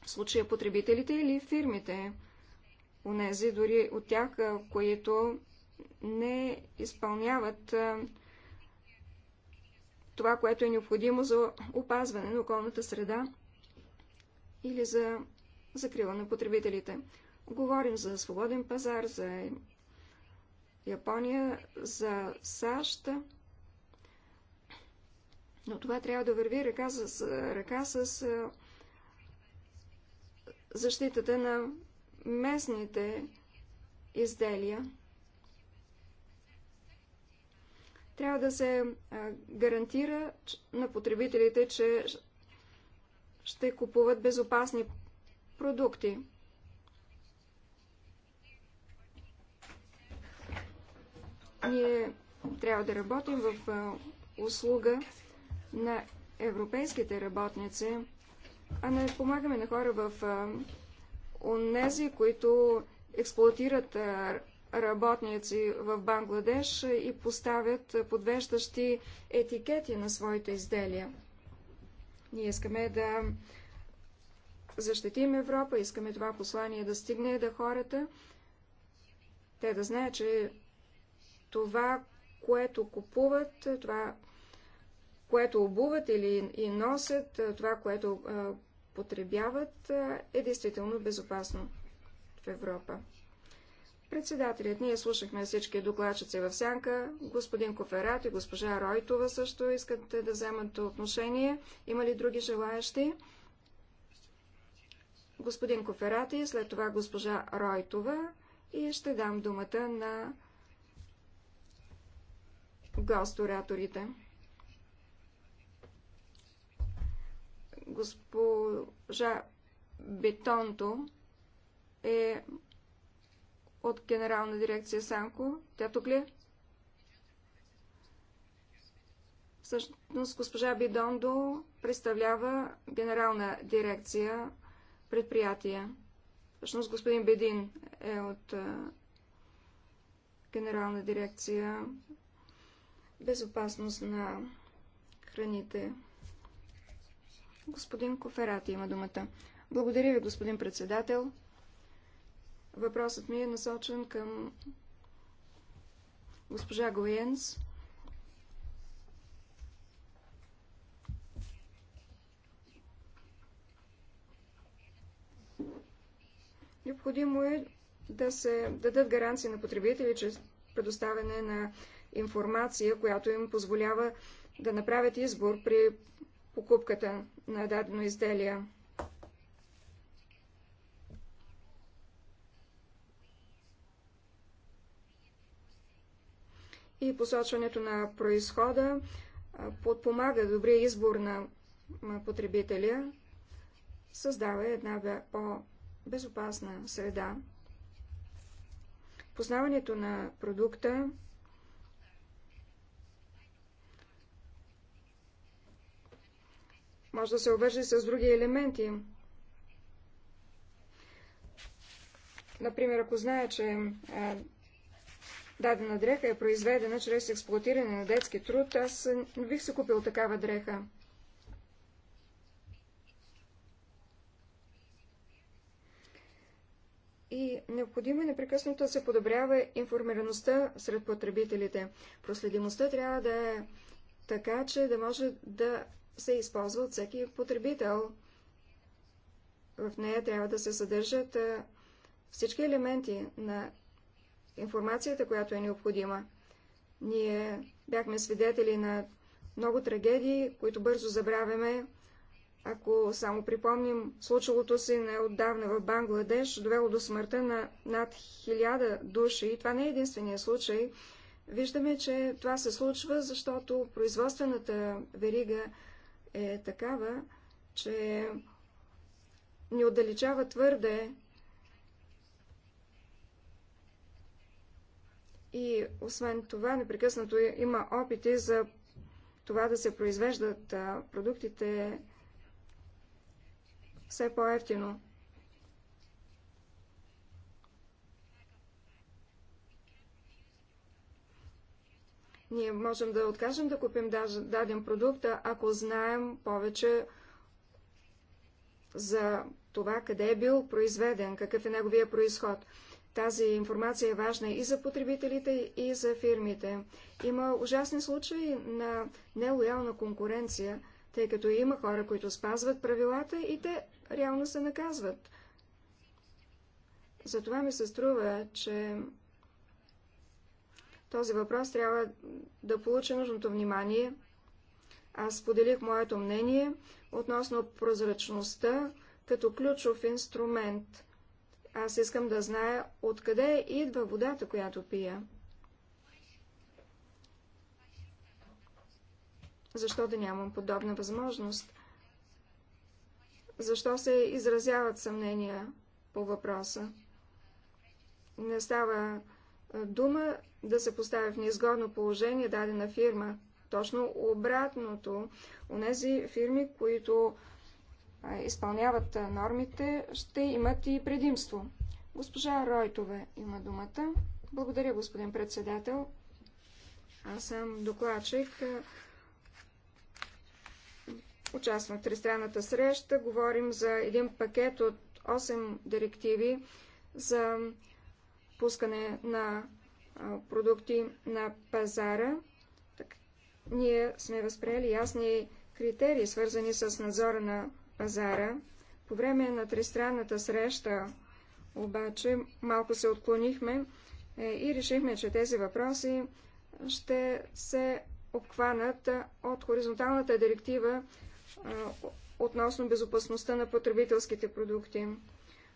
случая потребителите или фирмите унези, дори от тях, които не изпълняват това, което е необходимо за опазване на околната среда или за закрила на потребителите. Говорим за свободен пазар, за Япония, за САЩ, но това трябва да върви ръка с, ръка с защитата на местните изделия. Трябва да се гарантира на потребителите, че ще купуват безопасни продукти. Ние трябва да работим в услуга на европейските работници, а не помагаме на хора в онези, които експлуатират работници в Бангладеш и поставят подвеждащи етикети на своите изделия. Ние искаме да защитим Европа, искаме това послание да стигне до да хората, те да знаят, че това, което купуват, това, което обуват или и носят, това, което употребяват, е действително безопасно в Европа. Председателят, ние слушахме всички докладчици в сянка, господин Коферат и госпожа Ройтова също искат да вземат отношение. Има ли други желаящи? Господин Коферати, след това госпожа Ройтова и ще дам думата на гост-ораторите. Госпожа Бетонто е от Генерална дирекция Санко. Тя тук ли? Е? Всъщност госпожа Бидондо представлява Генерална дирекция предприятия. Всъщност господин Бедин е от Генерална дирекция безопасност на храните. Господин Коферати има думата. Благодаря ви, господин председател. Въпросът ми е насочен към госпожа Гоенс. Необходимо е да се дадат гаранции на потребители чрез предоставяне на информация, която им позволява да направят избор при покупката на дадено изделие. И посочването на происхода подпомага добрия избор на потребителя, създава една по-безопасна среда. Познаването на продукта може да се обвърже с други елементи. Например, ако знае, че е, дадена дреха е произведена чрез експлуатиране на детски труд, аз не бих се купил такава дреха. И необходимо е непрекъснато да се подобрява информираността сред потребителите. Проследимостта трябва да е така, че да може да се използва от всеки потребител. В нея трябва да се съдържат всички елементи на информацията, която е необходима. Ние бяхме свидетели на много трагедии, които бързо забравяме. Ако само припомним случилото си неотдавна в Бангладеш, довело до смъртта на над хиляда души, и това не е единствения случай, виждаме, че това се случва, защото производствената верига е такава, че ни отдалечава твърде и освен това непрекъснато има опити за това да се произвеждат продуктите все по-ефтино. Ние можем да откажем да купим даден продукт, ако знаем повече за това къде е бил произведен, какъв е неговия происход. Тази информация е важна и за потребителите, и за фирмите. Има ужасни случаи на нелоялна конкуренция, тъй като има хора, които спазват правилата и те реално се наказват. Затова ми се струва, че този въпрос трябва да получи нужното внимание. Аз поделих моето мнение относно прозрачността като ключов инструмент. Аз искам да зная откъде идва водата, която пия. Защо да нямам подобна възможност? Защо се изразяват съмнения по въпроса? Не става дума да се поставя в неизгодно положение дадена фирма. Точно обратното. Онези фирми, които изпълняват нормите, ще имат и предимство. Госпожа Ройтове има думата. Благодаря, господин председател. Аз съм докладчик. Участвам в тристранната среща. Говорим за един пакет от 8 директиви за пускане на продукти на пазара. Так, ние сме възприели ясни критерии, свързани с надзора на пазара. По време на тристранната среща обаче малко се отклонихме е, и решихме, че тези въпроси ще се обхванат от хоризонталната директива относно безопасността на потребителските продукти.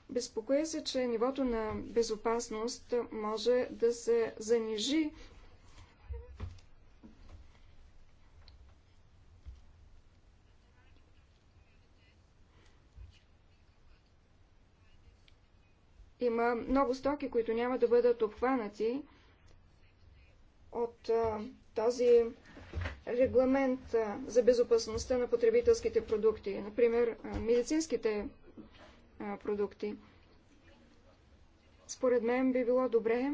Безпокоя се, че нивото на безопасност може да се занижи Има много стоки, които няма да бъдат обхванати от а, този регламент а, за безопасността на потребителските продукти. Например, а, медицинските продукти. Според мен би било добре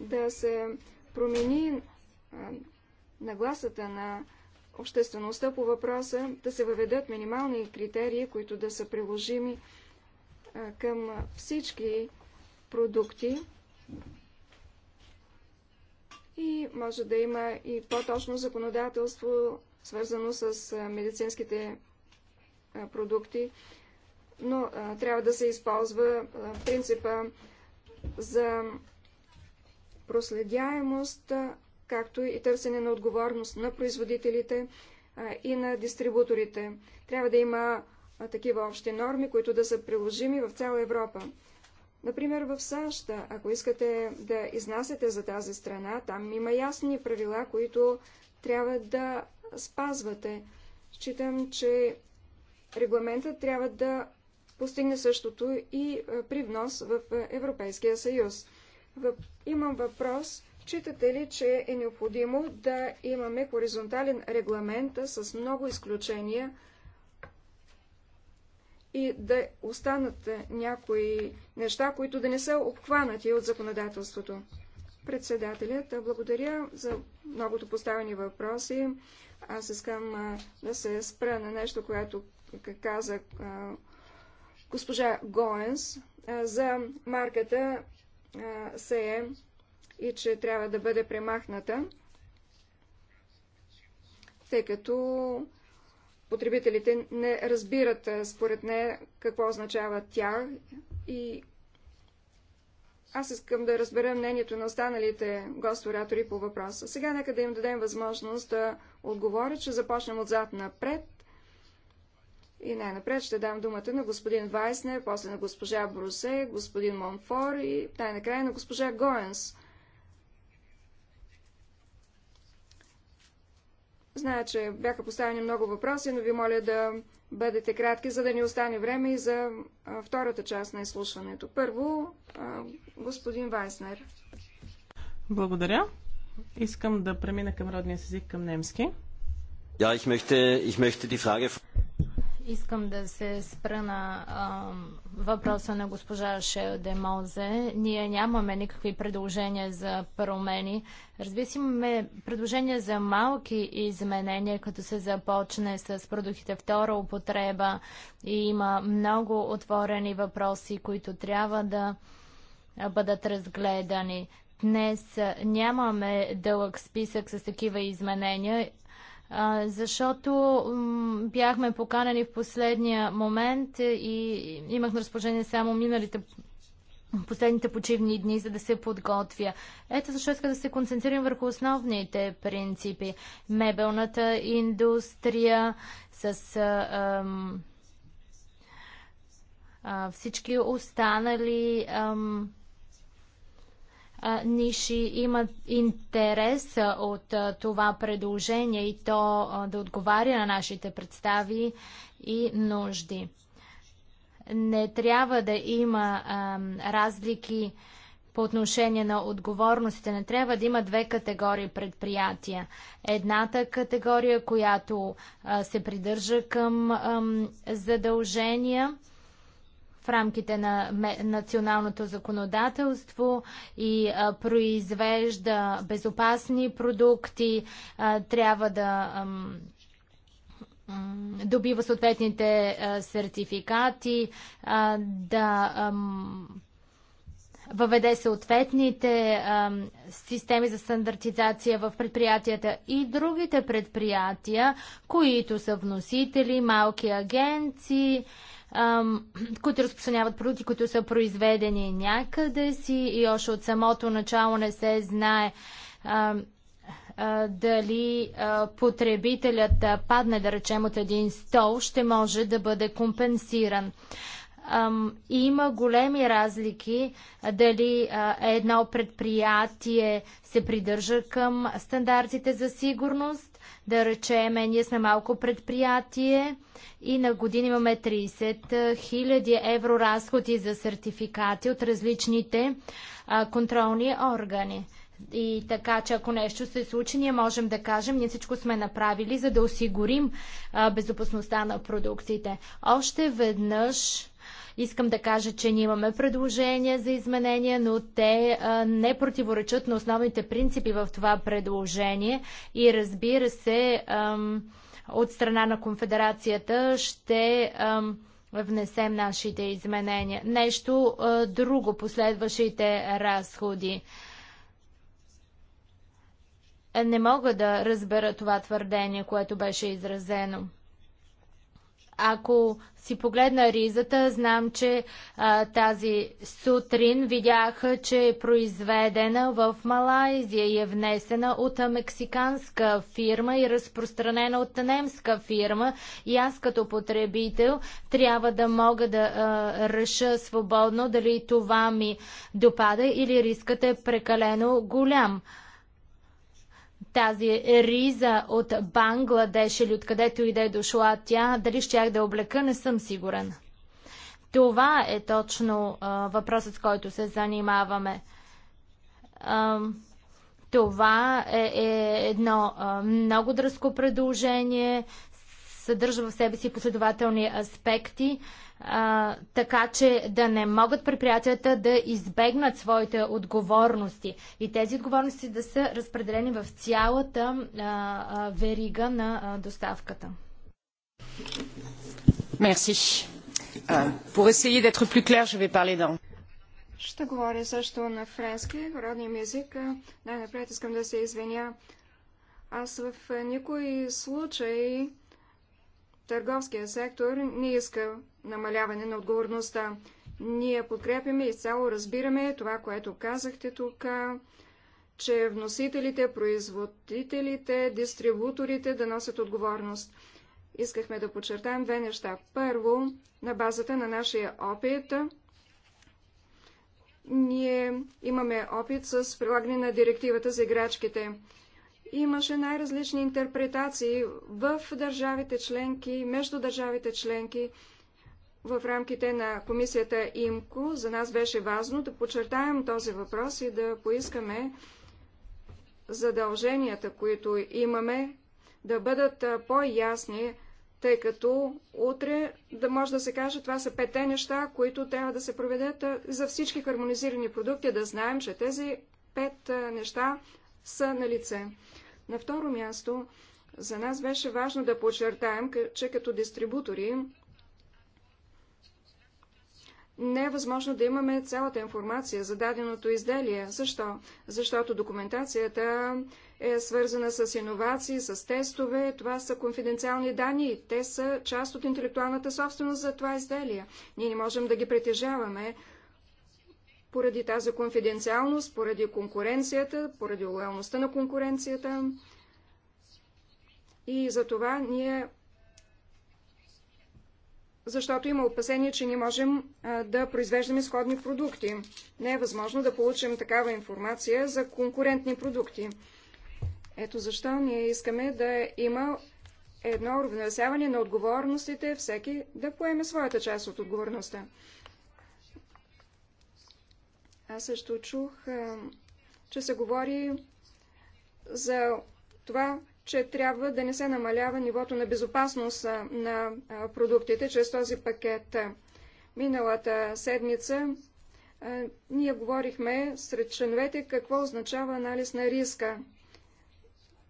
да се промени нагласата на обществеността по въпроса, да се въведат минимални критерии, които да са приложими към всички продукти и може да има и по-точно законодателство, свързано с медицинските продукти, но трябва да се използва принципа за проследяемост, както и търсене на отговорност на производителите и на дистрибуторите. Трябва да има такива общи норми, които да са приложими в цяла Европа. Например, в САЩ, ако искате да изнасяте за тази страна, там има ясни правила, които трябва да спазвате. Считам, че Регламентът трябва да постигне същото и е, при внос в е, Европейския съюз. Имам въпрос. Читате ли, че е необходимо да имаме хоризонтален регламент с много изключения и да останат е, някои неща, които да не са обхванати от законодателството? Председателят, благодаря за многото поставени въпроси. Аз искам да се спра на нещо, което каза госпожа Гоенс за марката СЕ и че трябва да бъде премахната, тъй като потребителите не разбират според нея какво означава тя и аз искам да разбера мнението на останалите госторатори по въпроса. Сега нека да им дадем възможност да отговорят. Ще започнем отзад напред. И най-напред ще дам думата на господин Вайснер, после на госпожа Брусе, господин Монфор и най-накрая на госпожа Гоенс. Зная, че бяха поставени много въпроси, но ви моля да бъдете кратки, за да ни остане време и за втората част на изслушването. Първо, господин Вайснер. Благодаря. Искам да премина към родния език, към немски. Ja, ich möchte, ich möchte die Frage... Искам да се спра на а, въпроса на госпожа Шел де Молзе. Ние нямаме никакви предложения за промени. Разбира се, имаме предложения за малки изменения, като се започне с продуктите втора употреба и има много отворени въпроси, които трябва да бъдат разгледани. Днес нямаме дълъг списък с такива изменения защото бяхме поканени в последния момент и имах на разположение само миналите последните почивни дни, за да се подготвя. Ето защо иска да се концентрирам върху основните принципи. Мебелната индустрия с а, а, всички останали а, ниши имат интерес от това предложение и то да отговаря на нашите представи и нужди. Не трябва да има разлики по отношение на отговорностите. Не трябва да има две категории предприятия. Едната категория, която се придържа към задължения, в рамките на националното законодателство и произвежда безопасни продукти, трябва да добива съответните сертификати, да въведе съответните а, системи за стандартизация в предприятията и другите предприятия, които са вносители, малки агенции, които разпространяват продукти, които са произведени някъде си и още от самото начало не се знае дали потребителят падне, да речем, от един стол, ще може да бъде компенсиран. Има големи разлики дали едно предприятие се придържа към стандартите за сигурност да речеме, ние сме малко предприятие и на година имаме 30 000 евро разходи за сертификати от различните а, контролни органи. И така, че ако нещо се случи, ние можем да кажем, ние всичко сме направили, за да осигурим а, безопасността на продукциите. Още веднъж Искам да кажа, че ние имаме предложения за изменения, но те не противоречат на основните принципи в това предложение и разбира се, от страна на конфедерацията ще внесем нашите изменения. Нещо друго, последващите разходи. Не мога да разбера това твърдение, което беше изразено. Ако си погледна ризата, знам, че а, тази сутрин видях, че е произведена в Малайзия и е внесена от мексиканска фирма и разпространена от немска фирма. И аз като потребител трябва да мога да а, реша свободно дали това ми допада или рискът е прекалено голям тази риза от Бангладеш или откъдето и да е дошла тя, дали щях да облека, не съм сигурен. Това е точно а, въпросът, с който се занимаваме. А, това е, е едно а, много дръско предложение съдържа в себе си последователни аспекти, а, така че да не могат предприятията да избегнат своите отговорности и тези отговорности да са разпределени в цялата а, а, верига на а, доставката. Мерси. Pour essayer d'être plus clair, je vais parler dans... Ще говоря също на френски, родния ми език. Най-напред искам да се извиня. Аз в никой случай Търговския сектор не иска намаляване на отговорността. Ние подкрепяме и цяло разбираме това, което казахте тук, че вносителите, производителите, дистрибуторите да носят отговорност. Искахме да подчертаем две неща. Първо, на базата на нашия опит, ние имаме опит с прилагане на директивата за играчките. Имаше най-различни интерпретации в държавите членки, между държавите членки, в рамките на комисията ИМКО. За нас беше важно да подчертаем този въпрос и да поискаме задълженията, които имаме, да бъдат по-ясни, тъй като утре да може да се каже, това са пете неща, които трябва да се проведат за всички хармонизирани продукти, да знаем, че тези пет неща са на лице. На второ място, за нас беше важно да подчертаем, че като дистрибутори не е възможно да имаме цялата информация за даденото изделие. Защо? Защото документацията е свързана с иновации, с тестове. Това са конфиденциални данни и те са част от интелектуалната собственост за това изделие. Ние не можем да ги притежаваме, поради тази конфиденциалност, поради конкуренцията, поради лоялността на конкуренцията. И за това ние, защото има опасение, че не можем да произвеждаме сходни продукти. Не е възможно да получим такава информация за конкурентни продукти. Ето защо ние искаме да има едно уравновесяване на отговорностите, всеки да поеме своята част от отговорността. Аз също чух, че се говори за това, че трябва да не се намалява нивото на безопасност на продуктите чрез този пакет. Миналата седмица ние говорихме сред членовете какво означава анализ на риска.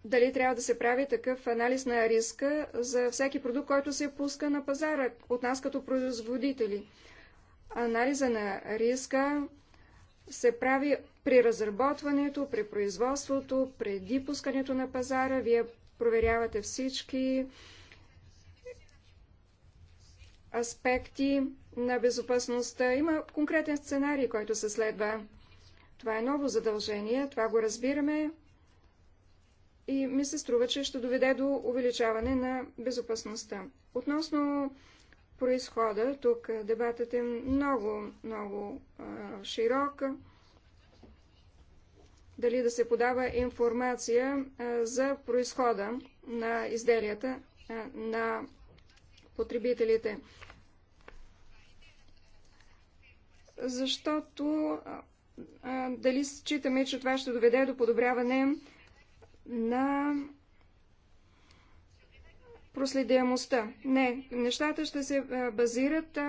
Дали трябва да се прави такъв анализ на риска за всеки продукт, който се пуска на пазара от нас като производители. Анализа на риска се прави при разработването, при производството, преди пускането на пазара. Вие проверявате всички аспекти на безопасността. Има конкретен сценарий, който се следва. Това е ново задължение, това го разбираме и ми се струва, че ще доведе до увеличаване на безопасността. Относно происхода. Тук дебатът е много, много а, широк. Дали да се подава информация а, за происхода на изделията а, на потребителите. Защото а, дали считаме, че това ще доведе до подобряване на проследяемостта. Не, нещата ще се базират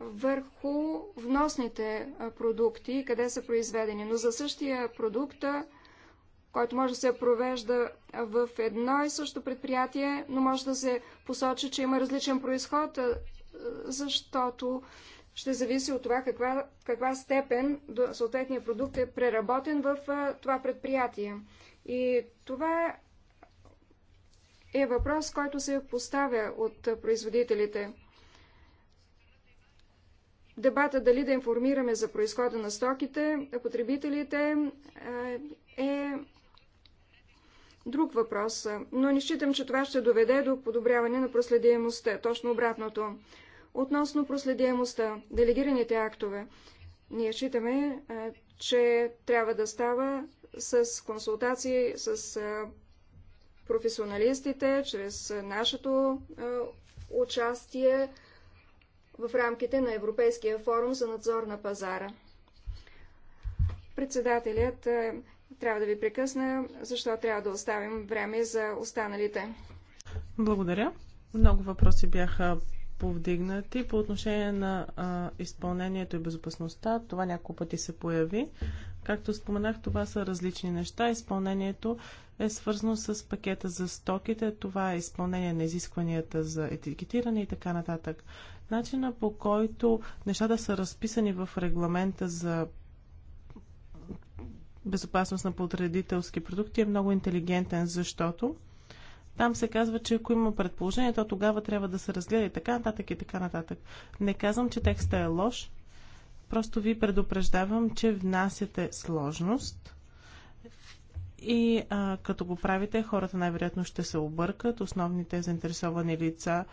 върху вносните продукти, къде са произведени. Но за същия продукт, който може да се провежда в едно и също предприятие, но може да се посочи, че има различен происход, защото ще зависи от това каква, каква степен съответният продукт е преработен в това предприятие. И това е въпрос, който се поставя от производителите. Дебата дали да информираме за происхода на стоките, потребителите е, е друг въпрос, но не считам, че това ще доведе до подобряване на проследимостта, точно обратното. Относно проследиемостта, делегираните актове, ние считаме, е, че трябва да става с консултации с е, професионалистите, чрез нашето участие в рамките на Европейския форум за надзор на пазара. Председателят трябва да ви прекъсна, защо трябва да оставим време за останалите. Благодаря. Много въпроси бяха повдигнати по отношение на а, изпълнението и безопасността. Това няколко пъти се появи. Както споменах, това са различни неща. Изпълнението е свързано с пакета за стоките. Това е изпълнение на изискванията за етикетиране и така нататък. Начина по който нещата са разписани в регламента за безопасност на потребителски продукти е много интелигентен, защото там се казва, че ако има предположение, то тогава трябва да се разгледа и така нататък и така нататък. Не казвам, че текста е лош. Просто ви предупреждавам, че внасяте сложност и а, като го правите, хората най-вероятно ще се объркат. Основните заинтересовани лица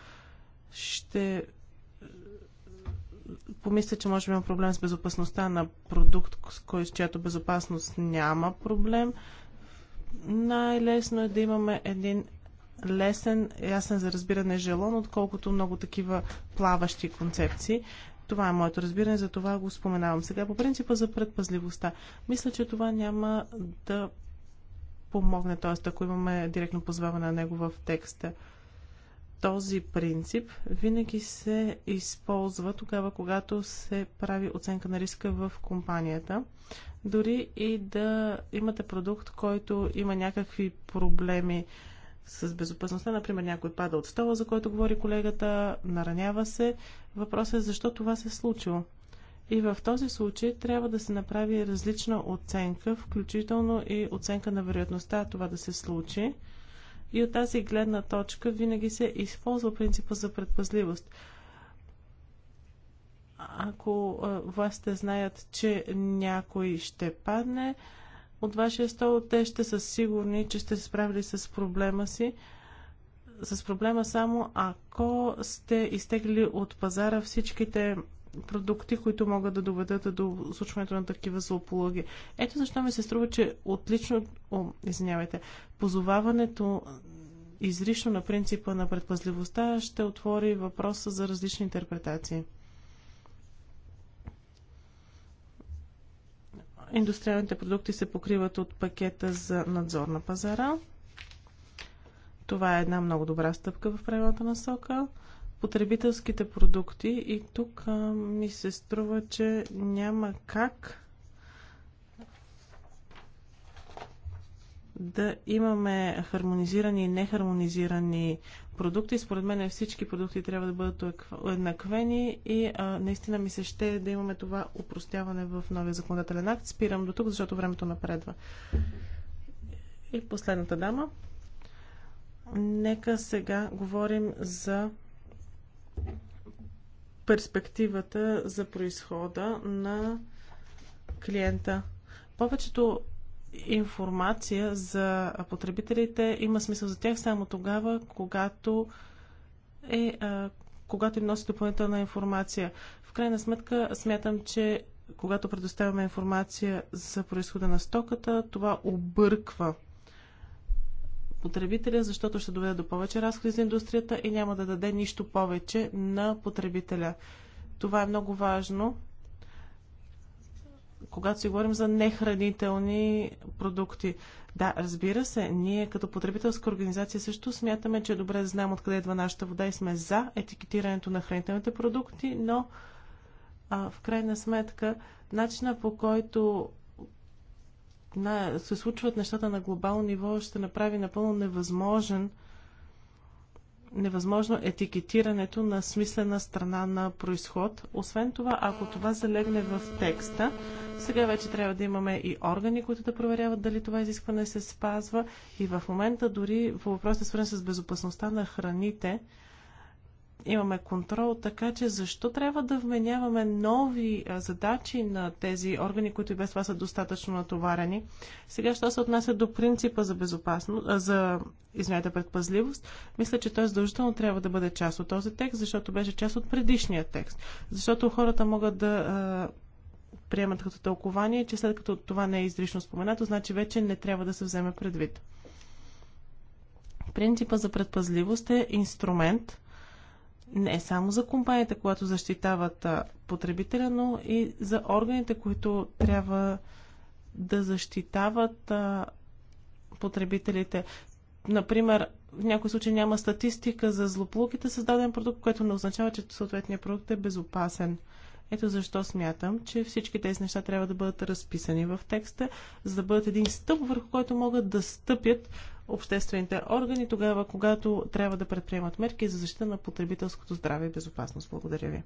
ще помисля, че може би има проблем с безопасността на продукт, с кой, с чиято безопасност няма проблем. Най-лесно е да имаме един лесен, ясен за разбиране желон, отколкото много такива плаващи концепции. Това е моето разбиране, за това го споменавам. Сега по принципа за предпазливостта. Мисля, че това няма да помогне, т.е. ако имаме директно позваване на него в текста. Този принцип винаги се използва тогава, когато се прави оценка на риска в компанията. Дори и да имате продукт, който има някакви проблеми, с безопасността, например, някой пада от стола, за който говори колегата, наранява се. Въпросът е защо това се е случило. И в този случай трябва да се направи различна оценка, включително и оценка на вероятността това да се случи. И от тази гледна точка винаги се използва принципа за предпазливост. Ако властите знаят, че някой ще падне, от вашия стол, те ще са сигурни, че сте се справили с проблема си, с проблема само ако сте изтегли от пазара всичките продукти, които могат да доведат до случването на такива злополуги. Ето защо ми се струва, че отлично, о, извинявайте, позоваването изрично на принципа на предпазливостта ще отвори въпроса за различни интерпретации. индустриалните продукти се покриват от пакета за надзор на пазара. Това е една много добра стъпка в правилната насока. Потребителските продукти и тук а, ми се струва, че няма как да имаме хармонизирани и нехармонизирани продукти. Според мен всички продукти трябва да бъдат еднаквени и а, наистина ми се ще да имаме това упростяване в новия законодателен акт. Спирам до тук, защото времето напредва. И последната дама. Нека сега говорим за перспективата за происхода на клиента. Повечето информация за потребителите има смисъл за тях само тогава, когато е а, когато им носи допълнителна информация. В крайна сметка смятам, че когато предоставяме информация за происхода на стоката, това обърква потребителя, защото ще доведе до повече разходи за индустрията и няма да даде нищо повече на потребителя. Това е много важно когато си говорим за нехранителни продукти. Да, разбира се, ние като потребителска организация също смятаме, че е добре знаем откъде идва нашата вода и сме за етикетирането на хранителните продукти, но а, в крайна сметка начина по който на, се случват нещата на глобално ниво ще направи напълно невъзможен невъзможно етикетирането на смислена страна на происход. Освен това, ако това залегне в текста, сега вече трябва да имаме и органи, които да проверяват дали това изискване се спазва. И в момента дори по въпросите свързани с безопасността на храните, имаме контрол, така че защо трябва да вменяваме нови задачи на тези органи, които и без това са достатъчно натоварени? Сега, що се отнася до принципа за безопасност, за, извинете, предпазливост, мисля, че той задължително трябва да бъде част от този текст, защото беше част от предишния текст. Защото хората могат да а, приемат като тълкование, че след като това не е изрично споменато, значи вече не трябва да се вземе предвид. Принципа за предпазливост е инструмент, не само за компанията, когато защитават потребителя, но и за органите, които трябва да защитават потребителите. Например, в някой случай няма статистика за злополуките с даден продукт, което не означава, че съответният продукт е безопасен. Ето защо смятам, че всички тези неща трябва да бъдат разписани в текста, за да бъдат един стъп, върху който могат да стъпят обществените органи тогава, когато трябва да предприемат мерки за защита на потребителското здраве и безопасност. Благодаря ви.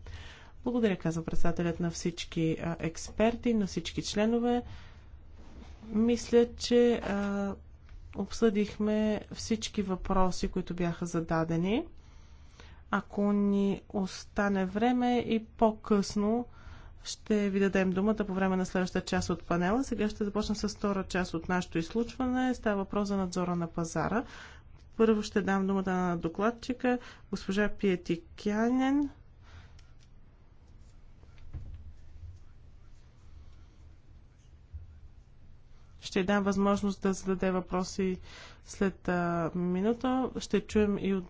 Благодаря, казва председателят на всички експерти, на всички членове. Мисля, че а, обсъдихме всички въпроси, които бяха зададени. Ако ни остане време и по-късно, ще ви дадем думата по време на следващата част от панела. Сега ще започнем с втора част от нашето изслучване. Става въпрос за надзора на пазара. Първо ще дам думата на докладчика, госпожа Пиети Кянен. Ще дам възможност да зададе въпроси след а, минута. Ще чуем и от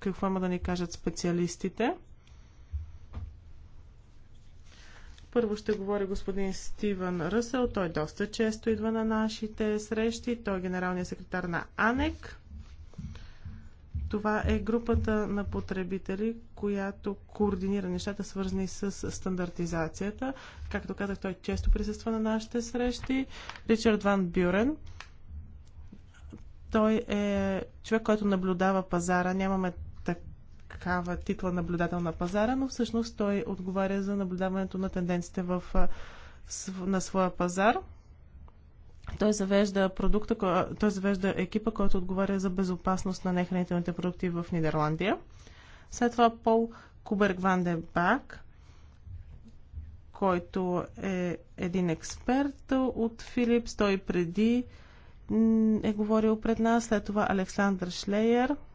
какво има да ни кажат специалистите. Първо ще говори господин Стивън Ръсъл. Той доста често идва на нашите срещи. Той е генералният секретар на АНЕК. Това е групата на потребители, която координира нещата, свързани с стандартизацията. Както казах, той често присъства на нашите срещи. Ричард Ван Бюрен. Той е човек, който наблюдава пазара. Нямаме такава титла наблюдател на пазара, но всъщност той отговаря за наблюдаването на тенденциите в, на своя пазар. Той завежда, продукта, той завежда екипа, който отговаря за безопасност на нехранителните продукти в Нидерландия. След това Пол Куберг Ван де Бак, който е един експерт от Филипс. Той преди е говорил пред нас. След това Александър Шлейер –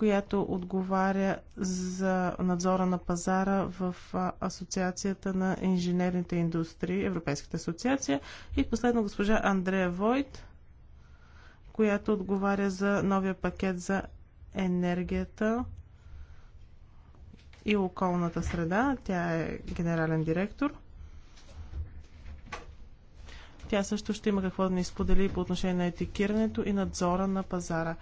която отговаря за надзора на пазара в Асоциацията на инженерните индустрии, Европейската асоциация. И последно госпожа Андрея Войт, която отговаря за новия пакет за енергията и околната среда. Тя е генерален директор. Тя също ще има какво да ни сподели по отношение на етикирането и надзора на пазара.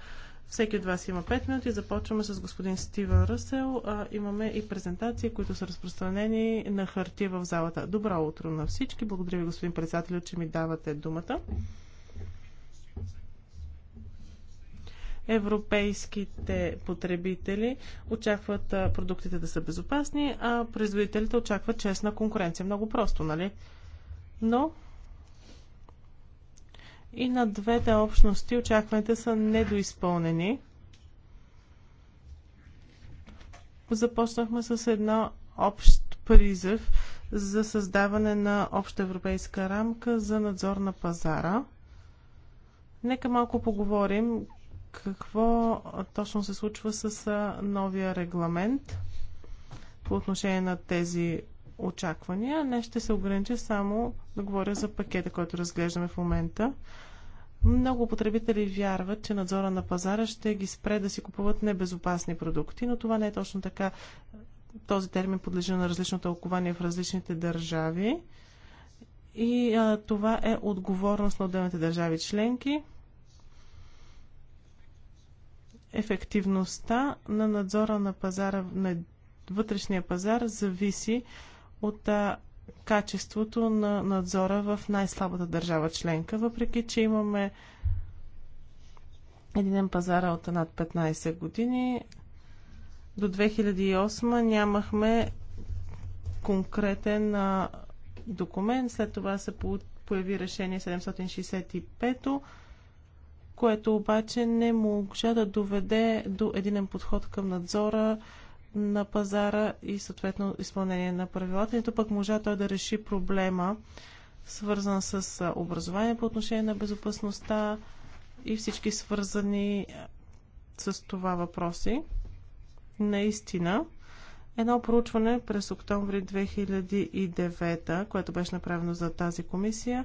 Всеки от вас има 5 минути. Започваме с господин Стивен Ръсел. А, имаме и презентации, които са разпространени на хартия в залата. Добро утро на всички. Благодаря ви, господин председател, че ми давате думата. Европейските потребители очакват продуктите да са безопасни, а производителите очакват честна конкуренция. Много просто, нали? Но и на двете общности очакванията са недоизпълнени. Започнахме с една общ призив за създаване на обща европейска рамка за надзор на пазара. Нека малко поговорим какво точно се случва с новия регламент по отношение на тези очаквания. Не ще се огранича само да говоря за пакета, който разглеждаме в момента. Много потребители вярват, че надзора на пазара ще ги спре да си купуват небезопасни продукти, но това не е точно така. Този термин подлежи на различно тълкование в различните държави. И а, това е отговорност на отделните държави членки. Ефективността на надзора на пазара, на вътрешния пазар, зависи от а, качеството на надзора в най-слабата държава членка, въпреки че имаме един пазар от над 15 години. До 2008 нямахме конкретен документ. След това се появи решение 765, което обаче не можа да доведе до единен подход към надзора на пазара и съответно изпълнение на правилата. Нито пък можа той да реши проблема, свързан с образование по отношение на безопасността и всички свързани с това въпроси. Наистина, едно проучване през октомври 2009, което беше направено за тази комисия,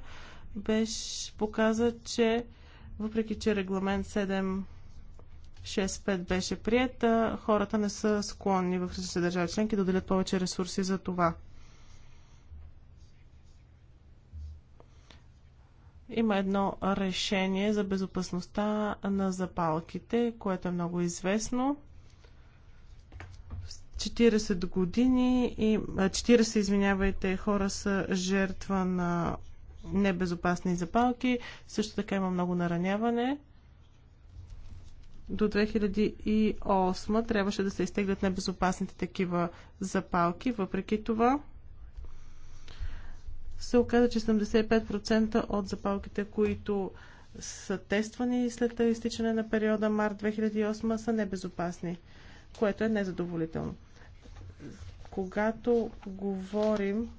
беше показа, че въпреки, че регламент 7 6-5 беше прият, хората не са склонни в различните държави членки да отделят повече ресурси за това. Има едно решение за безопасността на запалките, което е много известно. 40 години и 40, извинявайте, хора са жертва на небезопасни запалки. Също така има много нараняване до 2008 трябваше да се изтеглят небезопасните такива запалки. Въпреки това се оказа, че 75% от запалките, които са тествани след изтичане на периода март 2008 са небезопасни, което е незадоволително. Когато говорим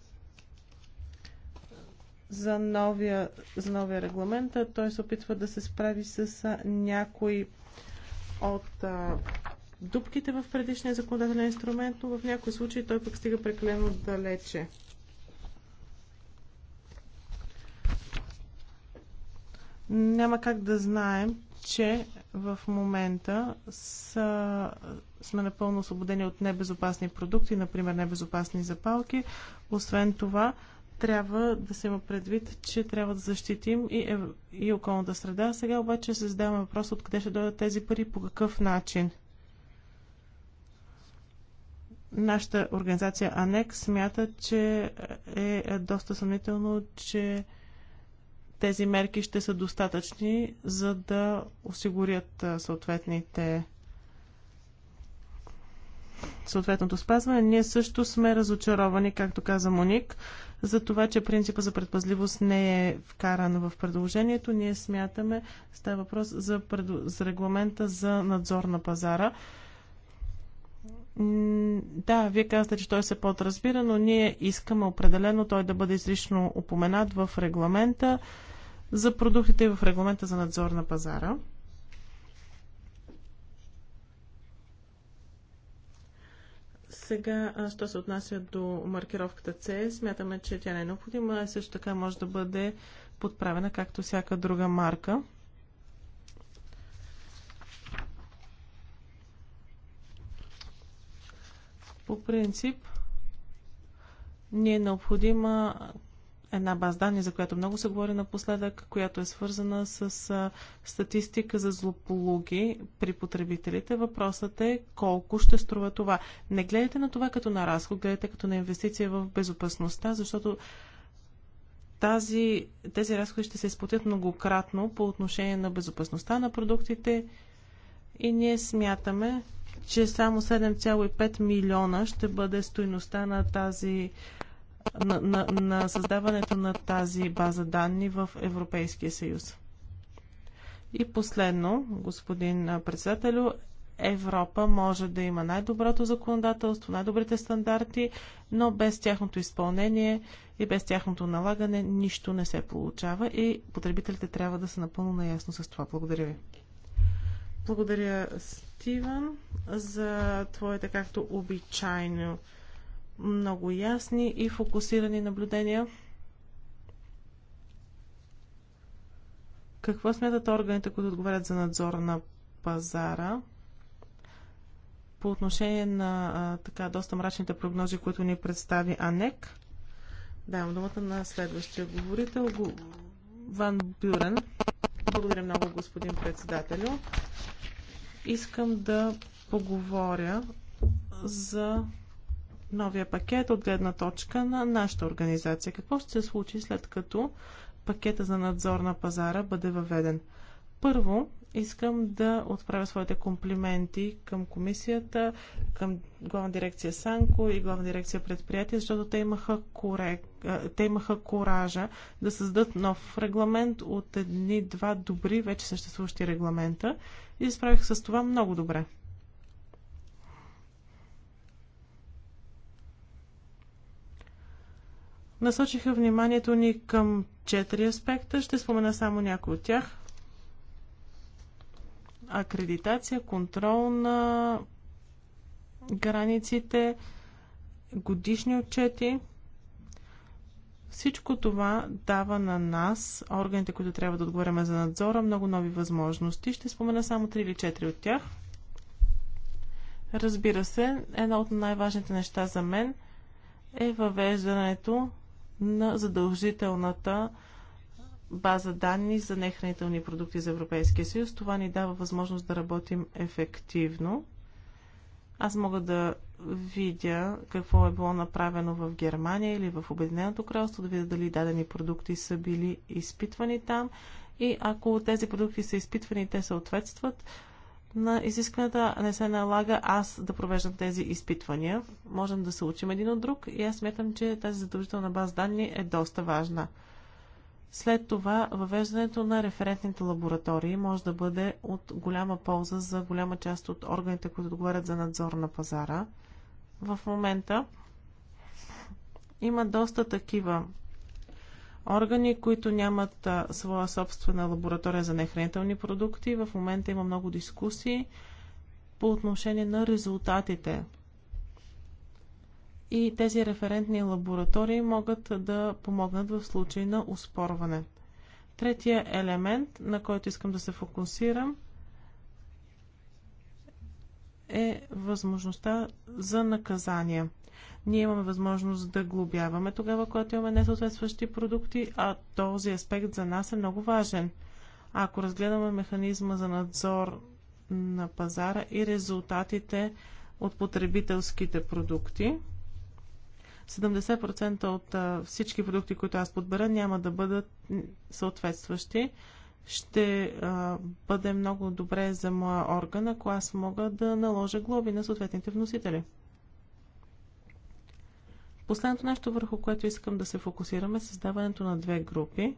за новия, за новия регламент, той се опитва да се справи с някои от а, дупките в предишния законодателен инструмент, но в някои случаи той пък стига прекалено далече. Няма как да знаем, че в момента са, сме напълно освободени от небезопасни продукти, например небезопасни запалки. Освен това, трябва да се има предвид, че трябва да защитим и, и околната среда. Сега обаче се задаваме въпрос откъде ще дойдат тези пари, по какъв начин. Нашата организация АНЕК смята, че е, е доста съмнително, че тези мерки ще са достатъчни, за да осигурят съответните съответното спазване. Ние също сме разочаровани, както каза Моник, за това, че принципа за предпазливост не е вкаран в предложението. Ние смятаме, става въпрос за, за регламента за надзор на пазара. Да, вие казвате, че той се подразбира, но ние искаме определено той да бъде изрично упоменат в регламента за продуктите и в регламента за надзор на пазара. Сега, що се отнася до маркировката C, смятаме, че тя не е необходима, а също така може да бъде подправена, както всяка друга марка. По принцип, не е необходима една база данни, за която много се говори напоследък, която е свързана с статистика за злополуги при потребителите. Въпросът е колко ще струва това. Не гледайте на това като на разход, гледайте като на инвестиция в безопасността, защото тази, тези разходи ще се изплатят многократно по отношение на безопасността на продуктите и ние смятаме, че само 7,5 милиона ще бъде стоиността на тази на, на, на създаването на тази база данни в Европейския съюз. И последно, господин председателю, Европа може да има най-доброто законодателство, най-добрите стандарти, но без тяхното изпълнение и без тяхното налагане нищо не се получава и потребителите трябва да са напълно наясно с това. Благодаря ви. Благодаря, Стивен, за твоята както обичайно много ясни и фокусирани наблюдения. Какво смятат органите, които отговарят за надзора на пазара? По отношение на а, така доста мрачните прогнози, които ни представи АНЕК, давам думата на следващия говорител, Ван Бюрен. Благодаря много, господин председателю. Искам да поговоря за новия пакет от гледна точка на нашата организация. Какво ще се случи след като пакета за надзор на пазара бъде въведен? Първо, искам да отправя своите комплименти към комисията, към главна дирекция Санко и главна дирекция предприятие, защото те имаха, коре... те имаха коража да създадат нов регламент от едни два добри вече съществуващи регламента и справих с това много добре. насочиха вниманието ни към четири аспекта. Ще спомена само някои от тях. Акредитация, контрол на границите, годишни отчети. Всичко това дава на нас, органите, които трябва да отговаряме за надзора, много нови възможности. Ще спомена само 3 или 4 от тях. Разбира се, едно от най-важните неща за мен е въвеждането на задължителната база данни за нехранителни продукти за Европейския съюз. Това ни дава възможност да работим ефективно. Аз мога да видя какво е било направено в Германия или в Обединеното кралство, да видя дали дадени продукти са били изпитвани там и ако тези продукти са изпитвани, те съответстват, на изискванията не се налага аз да провеждам тези изпитвания. Можем да се учим един от друг и аз смятам, че тази задължителна база данни е доста важна. След това въвеждането на референтните лаборатории може да бъде от голяма полза за голяма част от органите, които отговарят за надзор на пазара. В момента има доста такива органи, които нямат а, своя собствена лаборатория за нехранителни продукти. В момента има много дискусии по отношение на резултатите. И тези референтни лаборатории могат да помогнат в случай на успорване. Третия елемент, на който искам да се фокусирам, е възможността за наказания. Ние имаме възможност да глобяваме тогава, когато имаме несъответстващи продукти, а този аспект за нас е много важен. Ако разгледаме механизма за надзор на пазара и резултатите от потребителските продукти, 70% от всички продукти, които аз подбера, няма да бъдат съответстващи. Ще а, бъде много добре за моя орган, ако аз мога да наложа глоби на съответните вносители. Последното нещо, върху което искам да се фокусираме, е създаването на две групи.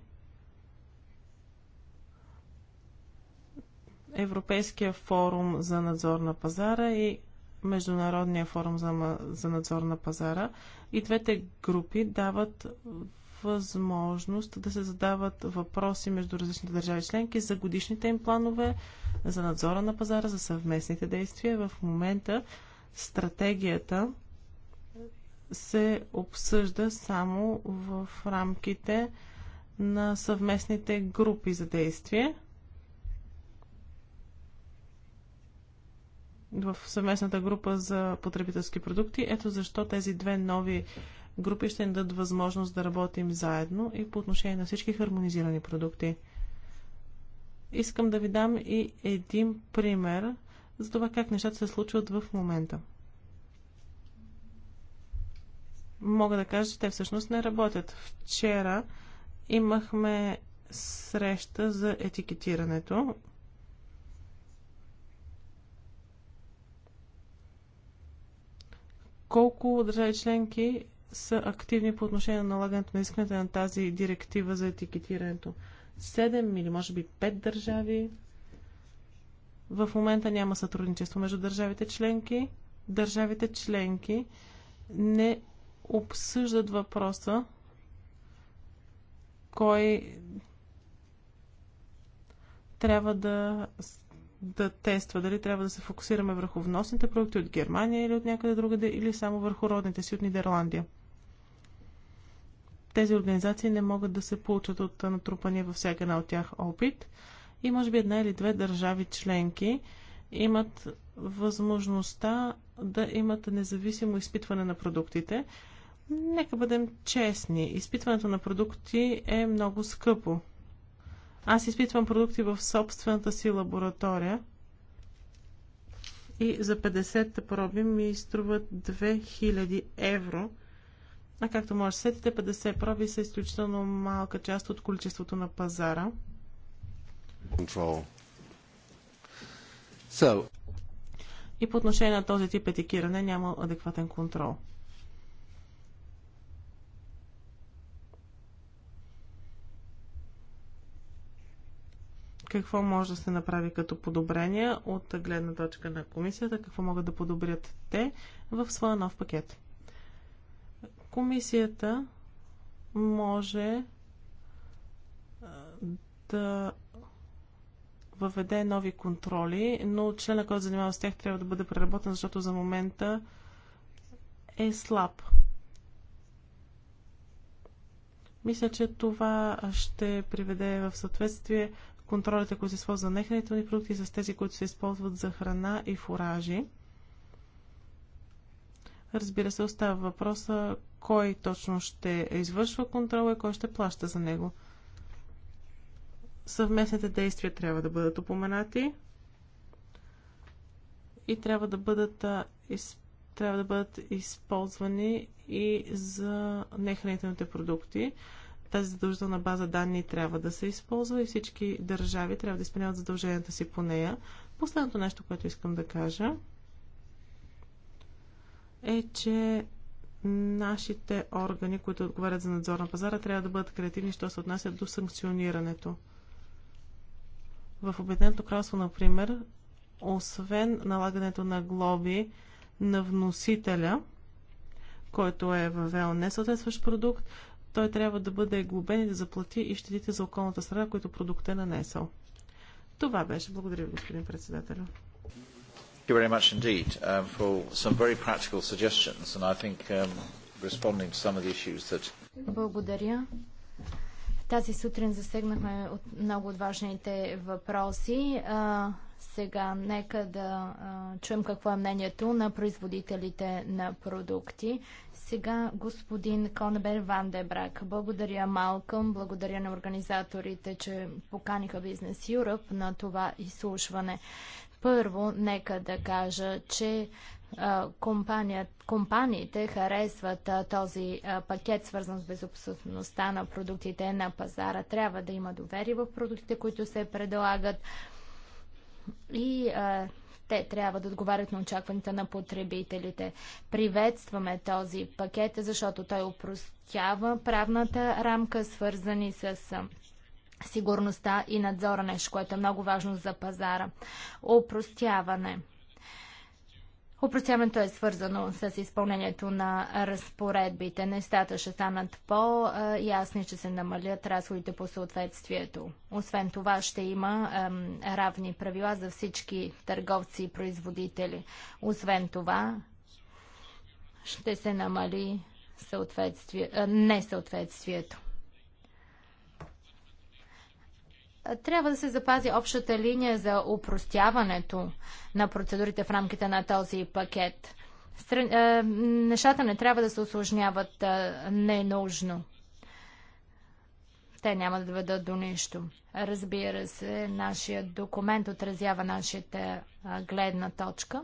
Европейския форум за надзор на пазара и Международния форум за, за надзор на пазара. И двете групи дават възможност да се задават въпроси между различните държави членки за годишните им планове, за надзора на пазара, за съвместните действия. В момента стратегията се обсъжда само в рамките на съвместните групи за действие. В съвместната група за потребителски продукти. Ето защо тези две нови групи ще ни дадат възможност да работим заедно и по отношение на всички хармонизирани продукти. Искам да ви дам и един пример за това как нещата се случват в момента. мога да кажа, че те всъщност не работят. Вчера имахме среща за етикетирането. Колко държави членки са активни по отношение на налагането на искането на тази директива за етикетирането? Седем или може би пет държави. В момента няма сътрудничество между държавите членки. Държавите членки не обсъждат въпроса кой трябва да, да тества, дали трябва да се фокусираме върху вносните продукти от Германия или от някъде другаде, или само върху родните си от Нидерландия. Тези организации не могат да се получат от натрупания във всяка една от тях опит и може би една или две държави членки имат възможността да имат независимо изпитване на продуктите, Нека бъдем честни. Изпитването на продукти е много скъпо. Аз изпитвам продукти в собствената си лаборатория и за 50 проби ми струват 2000 евро. А както може сетите, 50 проби са изключително малка част от количеството на пазара. So. И по отношение на този тип етикиране няма адекватен контрол. какво може да се направи като подобрение от гледна точка на комисията, какво могат да подобрят те в своя нов пакет. Комисията може да въведе нови контроли, но члена, който занимава с тях, трябва да бъде преработен, защото за момента е слаб. Мисля, че това ще приведе в съответствие контролите, които се използват за нехранителни продукти, с тези, които се използват за храна и фуражи. Разбира се, остава въпроса кой точно ще извършва контрола и кой ще плаща за него. Съвместните действия трябва да бъдат упоменати и трябва да бъдат, трябва да бъдат използвани и за нехранителните продукти тази задължителна база данни трябва да се използва и всички държави трябва да изпълняват задълженията си по нея. Последното нещо, което искам да кажа е, че нашите органи, които отговарят за надзор на пазара, трябва да бъдат креативни, що се отнасят до санкционирането. В Обединеното кралство, например, освен налагането на глоби на вносителя, който е въвел несъответстващ продукт, той трябва да бъде глобен и да заплати и щетите за околната среда, които продукт е нанесъл. Това беше. Благодаря ви, господин председател. Thank you very much indeed um, for some very practical suggestions, and I think um, responding to some of the issues that. Благодаря. Тази сутрин засегнахме от много от важните въпроси. А, сега нека да а, чуем какво е мнението на производителите на продукти. Сега господин Конбер Дебрак, Благодаря Малкъм, благодаря на организаторите, че поканиха Бизнес Юръп на това изслушване. Първо, нека да кажа, че компаниите харесват този пакет, свързан с безопасността на продуктите на пазара. Трябва да има доверие в продуктите, които се предлагат. И те трябва да отговарят на очакванията на потребителите. Приветстваме този пакет, защото той упростява правната рамка, свързани с сигурността и надзора, нещо, което е много важно за пазара. Упростяване. Опростяването е свързано с изпълнението на разпоредбите. Нещата ще станат по-ясни, ще се намалят разходите по съответствието. Освен това ще има ем, равни правила за всички търговци и производители. Освен това ще се намали съответствие, е, несъответствието. Трябва да се запази общата линия за упростяването на процедурите в рамките на този пакет. Е, нещата не трябва да се осложняват е, ненужно. Те няма да доведат до нищо. Разбира се, нашия документ отразява нашата е, гледна точка.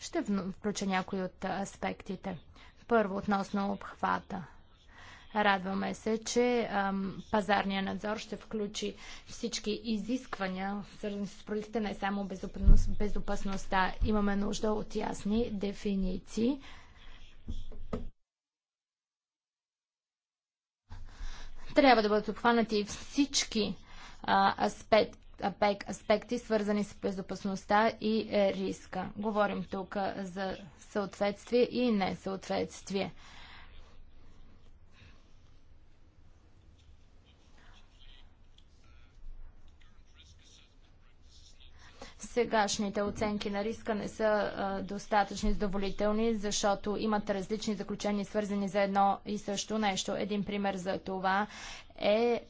Ще включа някои от аспектите. Първо, относно обхвата. Радваме се, че пазарния надзор ще включи всички изисквания, свързани с продуктите, не само безопасността. Имаме нужда от ясни дефиниции. Трябва да бъдат обхванати всички аспекти аспекти, свързани с безопасността и е, риска. Говорим тук за съответствие и несъответствие. сегашните оценки на риска не са а, достатъчни задоволителни, защото имат различни заключения, свързани за едно и също нещо. Един пример за това е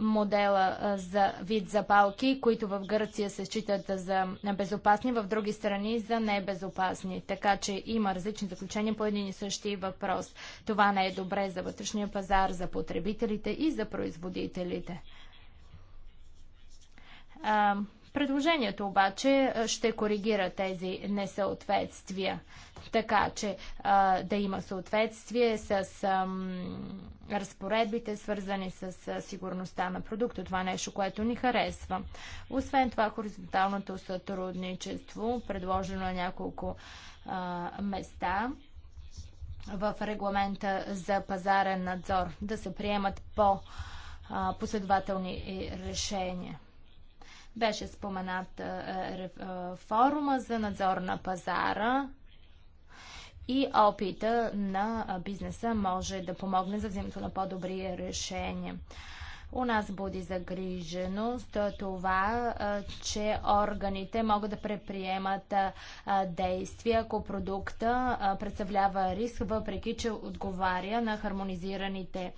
модела за вид запалки, които в Гърция се считат за безопасни, в други страни за небезопасни. Така че има различни заключения по един и същи въпрос. Това не е добре за вътрешния пазар, за потребителите и за производителите. Предложението обаче ще коригира тези несъответствия, така че да има съответствие с разпоредбите, свързани с сигурността на продукта. Това е нещо, което ни харесва. Освен това, хоризонталното сътрудничество, предложено на няколко места в регламента за пазарен надзор, да се приемат по-последователни е, решения. Беше споменат форума за надзор на пазара и опита на бизнеса може да помогне за взимането на по-добри решения. У нас буди загриженост това, че органите могат да предприемат действия, ако продукта представлява риск, въпреки че отговаря на хармонизираните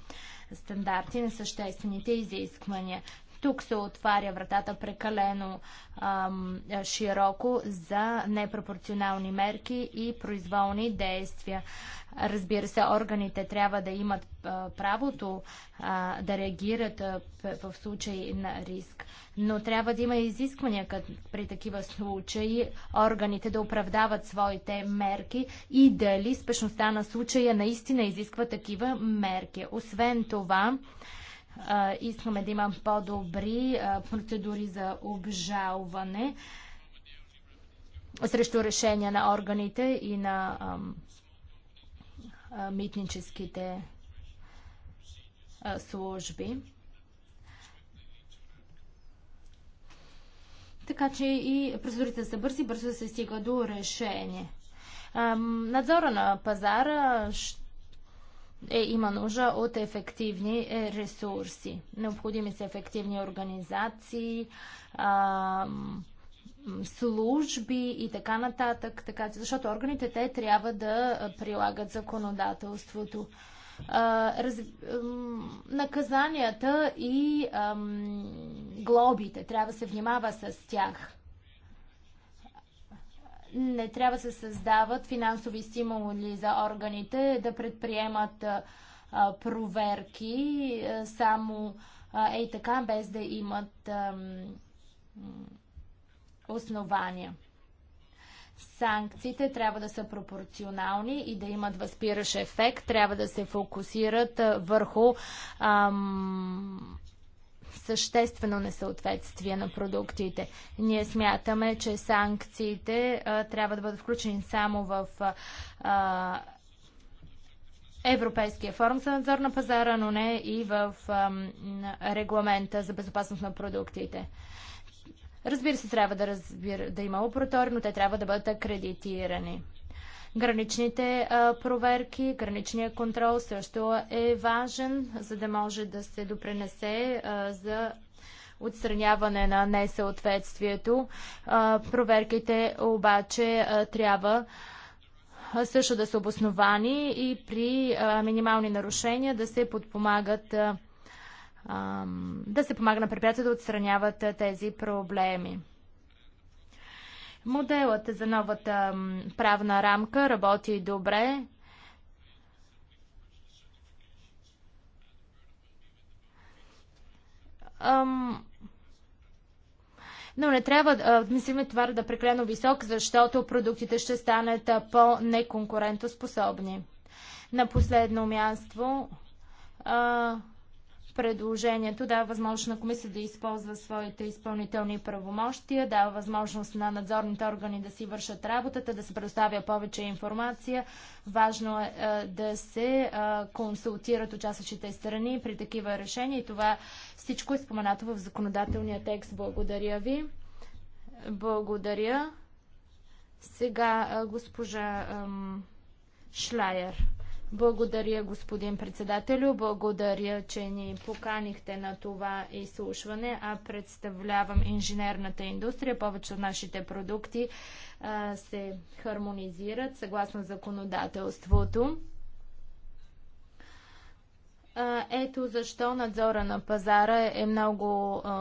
стандарти на съществените изисквания. Тук се отваря вратата прекалено ам, широко за непропорционални мерки и произволни действия. Разбира се, органите трябва да имат а, правото а, да реагират а, в случай на риск, но трябва да има изисквания кът, при такива случаи органите да оправдават своите мерки и дали спешността на случая наистина изисква такива мерки. Освен това, искаме да има по-добри процедури за обжалване срещу решения на органите и на митническите служби. Така че и процедурите са бързи, бързо се стига до решение. Надзора на пазара ще е, има нужда от ефективни е, ресурси. Необходими са ефективни организации, а, служби и така нататък, така, защото органите те трябва да прилагат законодателството. А, раз, а, наказанията и а, глобите трябва да се внимава с тях не трябва да се създават финансови стимули за органите да предприемат проверки само ей така, без да имат основания. Санкциите трябва да са пропорционални и да имат възпиращ ефект, трябва да се фокусират върху ам, съществено несъответствие на продуктите. Ние смятаме, че санкциите а, трябва да бъдат включени само в а, Европейския форум за надзор на пазара, но не и в а, регламента за безопасност на продуктите. Разбира се, трябва да, разбира, да има лаборатори, но те трябва да бъдат акредитирани. Граничните проверки, граничния контрол също е важен, за да може да се допренесе за отстраняване на несъответствието. Проверките обаче трябва също да са обосновани и при минимални нарушения да се подпомагат да се помага на предприятията да отстраняват тези проблеми. Моделът за новата правна рамка работи добре. Ам... Но не трябва да мислиме това да е преклено висок, защото продуктите ще станат по-неконкурентоспособни. На последно място а, Предложението дава възможност на комисията да използва своите изпълнителни правомощия, дава възможност на надзорните органи да си вършат работата, да се предоставя повече информация. Важно е, е да се е, консултират участващите страни при такива решения и това всичко е споменато в законодателния текст. Благодаря ви. Благодаря. Сега е, госпожа Шлайер. Благодаря, господин председателю. Благодаря, че ни поканихте на това изслушване. А представлявам инженерната индустрия. Повече от нашите продукти а, се хармонизират съгласно законодателството. А, ето защо надзора на пазара е много а,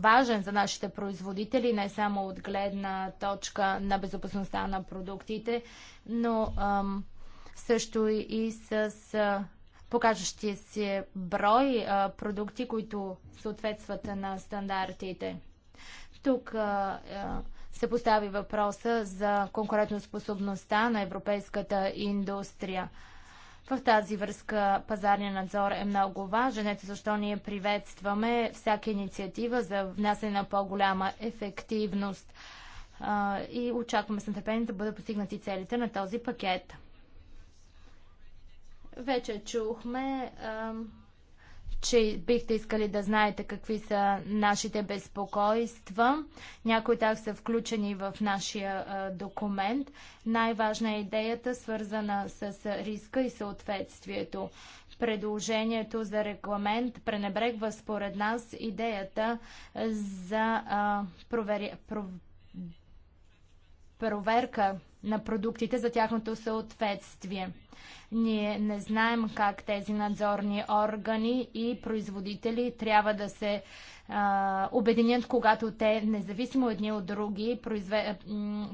важен за нашите производители, не само от гледна точка на безопасността на продуктите, но. Ам, също и с покажащия се брой а, продукти, които съответстват на стандартите. Тук а, се постави въпроса за конкурентоспособността на европейската индустрия. В тази връзка пазарния надзор е много важен. Ето защо ние приветстваме всяка инициатива за внасяне на по-голяма ефективност и очакваме с нетърпение да бъдат постигнати целите на този пакет. Вече чухме, че бихте искали да знаете какви са нашите безпокойства. Някои тях са включени в нашия документ. Най-важна е идеята, свързана с риска и съответствието. Предложението за регламент пренебрегва според нас идеята за проверя... проверка на продуктите за тяхното съответствие. Ние не знаем как тези надзорни органи и производители трябва да се а, обединят, когато те, независимо едни от други, произве...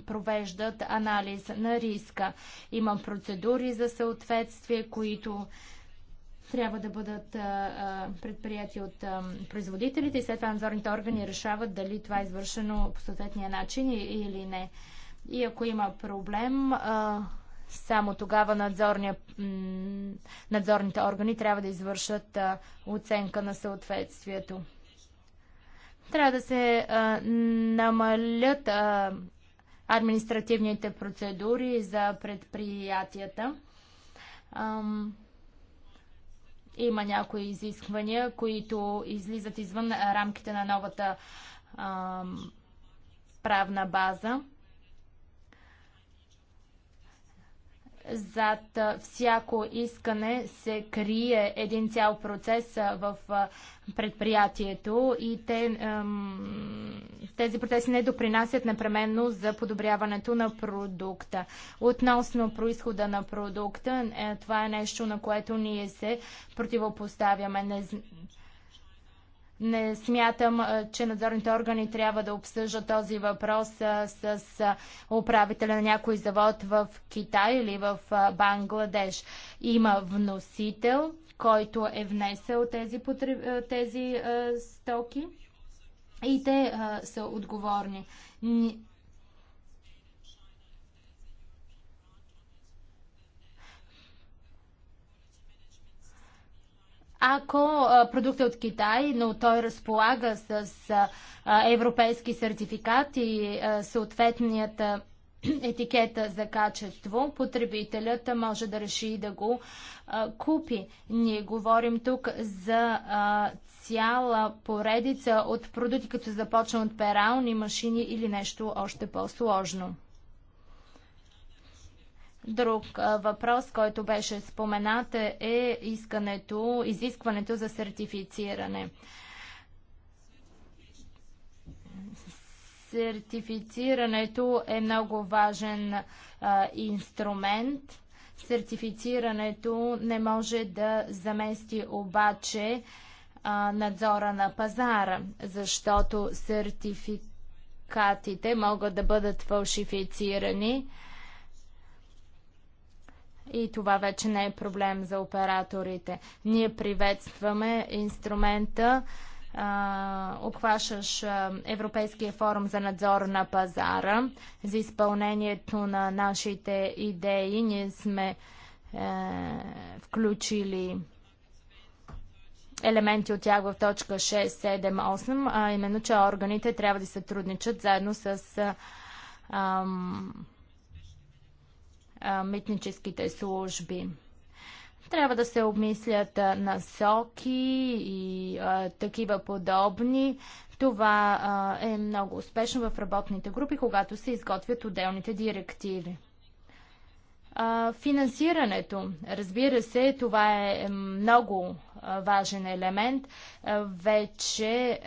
провеждат анализ на риска. Има процедури за съответствие, които трябва да бъдат предприяти от а, производителите и след това надзорните органи решават дали това е извършено по съответния начин или не. И ако има проблем, само тогава надзорния, надзорните органи трябва да извършат оценка на съответствието. Трябва да се намалят административните процедури за предприятията. Има някои изисквания, които излизат извън рамките на новата правна база. Зад всяко искане се крие един цял процес в предприятието и те, тези процеси не допринасят непременно за подобряването на продукта. Относно происхода на продукта, е, това е нещо, на което ние се противопоставяме. Не, не смятам, че надзорните органи трябва да обсъждат този въпрос с управителя на някой завод в Китай или в Бангладеш. Има вносител, който е внесъл тези, потреб... тези стоки и те са отговорни. Ако продукт е от Китай, но той разполага с европейски сертификат и съответният етикета за качество, потребителят може да реши да го а, купи. Ние говорим тук за а, цяла поредица от продукти, като започна от перални машини или нещо още по-сложно. Друг въпрос, който беше споменат е искането, изискването за сертифициране. Сертифицирането е много важен а, инструмент. Сертифицирането не може да замести обаче а, надзора на пазара, защото сертификатите могат да бъдат фалшифицирани и това вече не е проблем за операторите. Ние приветстваме инструмента, обхващаш Европейския форум за надзор на пазара. За изпълнението на нашите идеи ние сме е, включили елементи от тях в точка 6, 7, 8, а именно, че органите трябва да сътрудничат заедно с е, е, митническите служби. Трябва да се обмислят насоки и такива подобни. Това е много успешно в работните групи, когато се изготвят отделните директиви. финансирането. Разбира се, това е, е много важен елемент. вече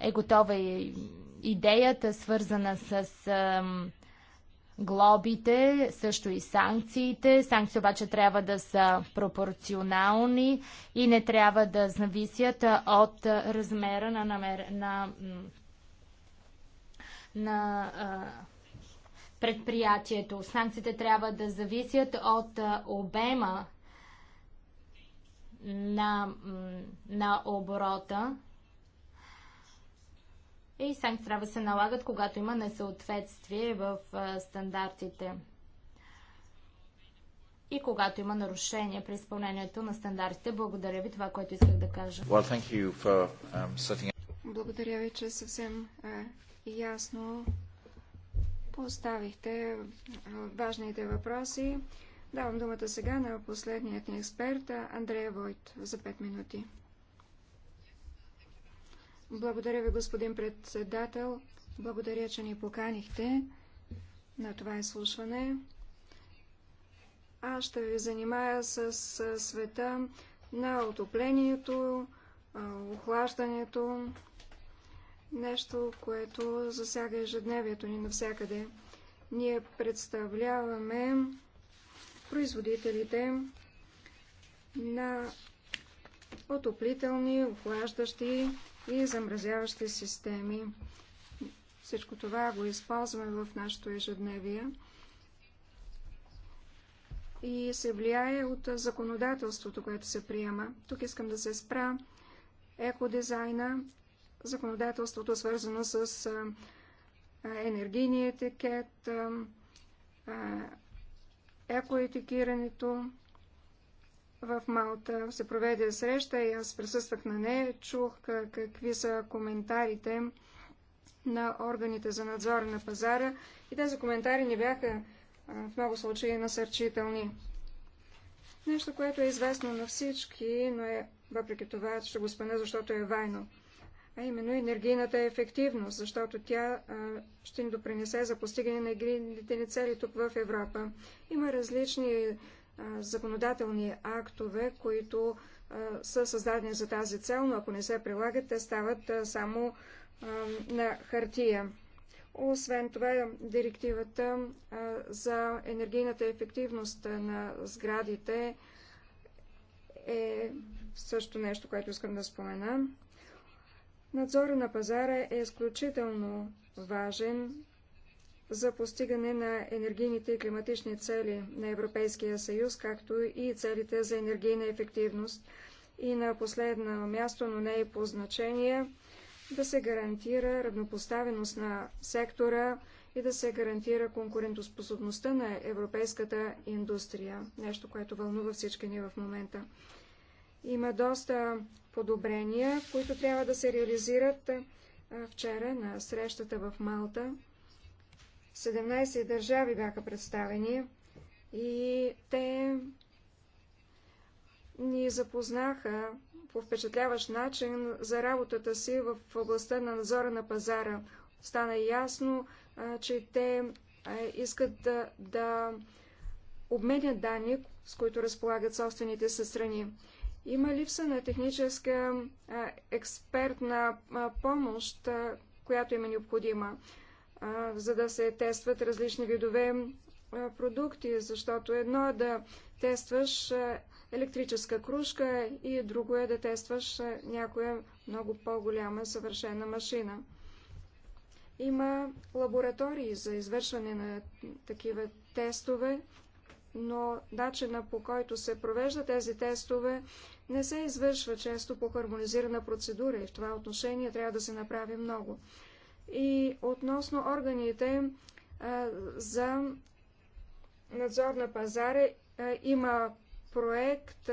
е готова идеята, свързана с глобите, също и санкциите. Санкции обаче трябва да са пропорционални и не трябва да зависят от размера на, намер... на... на а, предприятието. Санкциите трябва да зависят от обема на, на оборота и санкции трябва да се налагат, когато има несъответствие в стандартите и когато има нарушения при изпълнението на стандартите. Благодаря ви това, което исках да кажа. Well, for, um, setting... Благодаря ви, че съвсем ясно поставихте важните въпроси. Давам думата сега на последният ни експерт, Андрея Войт, за 5 минути. Благодаря ви, господин председател. Благодаря, че ни поканихте на това изслушване. Аз ще ви занимая с света на отоплението, охлаждането, нещо, което засяга ежедневието ни навсякъде. Ние представляваме производителите на отоплителни, охлаждащи и замразяващи системи. Всичко това го използваме в нашето ежедневие и се влияе от законодателството, което се приема. Тук искам да се спра екодизайна, законодателството свързано с енергийния етикет, екоетикирането, в Малта се проведе среща и аз присъствах на нея, чух какви са коментарите на органите за надзор на пазара и тези коментари не бяха в много случаи насърчителни. Нещо, което е известно на всички, но е въпреки това, ще го спомена, защото е вайно. А именно енергийната е ефективност, защото тя а, ще ни допринесе за постигане на енергийните ни цели тук в Европа. Има различни законодателни актове, които са създадени за тази цел, но ако не се прилагат, те стават само на хартия. Освен това, директивата за енергийната ефективност на сградите е също нещо, което искам да спомена. Надзора на пазара е изключително важен за постигане на енергийните и климатични цели на Европейския съюз, както и целите за енергийна ефективност. И на последно място, но не и е по значение, да се гарантира равнопоставеност на сектора и да се гарантира конкурентоспособността на европейската индустрия. Нещо, което вълнува всички ни в момента. Има доста подобрения, които трябва да се реализират вчера на срещата в Малта. 17 държави бяха представени и те ни запознаха по впечатляващ начин за работата си в областта на надзора на пазара. Стана ясно, че те искат да, да обменят данни, с които разполагат собствените се страни. Има липса на техническа експертна помощ, която им е необходима за да се тестват различни видове продукти, защото едно е да тестваш електрическа кружка и друго е да тестваш някоя много по-голяма съвършена машина. Има лаборатории за извършване на такива тестове, но начина по който се провежда тези тестове не се извършва често по хармонизирана процедура и в това отношение трябва да се направи много и относно органите за надзор на пазара има проект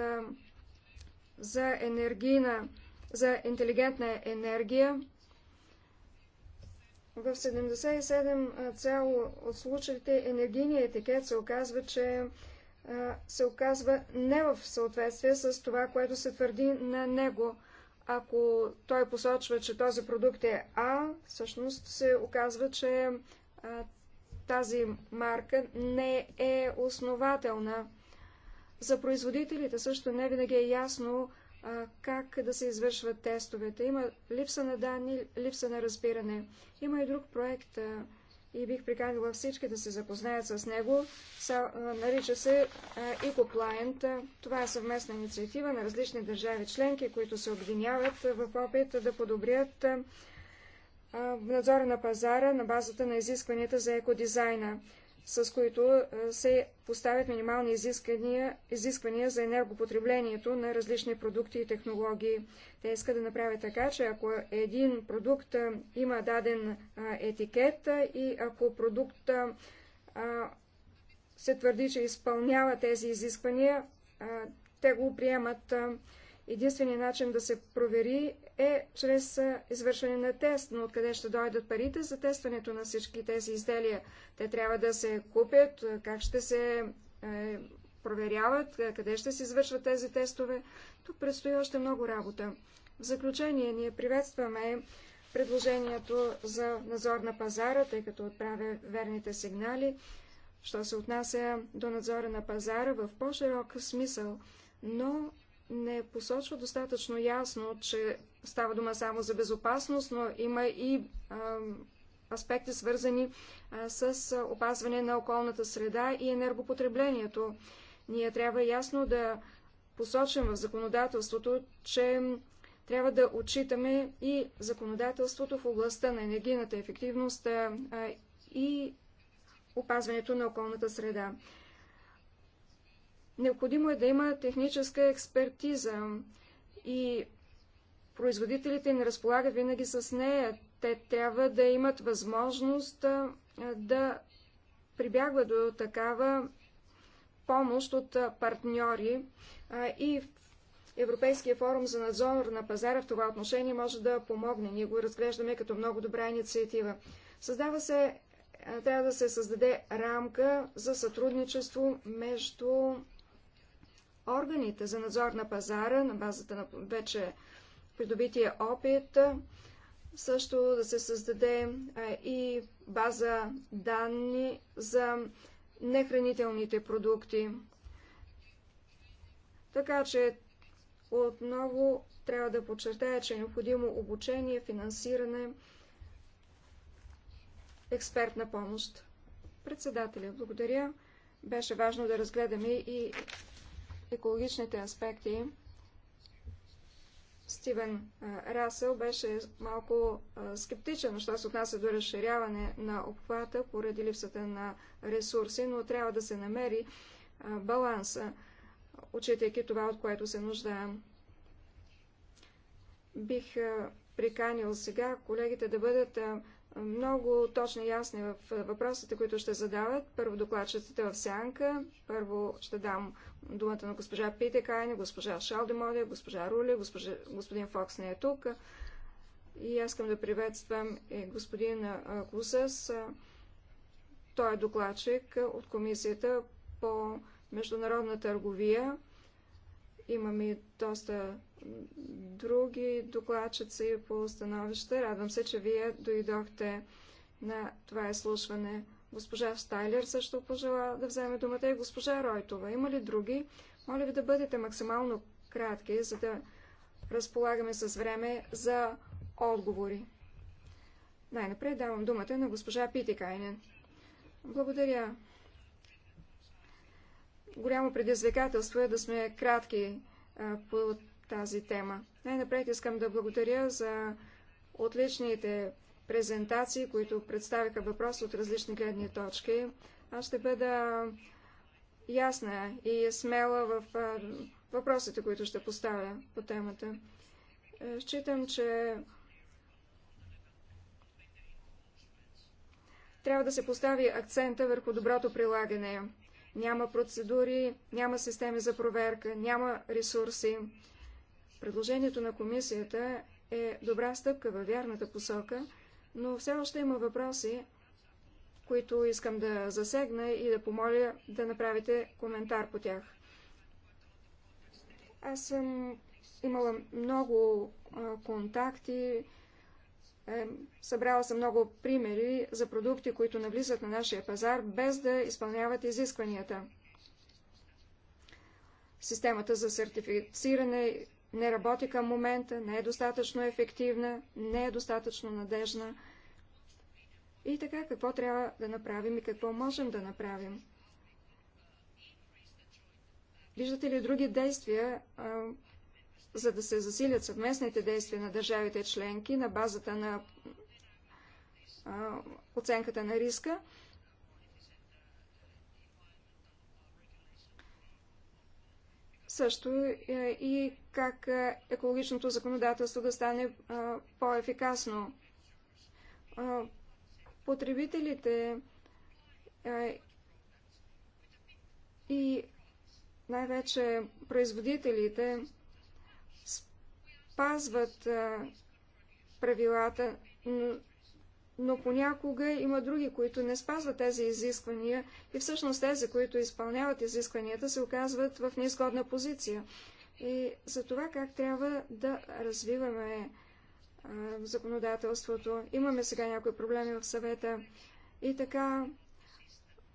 за енергийна, за интелигентна енергия. В 77% от случаите енергийният етикет се оказва, че се оказва не в съответствие с това, което се твърди на него ако той посочва, че този продукт е А, всъщност се оказва, че а, тази марка не е основателна. За производителите също не винаги е ясно а, как да се извършват тестовете. Има липса на данни, липса на разбиране. Има и друг проект, а, и бих приканила всички да се запознаят с него. Са, нарича се EcoPlient. Това е съвместна инициатива на различни държави членки, които се объединяват в опит да подобрят надзора на пазара на базата на изискванията за екодизайна с които се поставят минимални изисквания, изисквания за енергопотреблението на различни продукти и технологии. Те искат да направят така, че ако един продукт има даден етикет и ако продукт се твърди, че изпълнява тези изисквания, те го приемат. Единственият начин да се провери е чрез извършване на тест, но откъде ще дойдат парите за тестването на всички тези изделия? Те трябва да се купят, как ще се е, проверяват, къде ще се извършват тези тестове. Тук предстои още много работа. В заключение, ние приветстваме предложението за надзор на пазара, тъй като отправя верните сигнали, що се отнася до надзора на пазара в по-широк смисъл, но не посочва достатъчно ясно, че става дума само за безопасност, но има и а, аспекти свързани а, с опазване на околната среда и енергопотреблението. Ние трябва ясно да посочим в законодателството, че трябва да отчитаме и законодателството в областта на енергийната ефективност а, и опазването на околната среда. Необходимо е да има техническа експертиза и производителите не разполагат винаги с нея. Те трябва да имат възможност да прибягват до такава помощ от партньори и Европейския форум за надзор на пазара в това отношение може да помогне. Ние го разглеждаме като много добра инициатива. Създава се, трябва да се създаде рамка за сътрудничество между органите за надзор на пазара на базата на вече придобития опит, също да се създаде и база данни за нехранителните продукти. Така че отново трябва да подчертая, че е необходимо обучение, финансиране, експертна помощ. Председателя, благодаря. Беше важно да разгледаме и екологичните аспекти Стивен Расел беше малко скептичен, що се отнася до разширяване на обхвата поради липсата на ресурси, но трябва да се намери баланса, отчитайки това, от което се нуждаем. Бих приканил сега колегите да бъдат много точно и ясни в въпросите, които ще задават. Първо докладчетата в сянка. Първо ще дам думата на госпожа Питекайни, госпожа Шалдемодия, госпожа Рули, госпожа... господин Фокс не е тук. И аз искам да приветствам и господин Кусас. Той е докладчик от Комисията по международна търговия. Имаме и доста други докладчици по становище. Радвам се, че вие дойдохте на това изслушване. Госпожа Стайлер също пожела да вземе думата и госпожа Ройтова. Има ли други? Моля ви да бъдете максимално кратки, за да разполагаме с време за отговори. Най-напред давам думата на госпожа Питикайнен. Благодаря, голямо предизвикателство е да сме кратки по тази тема. Най-напред искам да благодаря за отличните презентации, които представиха въпрос от различни гледни точки. Аз ще бъда ясна и смела в въпросите, които ще поставя по темата. Е, считам, че трябва да се постави акцента върху доброто прилагане няма процедури, няма системи за проверка, няма ресурси. Предложението на комисията е добра стъпка във вярната посока, но все още има въпроси, които искам да засегна и да помоля да направите коментар по тях. Аз съм имала много контакти е, събрала съм много примери за продукти, които навлизат на нашия пазар, без да изпълняват изискванията. Системата за сертифициране не работи към момента, не е достатъчно ефективна, не е достатъчно надежна. И така, какво трябва да направим и какво можем да направим? Виждате ли други действия, за да се засилят съвместните действия на държавите членки на базата на оценката на риска. Също е, и как е, екологичното законодателство да стане по-ефикасно. Потребителите е, и най-вече производителите спазват правилата, но, но понякога има други, които не спазват тези изисквания и всъщност тези, които изпълняват изискванията, се оказват в неизгодна позиция. И за това как трябва да развиваме а, законодателството. Имаме сега някои проблеми в съвета. И така,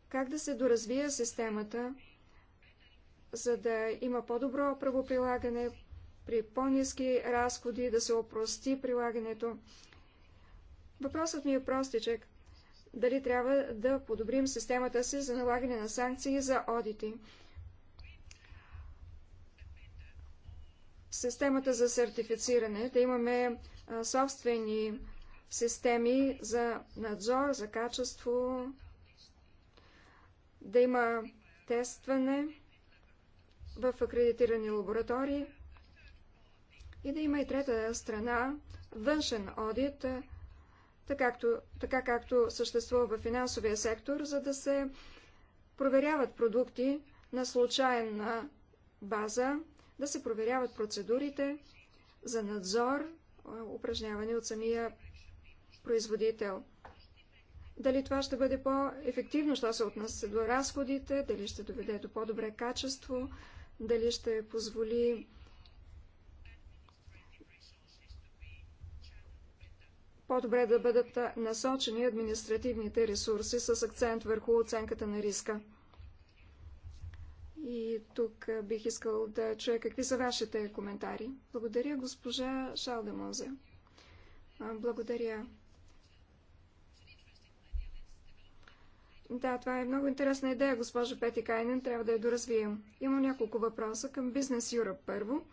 как да се доразвия системата, за да има по-добро правоприлагане, при по-низки разходи да се опрости прилагането. Въпросът ми е простичък. Дали трябва да подобрим системата си за налагане на санкции за одити? Системата за сертифициране, да имаме а, собствени системи за надзор, за качество, да има тестване в акредитирани лаборатории и да има и трета страна, външен одит, е, така както, така както съществува в финансовия сектор, за да се проверяват продукти на случайна база, да се проверяват процедурите за надзор, е, упражнявани от самия производител. Дали това ще бъде по-ефективно, що се отнася до разходите, дали ще доведе до по-добре качество, дали ще позволи по-добре да бъдат насочени административните ресурси с акцент върху оценката на риска. И тук бих искал да чуя какви са вашите коментари. Благодаря, госпожа Шалдемозе. Благодаря. Да, това е много интересна идея, госпожа Пети Кайнен. Трябва да я доразвием. Има няколко въпроса към Бизнес Юра първо.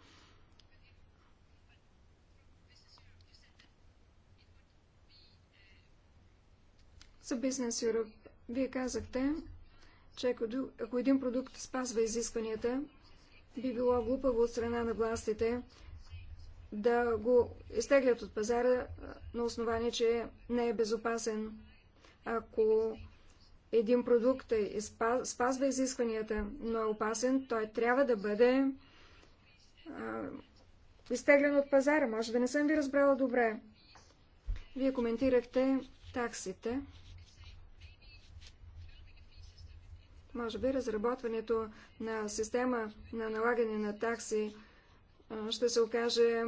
За бизнес Europe, вие казахте, че ако един продукт спазва изискванията, би било глупаво от страна на властите да го изтеглят от пазара на основание, че не е безопасен. Ако един продукт е, спазва изискванията, но е опасен, той трябва да бъде а, изтеглен от пазара. Може да не съм ви разбрала добре. Вие коментирахте таксите. Може би разработването на система на налагане на такси ще се окаже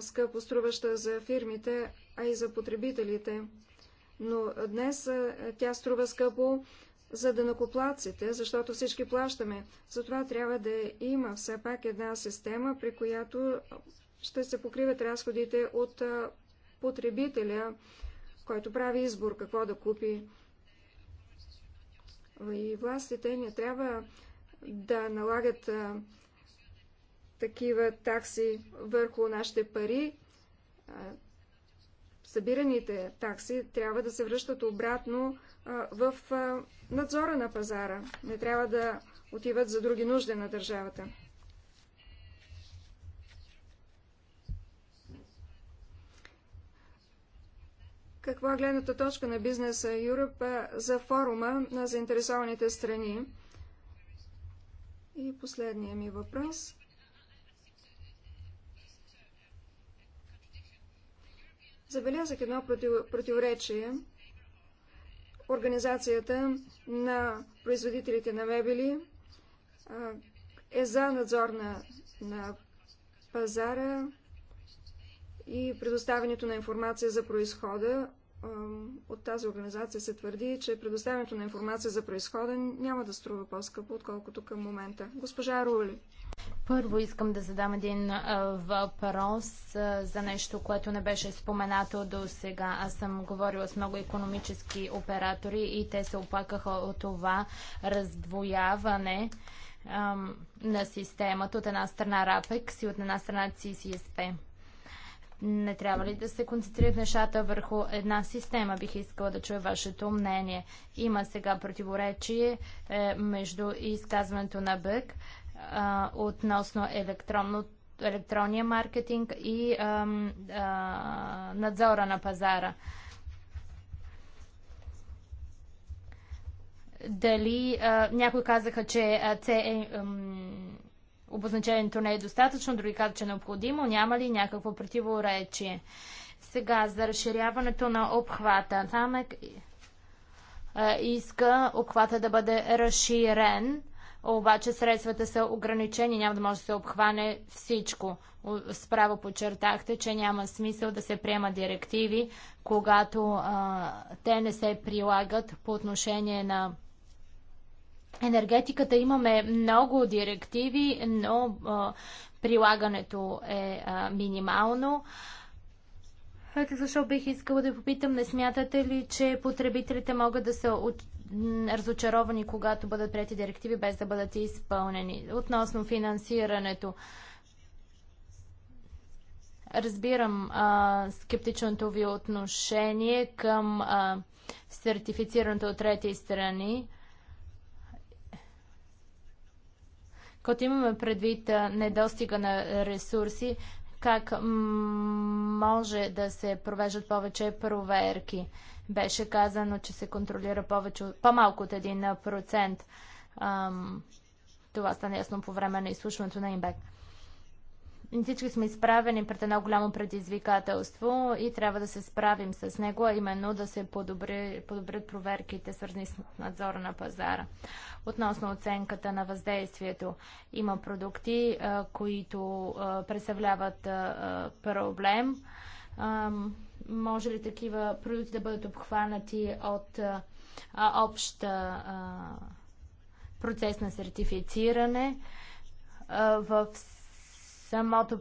скъпо струваща за фирмите, а и за потребителите. Но днес тя струва скъпо за дънакоплаците, защото всички плащаме. Затова трябва да има все пак една система, при която ще се покриват разходите от потребителя, който прави избор какво да купи. И властите не трябва да налагат а, такива такси върху нашите пари. А, събираните такси трябва да се връщат обратно а, в надзора на пазара. Не трябва да отиват за други нужди на държавата. Каква е гледната точка на бизнеса Юръп за форума на заинтересованите страни? И последния ми въпрос. Забелязах едно против... противоречие. Организацията на производителите на мебели е за надзор на, на пазара, и предоставянето на информация за происхода. От тази организация се твърди, че предоставянето на информация за происхода няма да струва по-скъпо, отколкото към момента. Госпожа Рули. Първо искам да задам един въпрос за нещо, което не беше споменато до сега. Аз съм говорила с много економически оператори и те се оплакаха от това раздвояване на системата от една страна РАПЕКС и от една страна ЦИСИСП. Не трябва ли да се концентрират нещата върху една система? Бих искала да чуя вашето мнение. Има сега противоречие е, между изказването на БЕК е, относно електронното електронния маркетинг и а, надзора на пазара. Дали а, някои казаха, че е обозначението не е достатъчно, други казват, че е необходимо. Няма ли някакво противоречие? Сега за разширяването на обхвата. Танък е, е, иска обхвата да бъде разширен, обаче средствата са ограничени, няма да може да се обхване всичко. Справо подчертахте, че няма смисъл да се приема директиви, когато а, те не се прилагат по отношение на енергетиката имаме много директиви, но а, прилагането е а, минимално. Ето защо бих искала да попитам, не смятате ли, че потребителите могат да са от... разочаровани, когато бъдат прети директиви, без да бъдат изпълнени? Относно финансирането, разбирам а, скептичното ви отношение към а, сертифицирането от трети страни. Като имаме предвид недостига на ресурси, как може да се провеждат повече проверки? Беше казано, че се контролира повече, по-малко от 1%. Ам, това стана ясно по време на изслушването на Имбек всички сме изправени пред едно голямо предизвикателство и трябва да се справим с него, а именно да се подобри, подобрят проверките, свързани с надзора на пазара. Относно оценката на въздействието, има продукти, а, които а, представляват а, проблем. Може ли такива продукти да бъдат обхванати от обща процес на сертифициране? В самото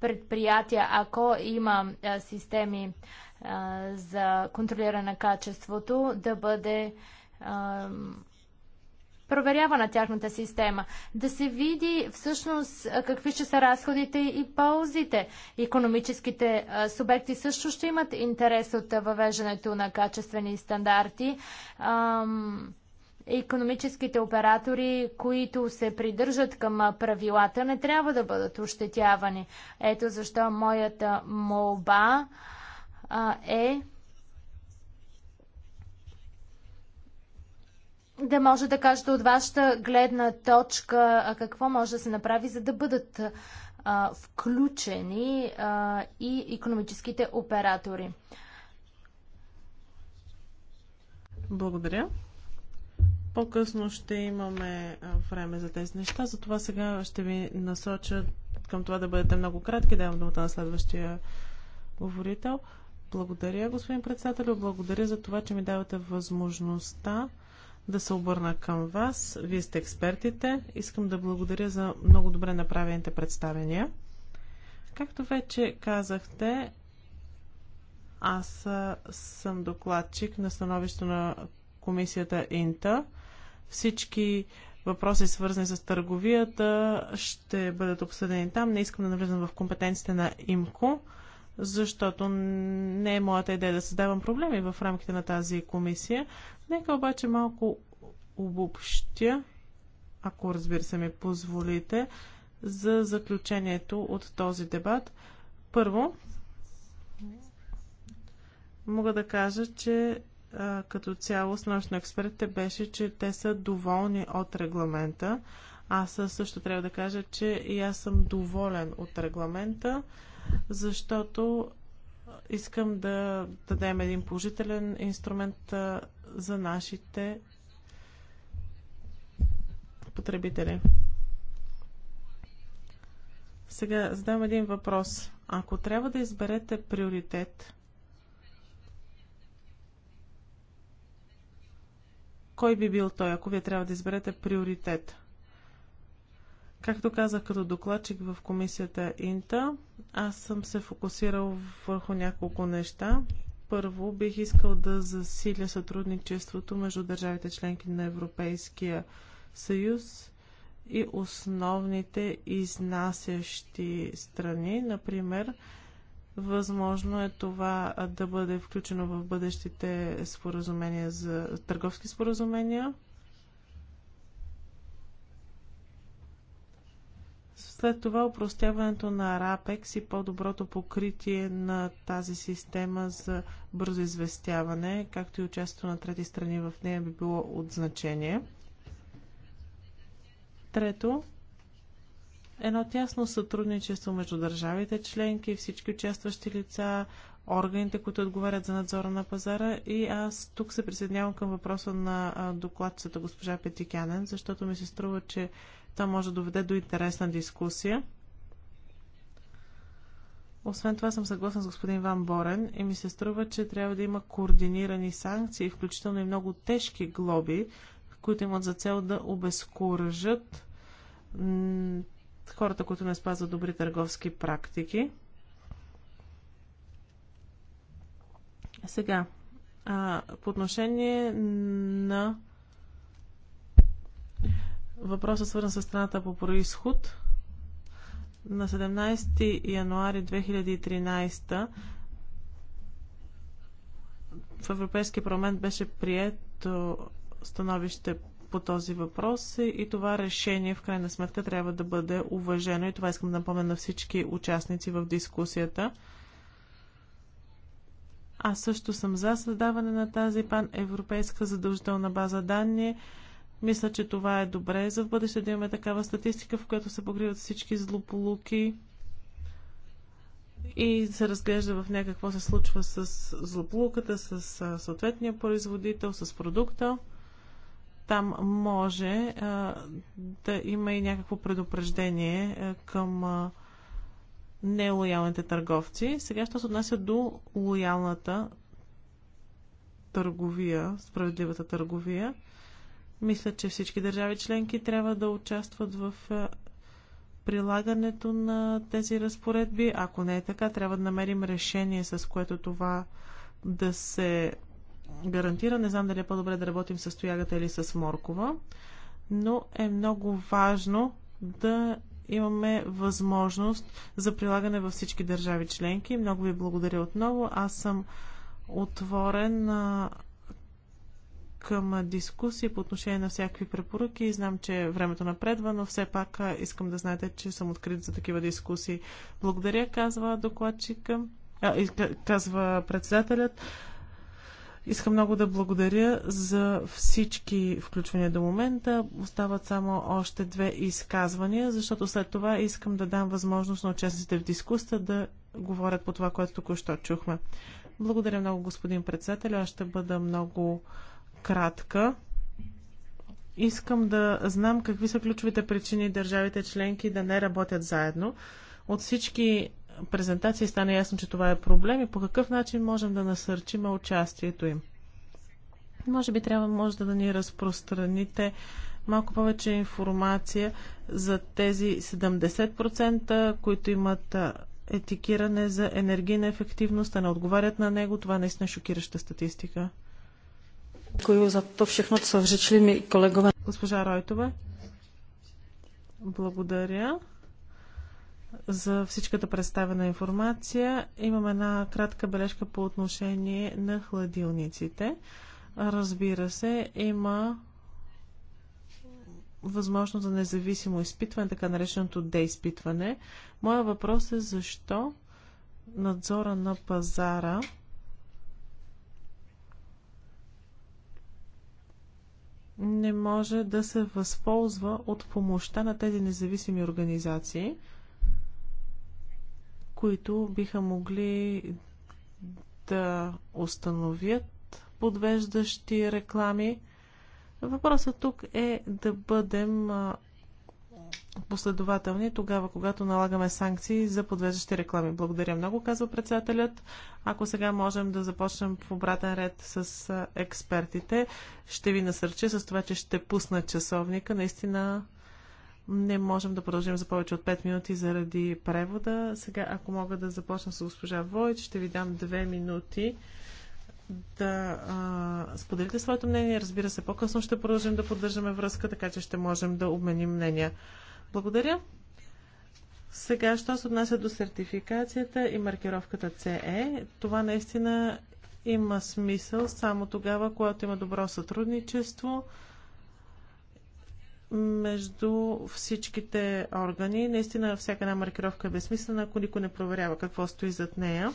предприятие, ако има системи за контролиране на качеството, да бъде проверявана тяхната система. Да се види всъщност какви ще са разходите и ползите. Економическите субекти също ще имат интерес от въвеждането на качествени стандарти. Ам, економическите оператори, които се придържат към правилата, не трябва да бъдат ощетявани. Ето защо моята молба а, е да може да кажете от вашата гледна точка какво може да се направи, за да бъдат а, включени а, и економическите оператори. Благодаря. По-късно ще имаме време за тези неща, затова сега ще ви насоча към това да бъдете много кратки. Давам думата на следващия говорител. Благодаря, господин председател. Благодаря за това, че ми давате възможността да се обърна към вас. Вие сте експертите. Искам да благодаря за много добре направените представения. Както вече казахте, аз съм докладчик на становището на комисията Инта всички въпроси, свързани с търговията, ще бъдат обсъдени там. Не искам да навлизам в компетенциите на ИМКО, защото не е моята идея да създавам проблеми в рамките на тази комисия. Нека обаче малко обобщя, ако разбира се ми позволите, за заключението от този дебат. Първо, мога да кажа, че като цяло становище на експертите беше, че те са доволни от регламента. Аз също трябва да кажа, че и аз съм доволен от регламента, защото искам да дадем един положителен инструмент за нашите потребители. Сега задам един въпрос. Ако трябва да изберете приоритет Кой би бил той, ако вие трябва да изберете приоритет? Както казах като докладчик в комисията Инта, аз съм се фокусирал върху няколко неща. Първо, бих искал да засиля сътрудничеството между държавите членки на Европейския съюз и основните изнасящи страни, например Възможно е това да бъде включено в бъдещите споразумения за търговски споразумения. След това упростяването на RAPEX и по-доброто покритие на тази система за бързо известяване, както и участието на трети страни в нея би било от значение. Трето, едно тясно сътрудничество между държавите членки, всички участващи лица, органите, които отговарят за надзора на пазара. И аз тук се присъединявам към въпроса на докладчицата госпожа Петикянен, защото ми се струва, че това може да доведе до интересна дискусия. Освен това съм съгласна с господин Ван Борен и ми се струва, че трябва да има координирани санкции, включително и много тежки глоби, които имат за цел да обезкуражат хората, които не спазват добри търговски практики. Сега, а, по отношение на въпроса свързан с страната по происход, на 17 януари 2013 в Европейския парламент беше прието становище по този въпрос и това решение в крайна сметка трябва да бъде уважено и това искам да напомня на всички участници в дискусията. Аз също съм за създаване на тази пан-европейска задължителна база данни. Мисля, че това е добре за в бъдеще да имаме такава статистика, в която се покриват всички злополуки и се разглежда в някакво какво се случва с злополуката, с съответния производител, с продукта там може а, да има и някакво предупреждение а, към а, нелоялните търговци. Сега ще се отнася до лоялната търговия, справедливата търговия. Мисля, че всички държави членки трябва да участват в прилагането на тези разпоредби. Ако не е така, трябва да намерим решение, с което това да се гарантира. Не знам дали е по-добре да работим с тоягата или с моркова, но е много важно да имаме възможност за прилагане във всички държави членки. Много ви благодаря отново. Аз съм отворен към дискусии по отношение на всякакви препоръки. Знам, че е времето напредва, но все пак искам да знаете, че съм открит за такива дискусии. Благодаря, казва докладчика. А, казва председателят. Искам много да благодаря за всички включвания до момента. Остават само още две изказвания, защото след това искам да дам възможност на участниците в дискусията да говорят по това, което току-що чухме. Благодаря много, господин председател. Аз ще бъда много кратка. Искам да знам какви са ключовите причини държавите членки да не работят заедно. От всички презентации стана ясно, че това е проблем и по какъв начин можем да насърчим участието им. Може би трябва може да, ни разпространите малко повече информация за тези 70%, които имат етикиране за енергийна ефективност, а не отговарят на него. Това наистина е шокираща статистика. Děkuji за то всичко, което са ми колегове. Госпожа Ройтова, благодаря за всичката представена информация. Имам една кратка бележка по отношение на хладилниците. Разбира се, има възможност за независимо изпитване, така нареченото деизпитване. Моя въпрос е защо надзора на пазара не може да се възползва от помощта на тези независими организации – които биха могли да установят подвеждащи реклами. Въпросът тук е да бъдем последователни тогава, когато налагаме санкции за подвеждащи реклами. Благодаря много, казва председателят. Ако сега можем да започнем в обратен ред с експертите, ще ви насърча с това, че ще пусна часовника. Наистина не можем да продължим за повече от 5 минути заради превода. Сега, ако мога да започна с госпожа Войт, ще ви дам 2 минути да а, споделите своето мнение. Разбира се, по-късно ще продължим да поддържаме връзка, така че ще можем да обменим мнения. Благодаря. Сега, що се отнася до сертификацията и маркировката CE, това наистина има смисъл само тогава, когато има добро сътрудничество между всичките органи. Наистина всяка една маркировка е безсмислена, ако никой не проверява какво стои зад нея.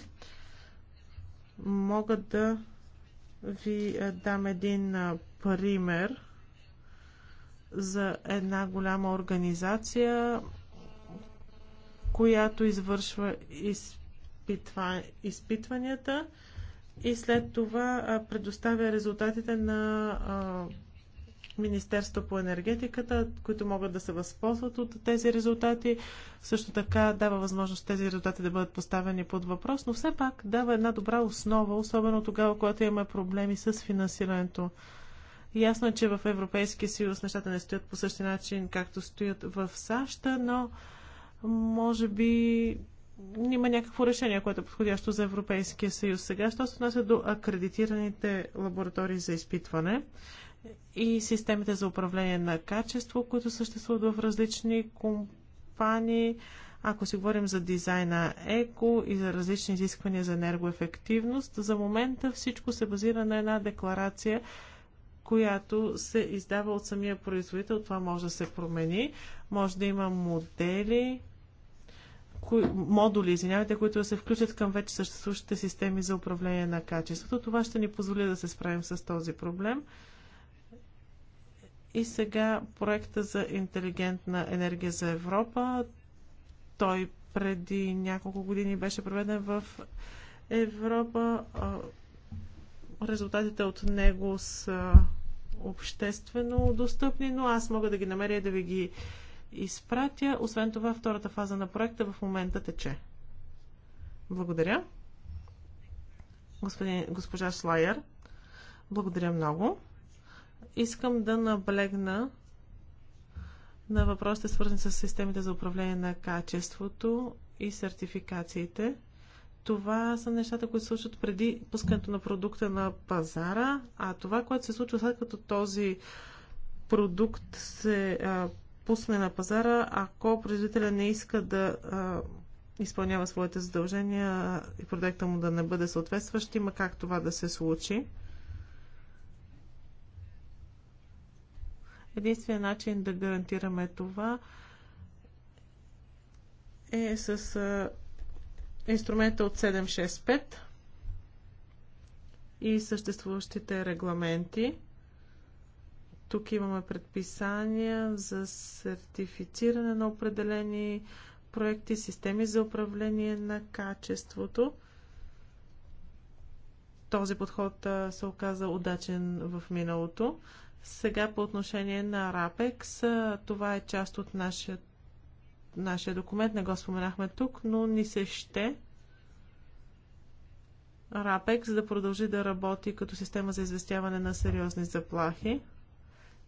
Мога да ви е, дам един е, пример за една голяма организация, която извършва изпитва... изпитванията и след това е, предоставя резултатите на Министерство по енергетиката, които могат да се възползват от тези резултати. Също така дава възможност тези резултати да бъдат поставени под въпрос, но все пак дава една добра основа, особено тогава, когато имаме проблеми с финансирането. Ясно е, че в Европейския съюз нещата не стоят по същия начин, както стоят в САЩ, но може би има някакво решение, което е подходящо за Европейския съюз. Сега, що се отнася до акредитираните лаборатории за изпитване, и системите за управление на качество, които съществуват в различни компании. Ако си говорим за дизайна еко и за различни изисквания за енергоефективност, за момента всичко се базира на една декларация, която се издава от самия производител. Това може да се промени. Може да има модели, кои, модули, извинявайте, които да се включат към вече съществуващите системи за управление на качеството. Това ще ни позволи да се справим с този проблем. И сега проекта за интелигентна енергия за Европа. Той преди няколко години беше проведен в Европа. Резултатите от него са обществено достъпни, но аз мога да ги намеря и да ви ги изпратя. Освен това, втората фаза на проекта в момента тече. Благодаря. Господин, госпожа Шлайер, благодаря много. Искам да наблегна на въпросите, свързани с системите за управление на качеството и сертификациите. Това са нещата, които се случват преди пускането на продукта на пазара, а това, което се случва след като този продукт се а, пусне на пазара, ако производителя не иска да а, изпълнява своите задължения и продукта му да не бъде съответстващ, има как това да се случи. Единственият начин да гарантираме това е с инструмента от 765 и съществуващите регламенти. Тук имаме предписания за сертифициране на определени проекти, системи за управление на качеството. Този подход се оказа удачен в миналото. Сега по отношение на РАПЕКС, това е част от нашия, нашия документ, не го споменахме тук, но ни се ще РАПЕКС да продължи да работи като система за известяване на сериозни заплахи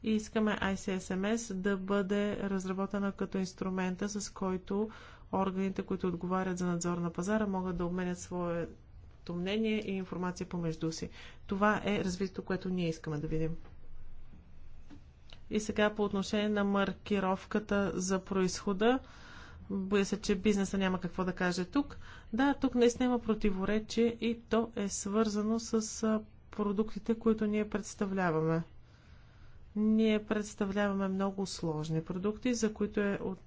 и искаме ICSMS да бъде разработена като инструмента, с който органите, които отговарят за надзор на пазара, могат да обменят своето мнение и информация помежду си. Това е развитието, което ние искаме да видим. И сега по отношение на маркировката за происхода, боя се, че бизнеса няма какво да каже тук. Да, тук наистина има противоречие и то е свързано с продуктите, които ние представляваме. Ние представляваме много сложни продукти, за които е от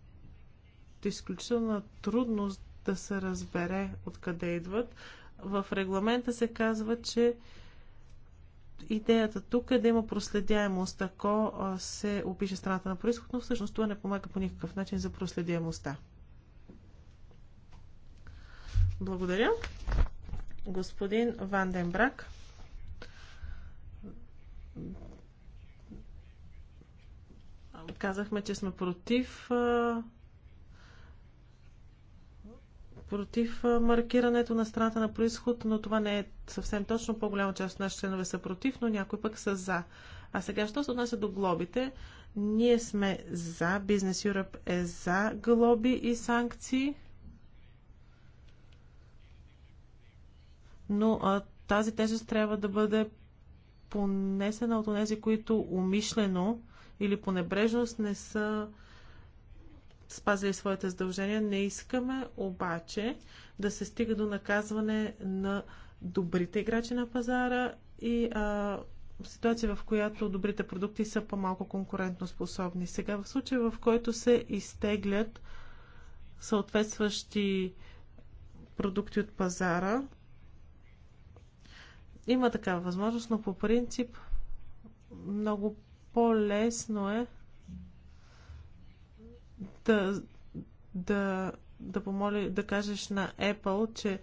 изключителна трудност да се разбере откъде идват. В регламента се казва, че идеята тук е да има проследяемост, ако се опише страната на происход, но всъщност това не помага по никакъв начин за проследяемостта. Благодаря. Господин Ванденбрак. Казахме, че сме против против маркирането на страната на происход, но това не е съвсем точно. По-голяма част от нашите членове са против, но някои пък са за. А сега, що се отнася до глобите? Ние сме за, Бизнес Юръп е за глоби и санкции, но а, тази тежест трябва да бъде понесена от тези, които умишлено или по небрежност не са спазили своите задължения. Не искаме обаче да се стига до наказване на добрите играчи на пазара и а, ситуация, в която добрите продукти са по-малко конкурентно способни. Сега в случай, в който се изтеглят съответстващи продукти от пазара, има такава възможност, но по принцип много по-лесно е да, да, да помоли, да кажеш на Apple, че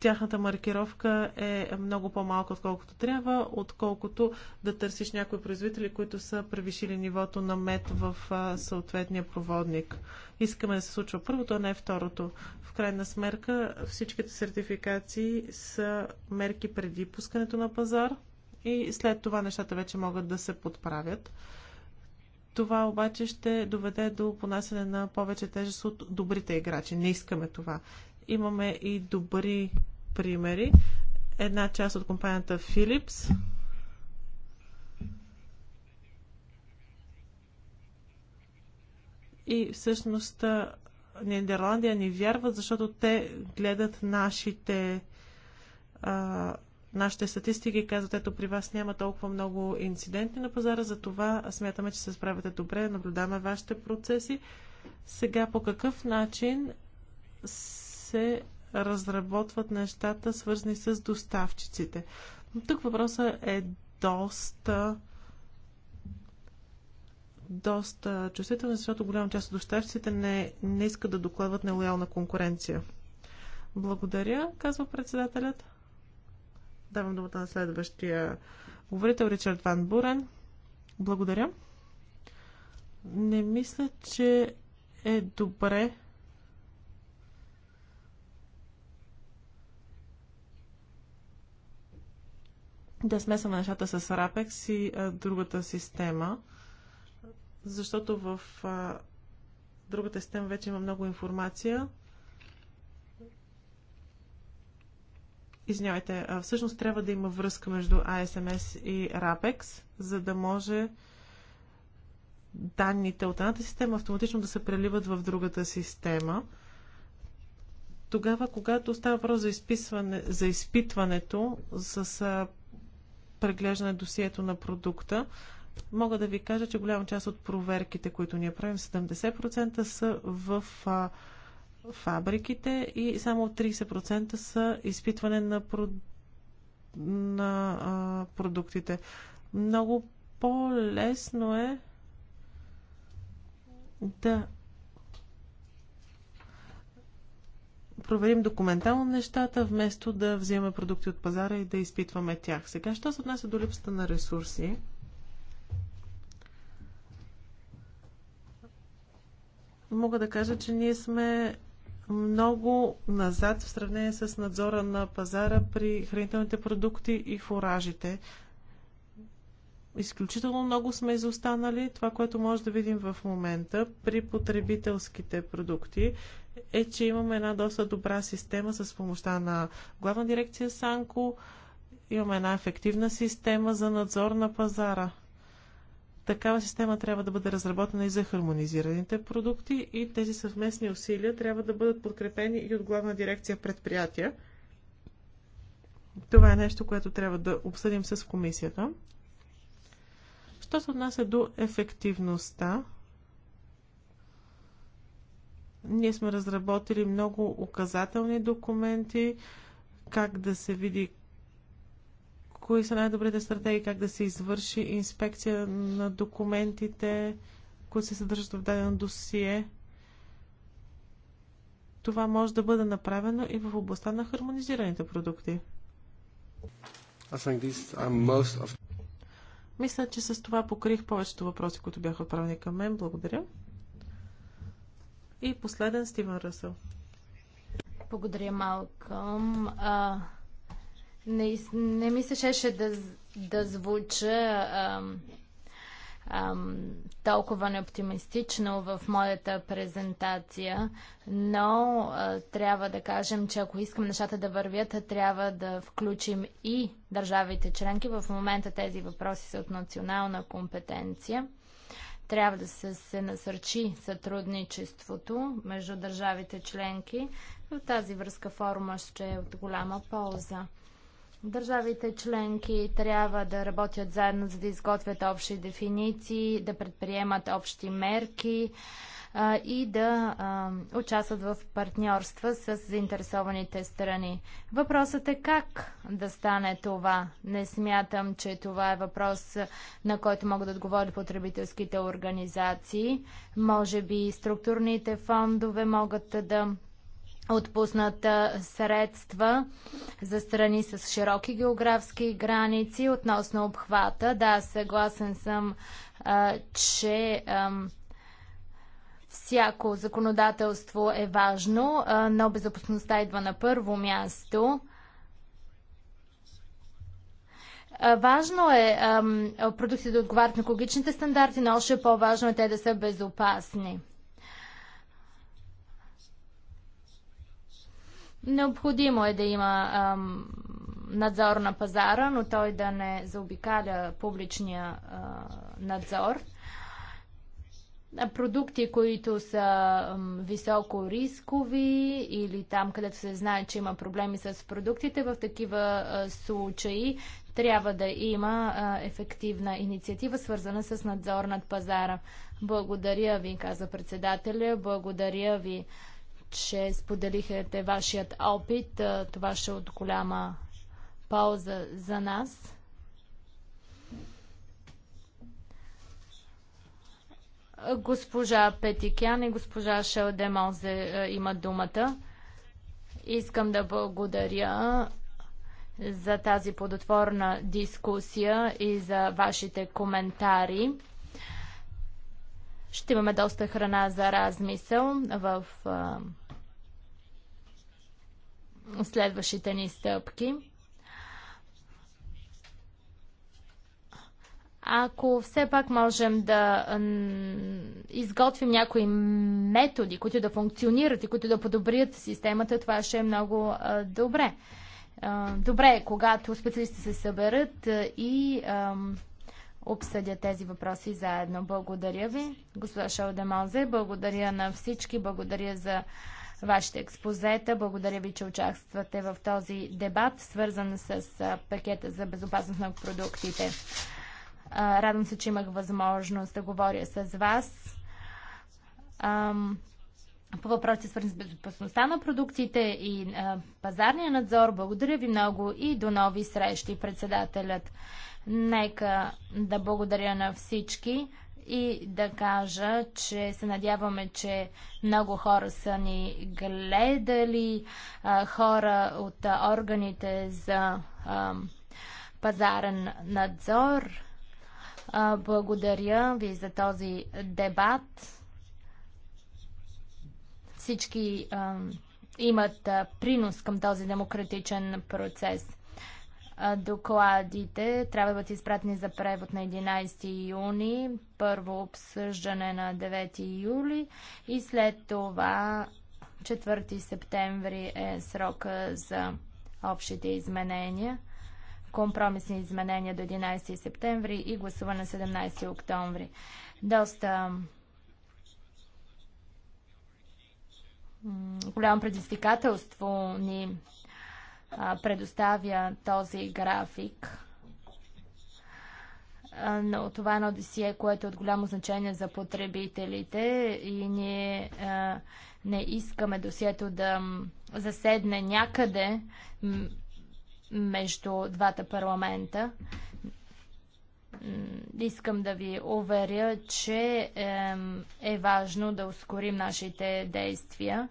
тяхната маркировка е много по-малка, отколкото трябва, отколкото да търсиш някои производители, които са превишили нивото на мед в съответния проводник. Искаме да се случва първото, а не второто. В крайна сметка всичките сертификации са мерки преди пускането на пазар и след това нещата вече могат да се подправят. Това обаче ще доведе до понасене на повече тежест от добрите играчи. Не искаме това. Имаме и добри примери. Една част от компанията Philips и всъщност Нидерландия ни вярва, защото те гледат нашите а, Нашите статистики казват, ето при вас няма толкова много инциденти на пазара, за това. смятаме, че се справяте добре, наблюдаваме вашите процеси. Сега по какъв начин се разработват нещата, свързани с доставчиците? Но тук въпросът е доста доста чувствителни, защото голяма част от доставчиците не, не искат да докладват нелоялна конкуренция. Благодаря, казва председателят. Давам думата на следващия говорител Ричард Ван Бурен. Благодаря. Не мисля, че е добре да смесваме нещата с RAPEX и а, другата система, защото в а, другата система вече има много информация Извинявайте, всъщност трябва да има връзка между ASMS и RAPEX, за да може данните от едната система автоматично да се преливат в другата система. Тогава, когато става въпрос за, изписване, за изпитването с преглеждане досието на продукта, мога да ви кажа, че голяма част от проверките, които ние правим, 70% са в фабриките и само 30% са изпитване на, про... на а, продуктите. Много по-лесно е да проверим документално нещата, вместо да взимаме продукти от пазара и да изпитваме тях. Сега, що се отнася до липсата на ресурси? Мога да кажа, че ние сме много назад в сравнение с надзора на пазара при хранителните продукти и фуражите. Изключително много сме изостанали. Това, което може да видим в момента при потребителските продукти, е, че имаме една доста добра система с помощта на Главна дирекция Санко. Имаме една ефективна система за надзор на пазара. Такава система трябва да бъде разработена и за хармонизираните продукти и тези съвместни усилия трябва да бъдат подкрепени и от главна дирекция предприятия. Това е нещо, което трябва да обсъдим с комисията. Що се отнася до ефективността, ние сме разработили много указателни документи, как да се види кои са най-добрите стратегии, как да се извърши инспекция на документите, които се съдържат в дадено досие. Това може да бъде направено и в областта на хармонизираните продукти. Of... Мисля, че с това покрих повечето въпроси, които бяха отправени към мен. Благодаря. И последен Стивен Ръсъл. Благодаря, Малкъм. Не, не ми се шеше да, да звуча ам, ам, толкова неоптимистично в моята презентация, но а, трябва да кажем, че ако искам нещата да вървят, трябва да включим и държавите членки. В момента тези въпроси са от национална компетенция трябва да се, се насърчи сътрудничеството между държавите членки. В тази връзка форума ще е от голяма полза. Държавите членки трябва да работят заедно, за да изготвят общи дефиниции, да предприемат общи мерки а, и да а, участват в партньорства с заинтересованите страни. Въпросът е как да стане това. Не смятам, че това е въпрос, на който могат да отговорят потребителските организации. Може би структурните фондове могат да отпуснат средства за страни с широки географски граници. Относно обхвата, да, съгласен съм, а, че а, всяко законодателство е важно, а, но безопасността идва на първо място. Важно е продуктите да отговарят на екологичните стандарти, но още по-важно е те да са безопасни. Необходимо е да има ам, надзор на пазара, но той да не заобикаля публичния а, надзор. Продукти, които са ам, високо рискови или там, където се знае, че има проблеми с продуктите, в такива а, случаи трябва да има а, ефективна инициатива, свързана с надзор над пазара. Благодаря ви, каза председателя. Благодаря ви че споделихте вашият опит. Това ще е от голяма полза за нас. Госпожа Петикян и госпожа Шелдемозе имат думата. Искам да благодаря за тази плодотворна дискусия и за вашите коментари. Ще имаме доста храна за размисъл в следващите ни стъпки. Ако все пак можем да изготвим някои методи, които да функционират и които да подобрят системата, това ще е много добре. добре е, когато специалистите се съберат и обсъдят тези въпроси заедно. Благодаря ви, госпожа Шалдемалзе. Благодаря на всички. Благодаря за вашите експозета. Благодаря ви, че участвате в този дебат, свързан с пакета за безопасност на продуктите. Радвам се, че имах възможност да говоря с вас по въпроси, свързани с безопасността на продуктите и а, пазарния надзор. Благодаря ви много и до нови срещи, председателят. Нека да благодаря на всички и да кажа, че се надяваме, че много хора са ни гледали, хора от органите за пазарен надзор. Благодаря ви за този дебат. Всички имат принос към този демократичен процес. Докладите трябва да бъдат изпратени за превод на 11 юни, първо обсъждане на 9 юли и след това 4 септември е срока за общите изменения, компромисни изменения до 11 септември и гласуване 17 октомври. Доста голямо предизвикателство ни предоставя този график. Но това е едно досие, което е от голямо значение за потребителите и ние а, не искаме досието да заседне някъде между двата парламента. Искам да ви уверя, че е, е важно да ускорим нашите действия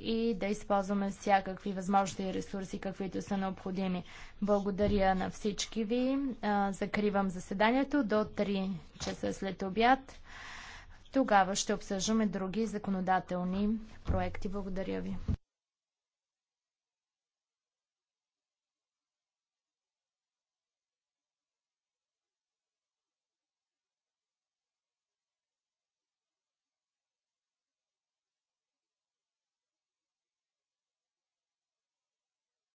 и да използваме всякакви възможности и ресурси, каквито са необходими. Благодаря на всички ви. Закривам заседанието до 3 часа след обяд. Тогава ще обсъждаме други законодателни проекти. Благодаря ви.